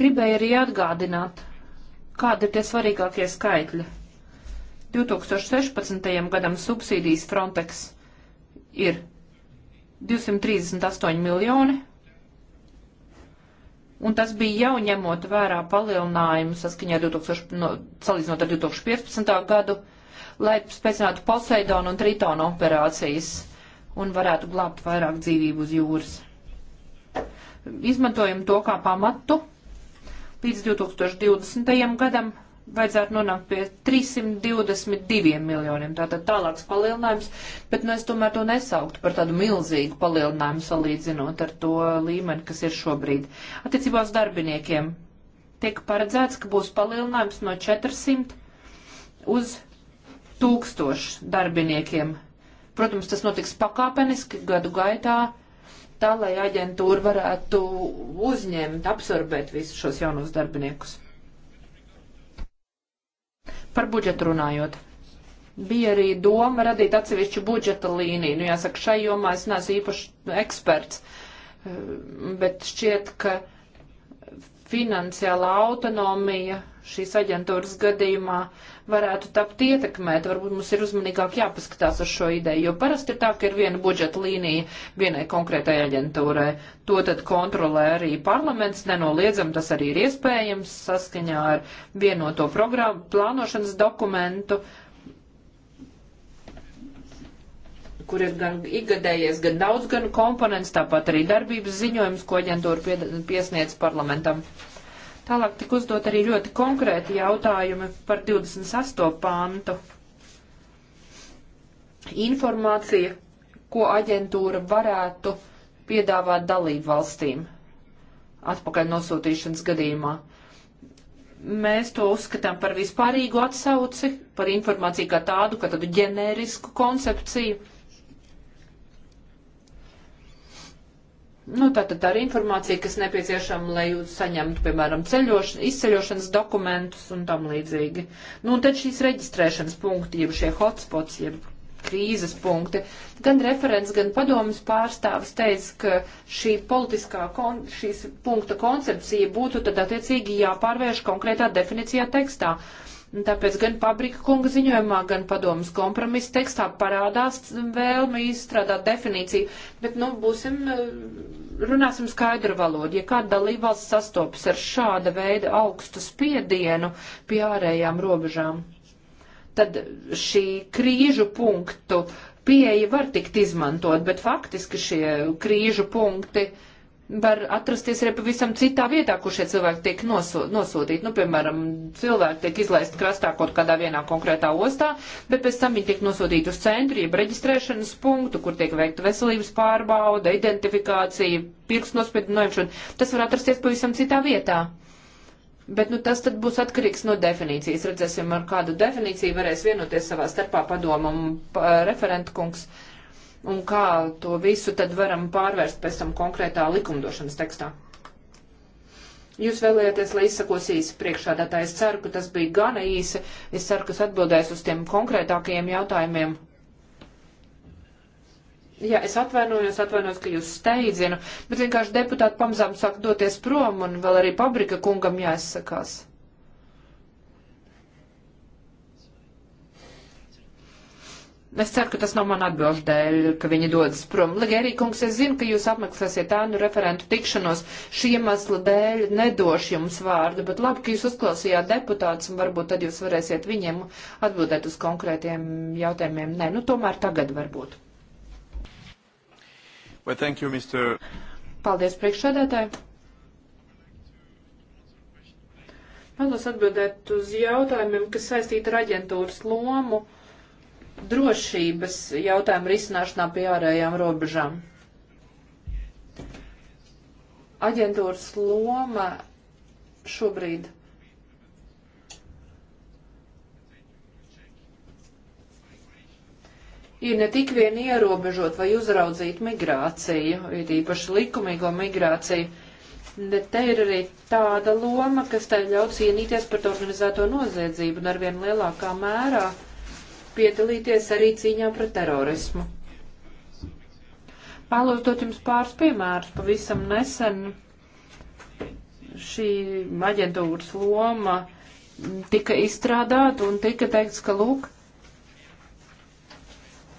Gribēju arī atgādināt, kādi ir tie svarīgākie skaitļi. 2016. gadam subsīdijas Frontex ir 238 miljoni, Un tas bija jau ņemot vērā palielinājumu saskaņā 2000, no, salīdzinot ar 2015. gadu, lai spēcinātu Poseidonu un Tritonu operācijas un varētu glābt vairāk dzīvību uz jūras. Izmantojam to kā pamatu līdz 2020. gadam vajadzētu nonākt pie 322 miljoniem. Tātad tālāks palielinājums, bet nu, es tomēr to nesauktu par tādu milzīgu palielinājumu salīdzinot ar to līmeni, kas ir šobrīd. Attiecībā uz darbiniekiem tiek paredzēts, ka būs palielinājums no 400 uz 1000 darbiniekiem. Protams, tas notiks pakāpeniski gadu gaitā tā, lai aģentūra varētu uzņemt, absorbēt visus šos jaunos darbiniekus. Par budžetu runājot. Bija arī doma radīt atsevišķu budžeta līniju. Nu, jāsaka, šai jomā es neesmu īpaši eksperts, eh, bet šķiet, ka finansiālā autonomija šīs aģentūras gadījumā varētu tapt ietekmēt. Varbūt mums ir uzmanīgāk jāpaskatās uz šo ideju, jo parasti ir tā, ka ir viena budžeta līnija vienai konkrētai aģentūrai. To tad kontrolē arī parlaments, nenoliedzam, tas arī ir iespējams saskaņā ar vienoto programmu plānošanas dokumentu. Uh, kur ir gan ikgadējies, gan daudz gan komponents, tāpat arī darbības ziņojums, ko aģentūra pie, piesniedz parlamentam. Tālāk tika uzdot arī ļoti konkrēti jautājumi par 28. pantu. Informācija, ko aģentūra varētu piedāvāt dalību valstīm atpakaļ nosūtīšanas gadījumā. Mēs to uzskatām par vispārīgu atsauci, par informāciju kā tādu, kā tādu ģenerisku koncepciju Nu, tātad tā ir informācija, kas nepieciešama, lai jūs saņemtu, piemēram, ceļošana, izceļošanas dokumentus un tam līdzīgi. Nu, un tad šīs reģistrēšanas punkti, jeb šie hotspots, jeb krīzes punkti. Gan referents, gan padomas pārstāvis teica, ka šī politiskā, kon, šīs punkta koncepcija būtu tad attiecīgi jāpārvērš konkrētā definīcijā tekstā. Uh, Tāpēc gan Pabrika kunga ziņojumā, gan padomas kompromisa tekstā parādās vēlme izstrādāt definīciju, bet, nu, būsim, eh, runāsim skaidru valodu. Ja kāda dalībvalsts sastopas ar šāda veida augstu spiedienu pie ārējām robežām, tad šī krīžu punktu pieeja var tikt izmantot, bet faktiski šie krīžu punkti. Uh, var atrasties arī pavisam citā vietā, kur šie cilvēki tiek noso, nosūtīti. Nu, piemēram, cilvēki tiek izlaisti krastā kaut kādā vienā konkrētā ostā, bet pēc tam viņi tiek nosūtīti uz centru, jeb reģistrēšanas punktu, kur tiek veikta veselības pārbauda, identifikācija, pirkstu nospiedinojumšana. Tas var atrasties pavisam citā vietā. Bet nu, tas tad būs atkarīgs no definīcijas. Redzēsim, ar kādu definīciju varēs vienoties savā starpā padomu un referentu kungs. Uh, un kā to visu tad varam pārvērst pēc tam konkrētā likumdošanas tekstā. Jūs vēlējāties, lai izsakos īsi priekšādātājs. Es ceru, ka tas bija gana īsi. Es ceru, ka atbildēs uz tiem konkrētākajiem jautājumiem. Jā, es atvainojos, atvainojos, ka jūs steidzinu, bet vienkārši deputāti pamazām sāk doties prom un vēl arī pabrika kungam jāizsakās. Es ceru, ka tas nav man atbilžu dēļ, ka viņi dodas prom. Ligērija kungs, es zinu, ka jūs apmeklēsiet ēnu referentu tikšanos. Šī iemesla dēļ nedošu jums vārdu, bet labi, ka jūs uzklausījāt deputātus un varbūt tad jūs varēsiet viņiem atbildēt uz konkrētiem jautājumiem. Nē, nu tomēr tagad varbūt. Well, thank you, Mr. Paldies priekšsēdētāji. Vēlos atbildēt uz jautājumiem, kas saistīti ar aģentūras lomu drošības jautājumu risināšanā pie ārējām robežām. Aģentūras loma šobrīd ir ne tik vien ierobežot vai uzraudzīt migrāciju, ir īpaši likumīgo migrāciju, bet te ir arī tāda loma, kas tai ļauj cīnīties par organizēto noziedzību un arvien lielākā mērā uh, piedalīties arī cīņā pret terorismu. Vēlos dot jums pāris piemērus. Pavisam nesen šī aģentūras loma tika izstrādāta un tika teikts, ka lūk,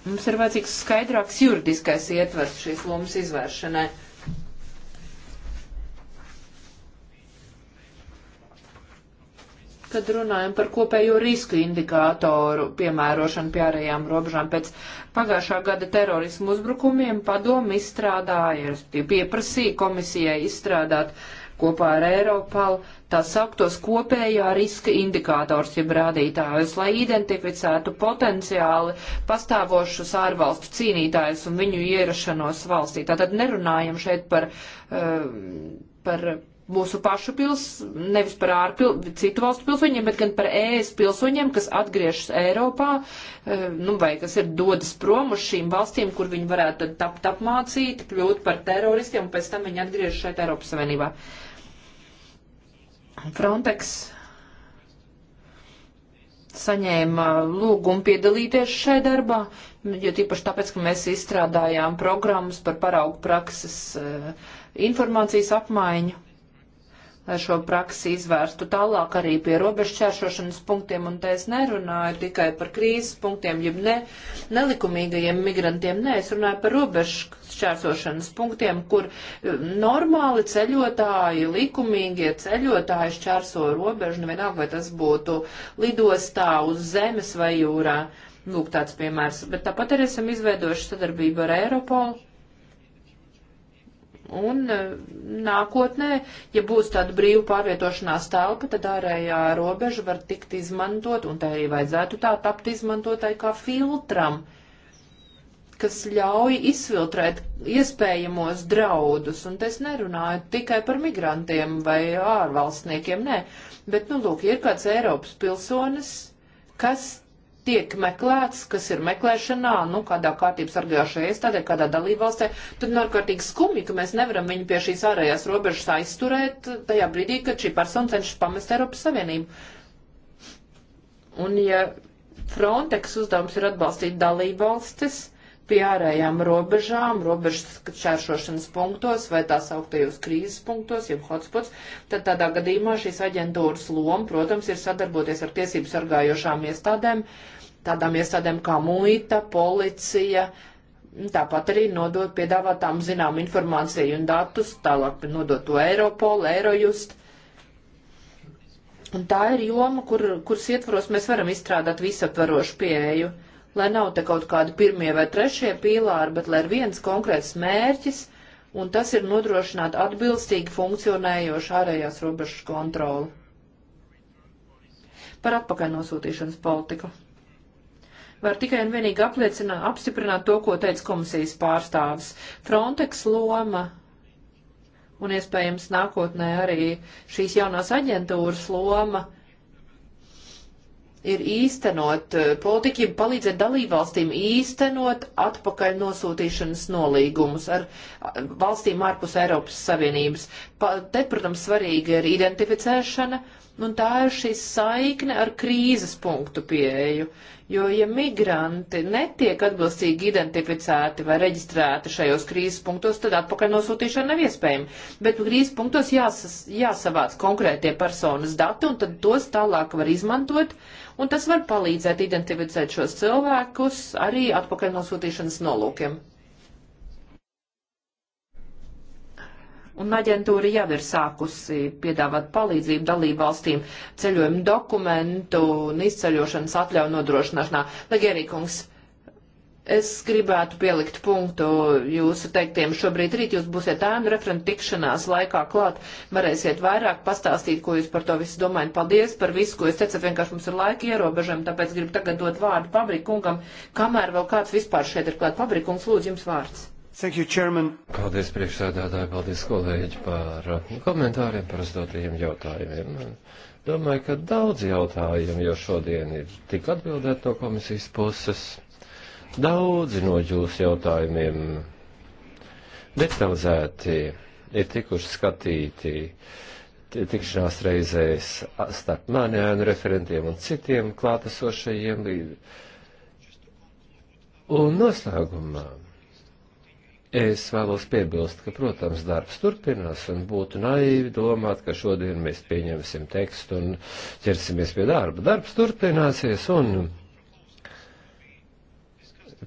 mums ir vajadzīgs skaidrāks juridiskais ietvers šīs lomas izvēršanai. Tad runājam par kopējo risku indikātoru piemērošanu pie ārējām robežām. Pēc pagājušā gada terorismu uzbrukumiem padomu izstrādāja, pieprasīja komisijai izstrādāt kopā ar Eiropalu tā sauktos kopējā riska indikators, jeb rādītājus, lai identificētu potenciāli pastāvošus ārvalstu cīnītājus un viņu ierašanos valstī. Tātad nerunājam šeit par, eh, par mūsu pašu pils, nevis par ārpil, citu valstu pilsoņiem, bet gan par ES pilsoņiem, kas atgriežas Eiropā, e, nu, vai kas ir dodas prom uz šīm valstīm, kur viņi varētu tad tapt apmācīti, kļūt par teroristiem, un pēc tam viņi atgriežas šeit Eiropas Savienībā. Frontex saņēma lūgumu piedalīties šai darbā, jo tīpaši tāpēc, ka mēs izstrādājām programmas par paraugu prakses e, informācijas apmaiņu lai šo praksi izvērstu tālāk arī pie robežšķēršošanas punktiem, un te es nerunāju tikai par krīzes punktiem, jeb ne, nelikumīgajiem migrantiem, nē, es runāju par robežšķērsošanas punktiem, kur eh, normāli ceļotāji, likumīgie ceļotāji šķērso robežu, nu vienalga, vai tas būtu lidostā, uz zemes vai jūrā. Lūk, tāds piemērs. Bet tāpat arī esam izveidojuši sadarbību ar Eiropolu Un e, nākotnē, ja būs tāda brīva pārvietošanās telpa, tad ārējā robeža var tikt izmantot, un tā arī vajadzētu tā tapt izmantotai kā filtram, kas ļauj izfiltrēt iespējamos draudus. Un es nerunāju tikai par migrantiem vai ārvalstniekiem, nē, bet, nu, lūk, ir kāds Eiropas pilsonis, kas tiek meklēts, kas ir meklēšanā, nu, kādā kārtības sargājušajā iestādē, kādā dalībvalstē, tad ir nu, ārkārtīgi skumji, ka mēs nevaram viņu pie šīs ārējās robežas aizturēt tajā brīdī, kad šī persona cenšas pamest Eiropas Savienību. Un ja Frontex uzdevums ir atbalstīt dalībvalstis, pie ārējām robežām, robežas čēršošanas punktos vai tās augtajos krīzes punktos, jeb hotspots, tad tādā gadījumā šīs aģentūras loma, protams, ir sadarboties ar tiesību sargājošām iestādēm, tādām iestādēm kā muita, policija, tāpat arī nodot piedāvātām zinām informāciju un datus, tālāk nodot to Eiropol, Eirojust. Un tā ir joma, kur, kuras ietvaros mēs varam izstrādāt visaptvarošu pieeju. Uh, lai nav te kaut kādi pirmie vai trešie pīlāri, bet lai ir viens konkrēts mērķis, un tas ir nodrošināt atbilstīgi funkcionējošu ārējās robežas kontroli. Par atpakaļ nosūtīšanas politiku. Var tikai un vienīgi apliecināt, apstiprināt to, ko teica komisijas pārstāvis. Frontex loma un iespējams nākotnē arī šīs jaunās aģentūras loma ir īstenot eh, politiķi, palīdzēt dalībvalstīm īstenot atpakaļ nosūtīšanas nolīgumus ar valstīm ārpus Eiropas Savienības. Pa, te, protams, svarīga ir identificēšana, un tā ir šī saikne ar krīzes punktu pieeju. Jo, ja migranti netiek atbilstīgi identificēti vai reģistrēti šajos krīzes punktos, tad atpakaļ nosūtīšana nav iespējama. Bet krīzes punktos jāsas, jāsavāc konkrētie personas dati, un tad tos tālāk var izmantot uh, un tas var palīdzēt identificēt šos cilvēkus arī atpakaļ nosūtīšanas nolūkiem. Un aģentūra jau ir sākusi piedāvāt palīdzību dalību valstīm ceļojumu dokumentu un izceļošanas atļauju nodrošināšanā. Lagerīkungs, Es gribētu pielikt punktu jūsu teiktiem šobrīd rīt, jūs būsiet ēnu referenta tikšanās laikā klāt, varēsiet vairāk pastāstīt, ko jūs par to visu domājat. Paldies par visu, ko jūs teicat, vienkārši mums ir laika ierobežam, tāpēc gribu tagad dot vārdu pabrikungam, kamēr vēl kāds vispār šeit ir klāt. Pabrikungs, lūdzu, jums vārds. Thank you, Chairman. Paldies priekšsēdētāji, paldies kolēģi par komentāriem, par uzdotajiem jautājumiem. Domāju, ka daudz jautājumu jau šodien ir tik atbildēt no komisijas puses Daudzi no jūsu jautājumiem detalizēti ir tikuši skatīti tikšanās reizēs starp mani ēnu referentiem un citiem klātesošajiem. Un noslēgumā es vēlos piebilst, ka, protams, darbs turpinās un būtu naivi domāt, ka šodien mēs pieņemsim tekstu un ķersimies pie darba. Darbs turpināsies un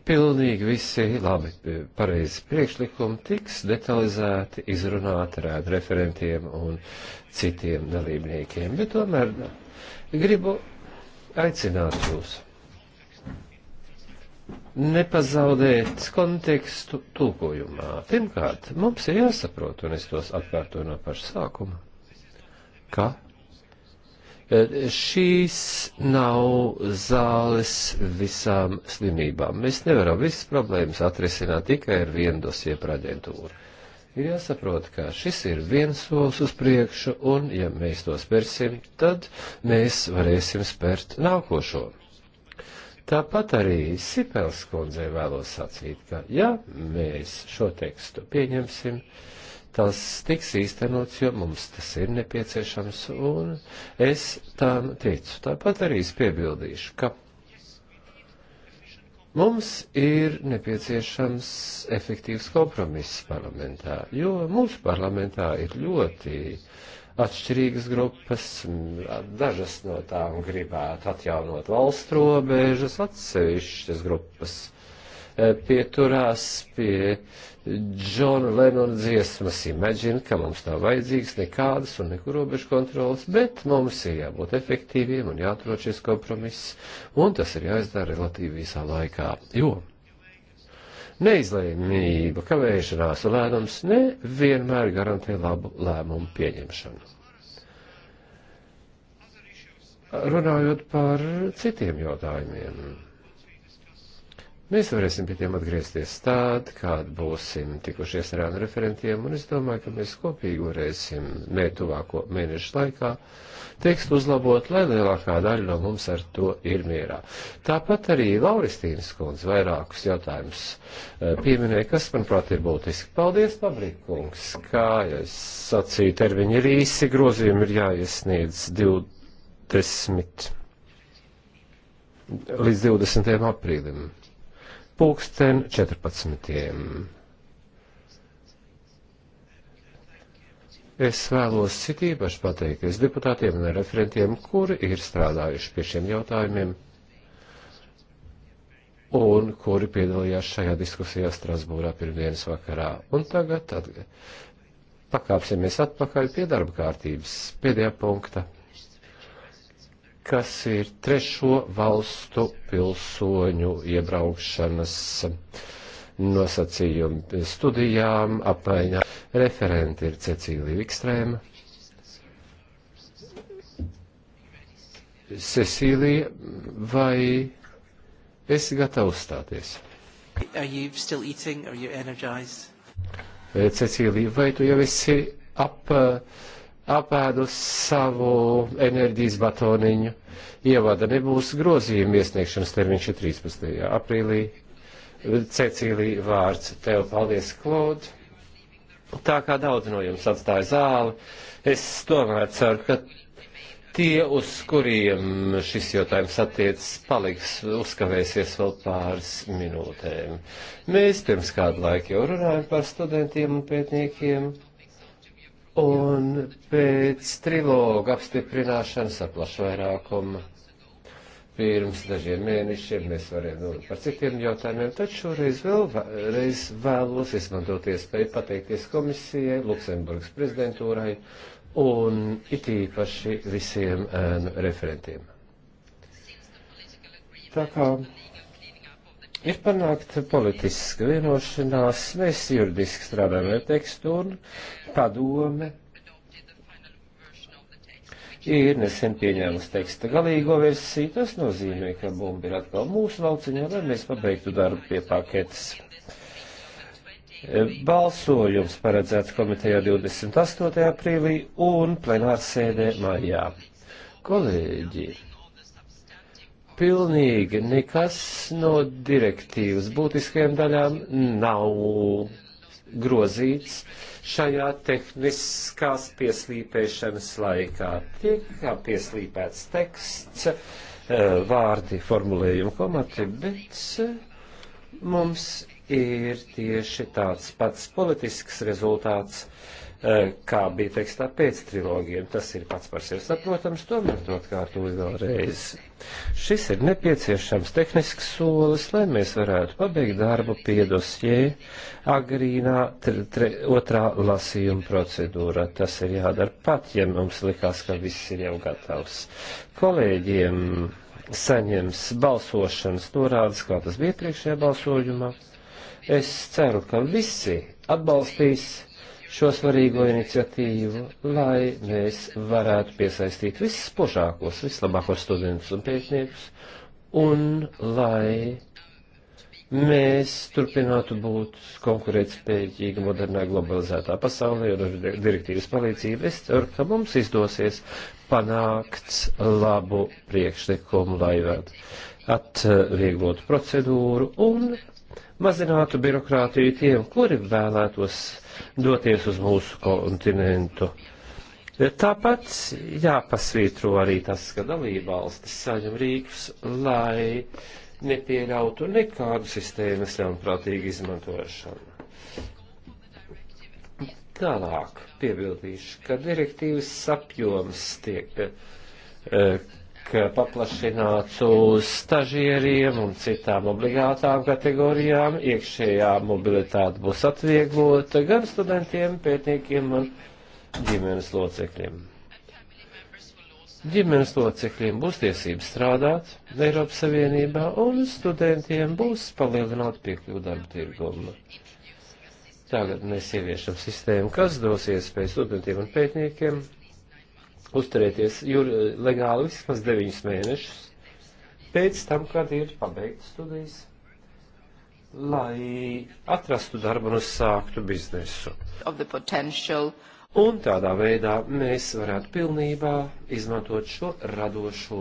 pilnīgi visi labi pareizi priekšlikumi tiks detalizēti izrunāti ar referentiem un citiem dalībniekiem. Bet tomēr nu, gribu aicināt jūs nepazaudēt kontekstu tulkojumā. Pirmkārt, mums ir jāsaprot, un es tos atkārtoju no paša sākuma, ka Eh, šīs nav zāles visām slimībām. Mēs nevaram visas problēmas atrisināt tikai ar vienu dosie par aģentūru. Ir jāsaprot, ka šis ir viens solis uz priekšu, un ja mēs to spērsim, tad mēs varēsim spērt nākošo. Tāpat arī Sipels kundzei vēlos sacīt, ka ja mēs šo tekstu pieņemsim, uh, tas tiks īstenots, jo mums tas ir nepieciešams, un es tām ticu. Tāpat arī es piebildīšu, ka mums ir nepieciešams efektīvs kompromiss parlamentā, jo mūsu parlamentā ir ļoti atšķirīgas grupas, dažas no tām gribētu atjaunot valsts robežas, atsevišķas grupas Eh, pieturās pie Džona Lenona dziesmas Imagine, ka mums nav vajadzīgs nekādas un nekur robežu kontrolas, bet mums ir jābūt efektīviem un jāatrod šis kompromiss, un tas ir jāizdara relatīvi visā laikā, jo neizlēmība, kavēšanās un lēnums nevienmēr garantē labu lēmumu pieņemšanu. Runājot par citiem jautājumiem Mēs varēsim pie tiem atgriezties tādi, kādi būsim tikušies ar ANU referentiem, un es domāju, ka mēs kopīgi varēsim mētuvāko mēnešu laikā tekstu uzlabot, lai lielākā daļa no mums ar to ir mierā. Tāpat arī Lauristīnas kundze vairākus jautājumus eh, pieminēja, kas, manuprāt, ir būtiski. Paldies, Pabrikungs! Kā es sacīju, termiņi ir īsi, grozījumi ir jāiesniedz 20 līdz 20. aprīlim pulksten 14. Es vēlos cik īpaši pateikties deputātiem un referentiem, kuri ir strādājuši pie šiem jautājumiem un kuri piedalījās šajā diskusijā Strasbūrā pirmdienas vakarā. Un tagad, tagad pakāpsimies atpakaļ pie darba kārtības pēdējā punkta kas ir trešo valstu pilsoņu iebraukšanas nosacījumi studijām, apmaiņā. Referenti ir Cecīlija Vikstrēma. Cecīlija, vai esi gatava uzstāties? Cecīlija, vai tu jau esi ap. Uh, apēdu savu enerģijas batoniņu. Ievada nebūs grozījuma iesniegšanas termiņš ir 13. aprīlī. Cecīlija vārds tev paldies, Klod. Tā kā daudz no jums atstāja zāli, es tomēr ceru, ka tie, uz kuriem šis jautājums attiecas, paliks uzkavēsies vēl pāris minūtēm. Mēs pirms kādu laiku jau runājam par studentiem un pētniekiem Un pēc triloga apstiprināšanas ar plašu vairākumu pirms dažiem mēnešiem mēs varējām runāt par citiem jautājumiem, taču šoreiz vēlreiz vēlos izmantot iespēju pateikties komisijai, Luksemburgas prezidentūrai un it īpaši visiem ēnu referentiem. Tā kā ir panākta politiska vienošanās, mēs juridiski strādājam ar tekstu un padome ir nesen pieņēmusi teksta galīgo versiju. Tas nozīmē, ka bumba ir atkal mūsu lauciņā, lai mēs pabeigtu darbu pie paketes. Balsojums paredzēts komitejā 28. aprīlī un plenārsēdē maijā. Kolēģi, pilnīgi nekas no direktīvas būtiskajām daļām nav grozīts šajā tehniskās pieslīpēšanas laikā. Tikā pieslīpēts teksts, eh, vārdi, formulējumi, komati, bet eh, mums ir tieši tāds pats politisks rezultāts Eh, kā bija tekstā pēc trilogiem. Tas ir pats par sevi saprotams, tomēr to atkārtoju vēlreiz. Šis ir nepieciešams tehnisks solis, lai mēs varētu pabeigt darbu pie dosjē agrīnā tre, tre, otrā lasījuma procedūrā. Tas ir jādara pat, ja mums likās, ka viss ir jau gatavs. Kolēģiem saņems balsošanas norādes, kā tas bija priekšējā balsojumā. Es ceru, ka visi atbalstīs šo svarīgo iniciatīvu, lai mēs varētu piesaistīt vispožākos, vislabākos studentus un pētniekus, un lai mēs turpinātu būt konkurētspējīgi modernā globalizētā pasaulē un ar direktīvas palīdzību. Es ceru, ka mums izdosies panākt labu priekšlikumu, lai atvieglotu procedūru un mazinātu birokrātiju tiem, kuri vēlētos doties uz mūsu kontinentu. Tāpat jāpasvītro arī tas, ka dalībvalstis saņem rīkus, lai nepieļautu nekādu sistēmas ļaunprātīgu izmantošanu. Tālāk piebildīšu, ka direktīvas apjoms tiek eh, tiek paplašināts uz stažieriem un citām obligātām kategorijām. Iekšējā mobilitāte būs atvieglota gan studentiem, pētniekiem un ģimenes locekļiem. Ģimenes locekļiem būs tiesības strādāt Eiropas Savienībā un studentiem būs palielināta piekļuva darba tirguma. Tagad mēs ieviešam sistēmu, kas dos iespēju studentiem un pētniekiem uzturēties jur, eh, legāli vismaz 9 mēnešus pēc tam, kad ir pabeigts studijas, lai atrastu darbu un uzsāktu biznesu. Un tādā veidā mēs varētu pilnībā izmantot šo radošo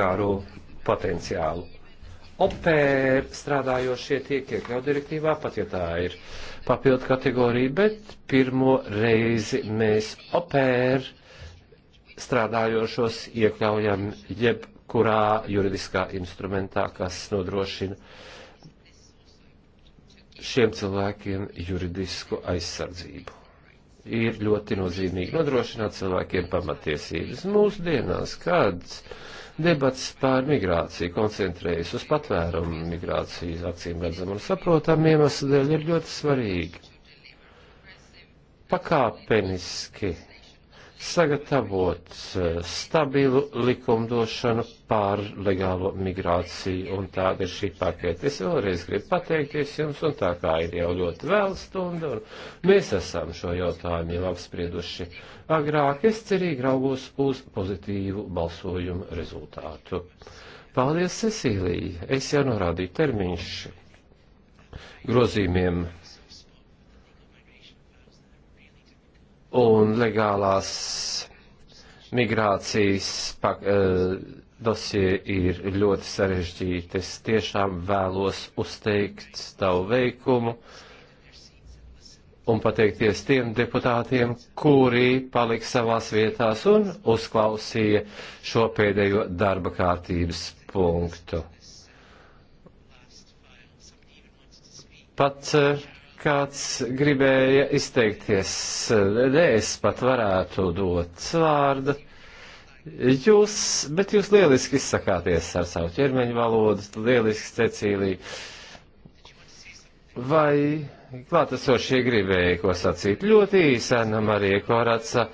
garu potenciālu. OPER strādājošie tiek iekļaut direktīvā, pat ja tā ir papildu kategorija, bet pirmo reizi mēs OPER strādājošos iekļaujam jebkurā juridiskā instrumentā, kas nodrošina šiem cilvēkiem juridisku aizsardzību. Ir ļoti nozīmīgi nodrošināt cilvēkiem pamatiesības. Mūsdienās, kad debats pār migrāciju koncentrējas uz patvērumu migrācijas acīm redzam un saprotam iemeslu dēļ, ir ļoti svarīgi pakāpeniski sagatavot eh, stabilu likumdošanu pār legālo migrāciju, un tāda ir šī pakete. Es vēlreiz gribu pateikties jums, un tā kā ir jau ļoti vēl stunda, un mēs esam šo jautājumu jau apsprieduši agrāk, es cerīgi raugos uz pozitīvu balsojumu rezultātu. Paldies, Cecīlija! Es jau norādīju termiņš grozījumiem un legālās migrācijas pak, e, dosie ir ļoti sarežģīti. Es tiešām vēlos uzteikt tavu veikumu un pateikties tiem deputātiem, kuri palika savās vietās un uzklausīja šo pēdējo darba kārtības punktu. Pat uh, kāds gribēja izteikties, nē, es pat varētu dot vārdu. Jūs, bet jūs lieliski izsakāties ar savu ķermeņa valodu, lieliski, Cecīlija. Vai klātesošie gribēja ko sacīt ļoti īsēna Marija Koraca,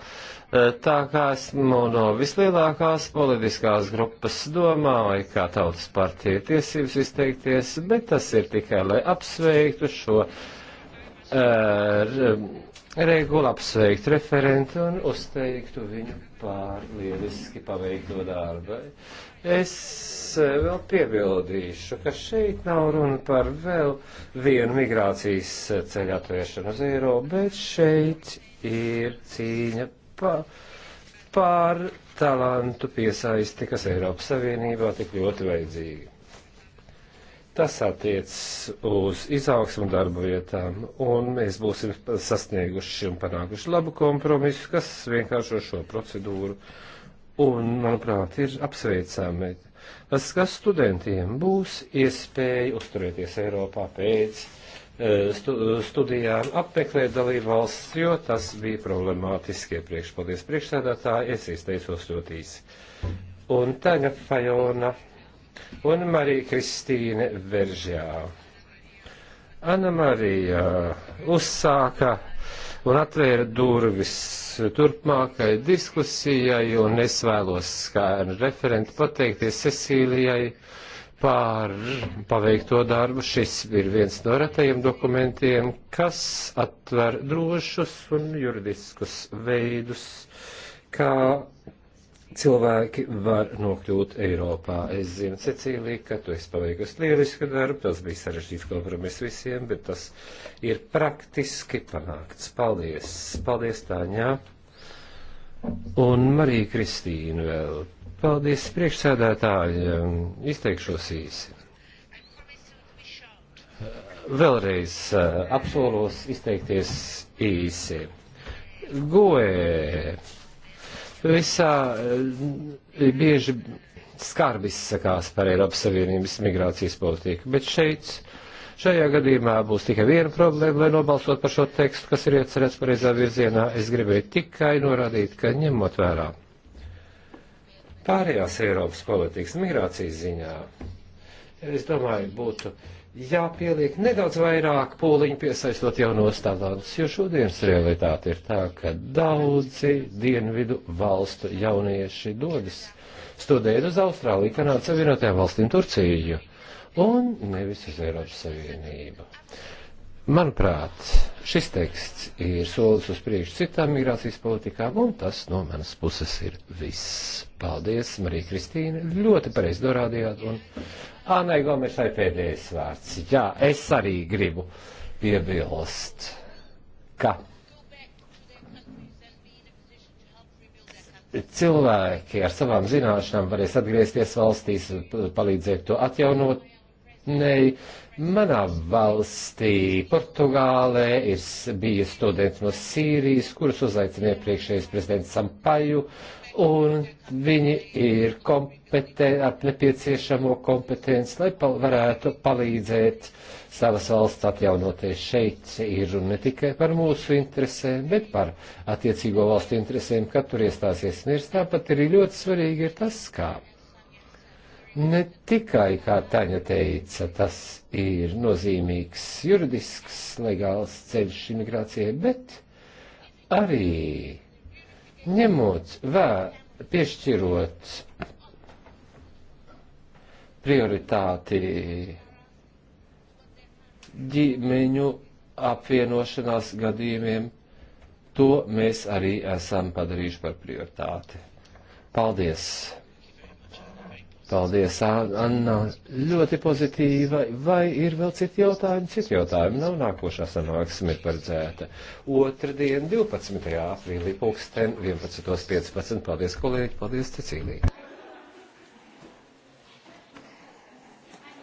tā kā esmu no vislielākās politiskās grupas domāju, kā tautas partija tiesības izteikties, bet tas ir tikai, lai apsveiktu šo regulu um, apsveikt referentu un uzteiktu viņu pār lieliski paveikto darbu. Es uh, vēl piebildīšu, ka šeit nav runa par vēl vienu migrācijas uh, ceļu atvēršanu uz Eiropu, bet šeit ir cīņa pa, pār talantu piesaisti, kas Eiropas Savienībā tik ļoti vajadzīga. Tas attiecas uz izaugsmu darba vietām, un mēs būsim sasnieguši un panākuši labu kompromisu, kas vienkāršo šo procedūru, un, manuprāt, ir apsveicami. Tas, ka studentiem būs iespēja uzturēties Eiropā pēc e, stu, studijām, apmeklēt dalību valsts, jo tas bija problemātiski iepriekš. Paldies priekšsēdētāji, es izteicos ļoti īsi. Un tagad Fajona un Marija Kristīne Veržjā. Anna Marija uzsāka un atvēra durvis turpmākai diskusijai, un es vēlos kā referenti pateikties Cecīlijai par paveikto darbu. Šis ir viens no retajiem dokumentiem, kas atver drošus un juridiskus veidus, kā cilvēki var nokļūt Eiropā. Es zinu, Cecīlija, ka tu esi paveikusi lielisku darbu, tas bija sarežģīts kompromiss visiem, bet tas ir praktiski panākts. Paldies! Paldies, Tāņā! Un Marija Kristīna vēl. Paldies, priekšsēdētāji, izteikšos īsi. Vēlreiz eh, apsolos izteikties īsi. Goe! visā eh, bieži skarbi izsakās par Eiropas Savienības migrācijas politiku, bet šeit šajā gadījumā būs tikai viena problēma, lai nobalsot par šo tekstu, kas ir iecerēts pareizā virzienā. Es gribēju tikai norādīt, ka ņemot vērā pārējās Eiropas politikas migrācijas ziņā, es domāju, būtu jāpieliek nedaudz vairāk pūliņu piesaistot jaunos talantus, jo šodienas realitāte ir tā, ka daudzi dienvidu valstu jaunieši dodas studēt uz Austrāliju, Kanādu Savienotajām valstīm, Turciju un nevis uz Eiropas Savienību. Manuprāt, šis teksts ir solis uz priekšu citām migrācijas politikām, un tas no manas puses ir viss. Paldies, Marija Kristīne, ļoti pareizi norādījāt, un Anai Gomešai pēdējais vārds. Jā, es arī gribu piebilst, ka cilvēki ar savām zināšanām varēs atgriezties valstīs, palīdzēt to atjaunot. Nē, manā valstī, Portugālē, ir bijis students no Sīrijas, kurus uzaicināja priekšējais prezidents Sampaju, uh, un viņi ir kompetenti, ar nepieciešamo kompetenci, lai pal varētu palīdzēt savas valsts atjaunoties. Šeit ir un ne tikai par mūsu interesēm, bet par attiecīgo valstu interesēm, kad tur iestāsies mirs. Tāpat arī ļoti svarīgi ir tas, kā. Ne tikai, kā Taņa teica, tas ir nozīmīgs juridisks, legāls ceļš imigrācijai, bet arī Ņemot vērā, piešķirot prioritāti ģimeņu apvienošanās gadījumiem, to mēs arī esam padarījuši par prioritāti. Paldies! Paldies, Anna. Ļoti pozitīva. Vai ir vēl citi jautājumi? Citi jautājumi nav. Nākošā sanāksme ir paredzēta. Otradien, 12. aprīlī, pulksten 11.15. Paldies, kolēģi. Paldies, Cecīlija.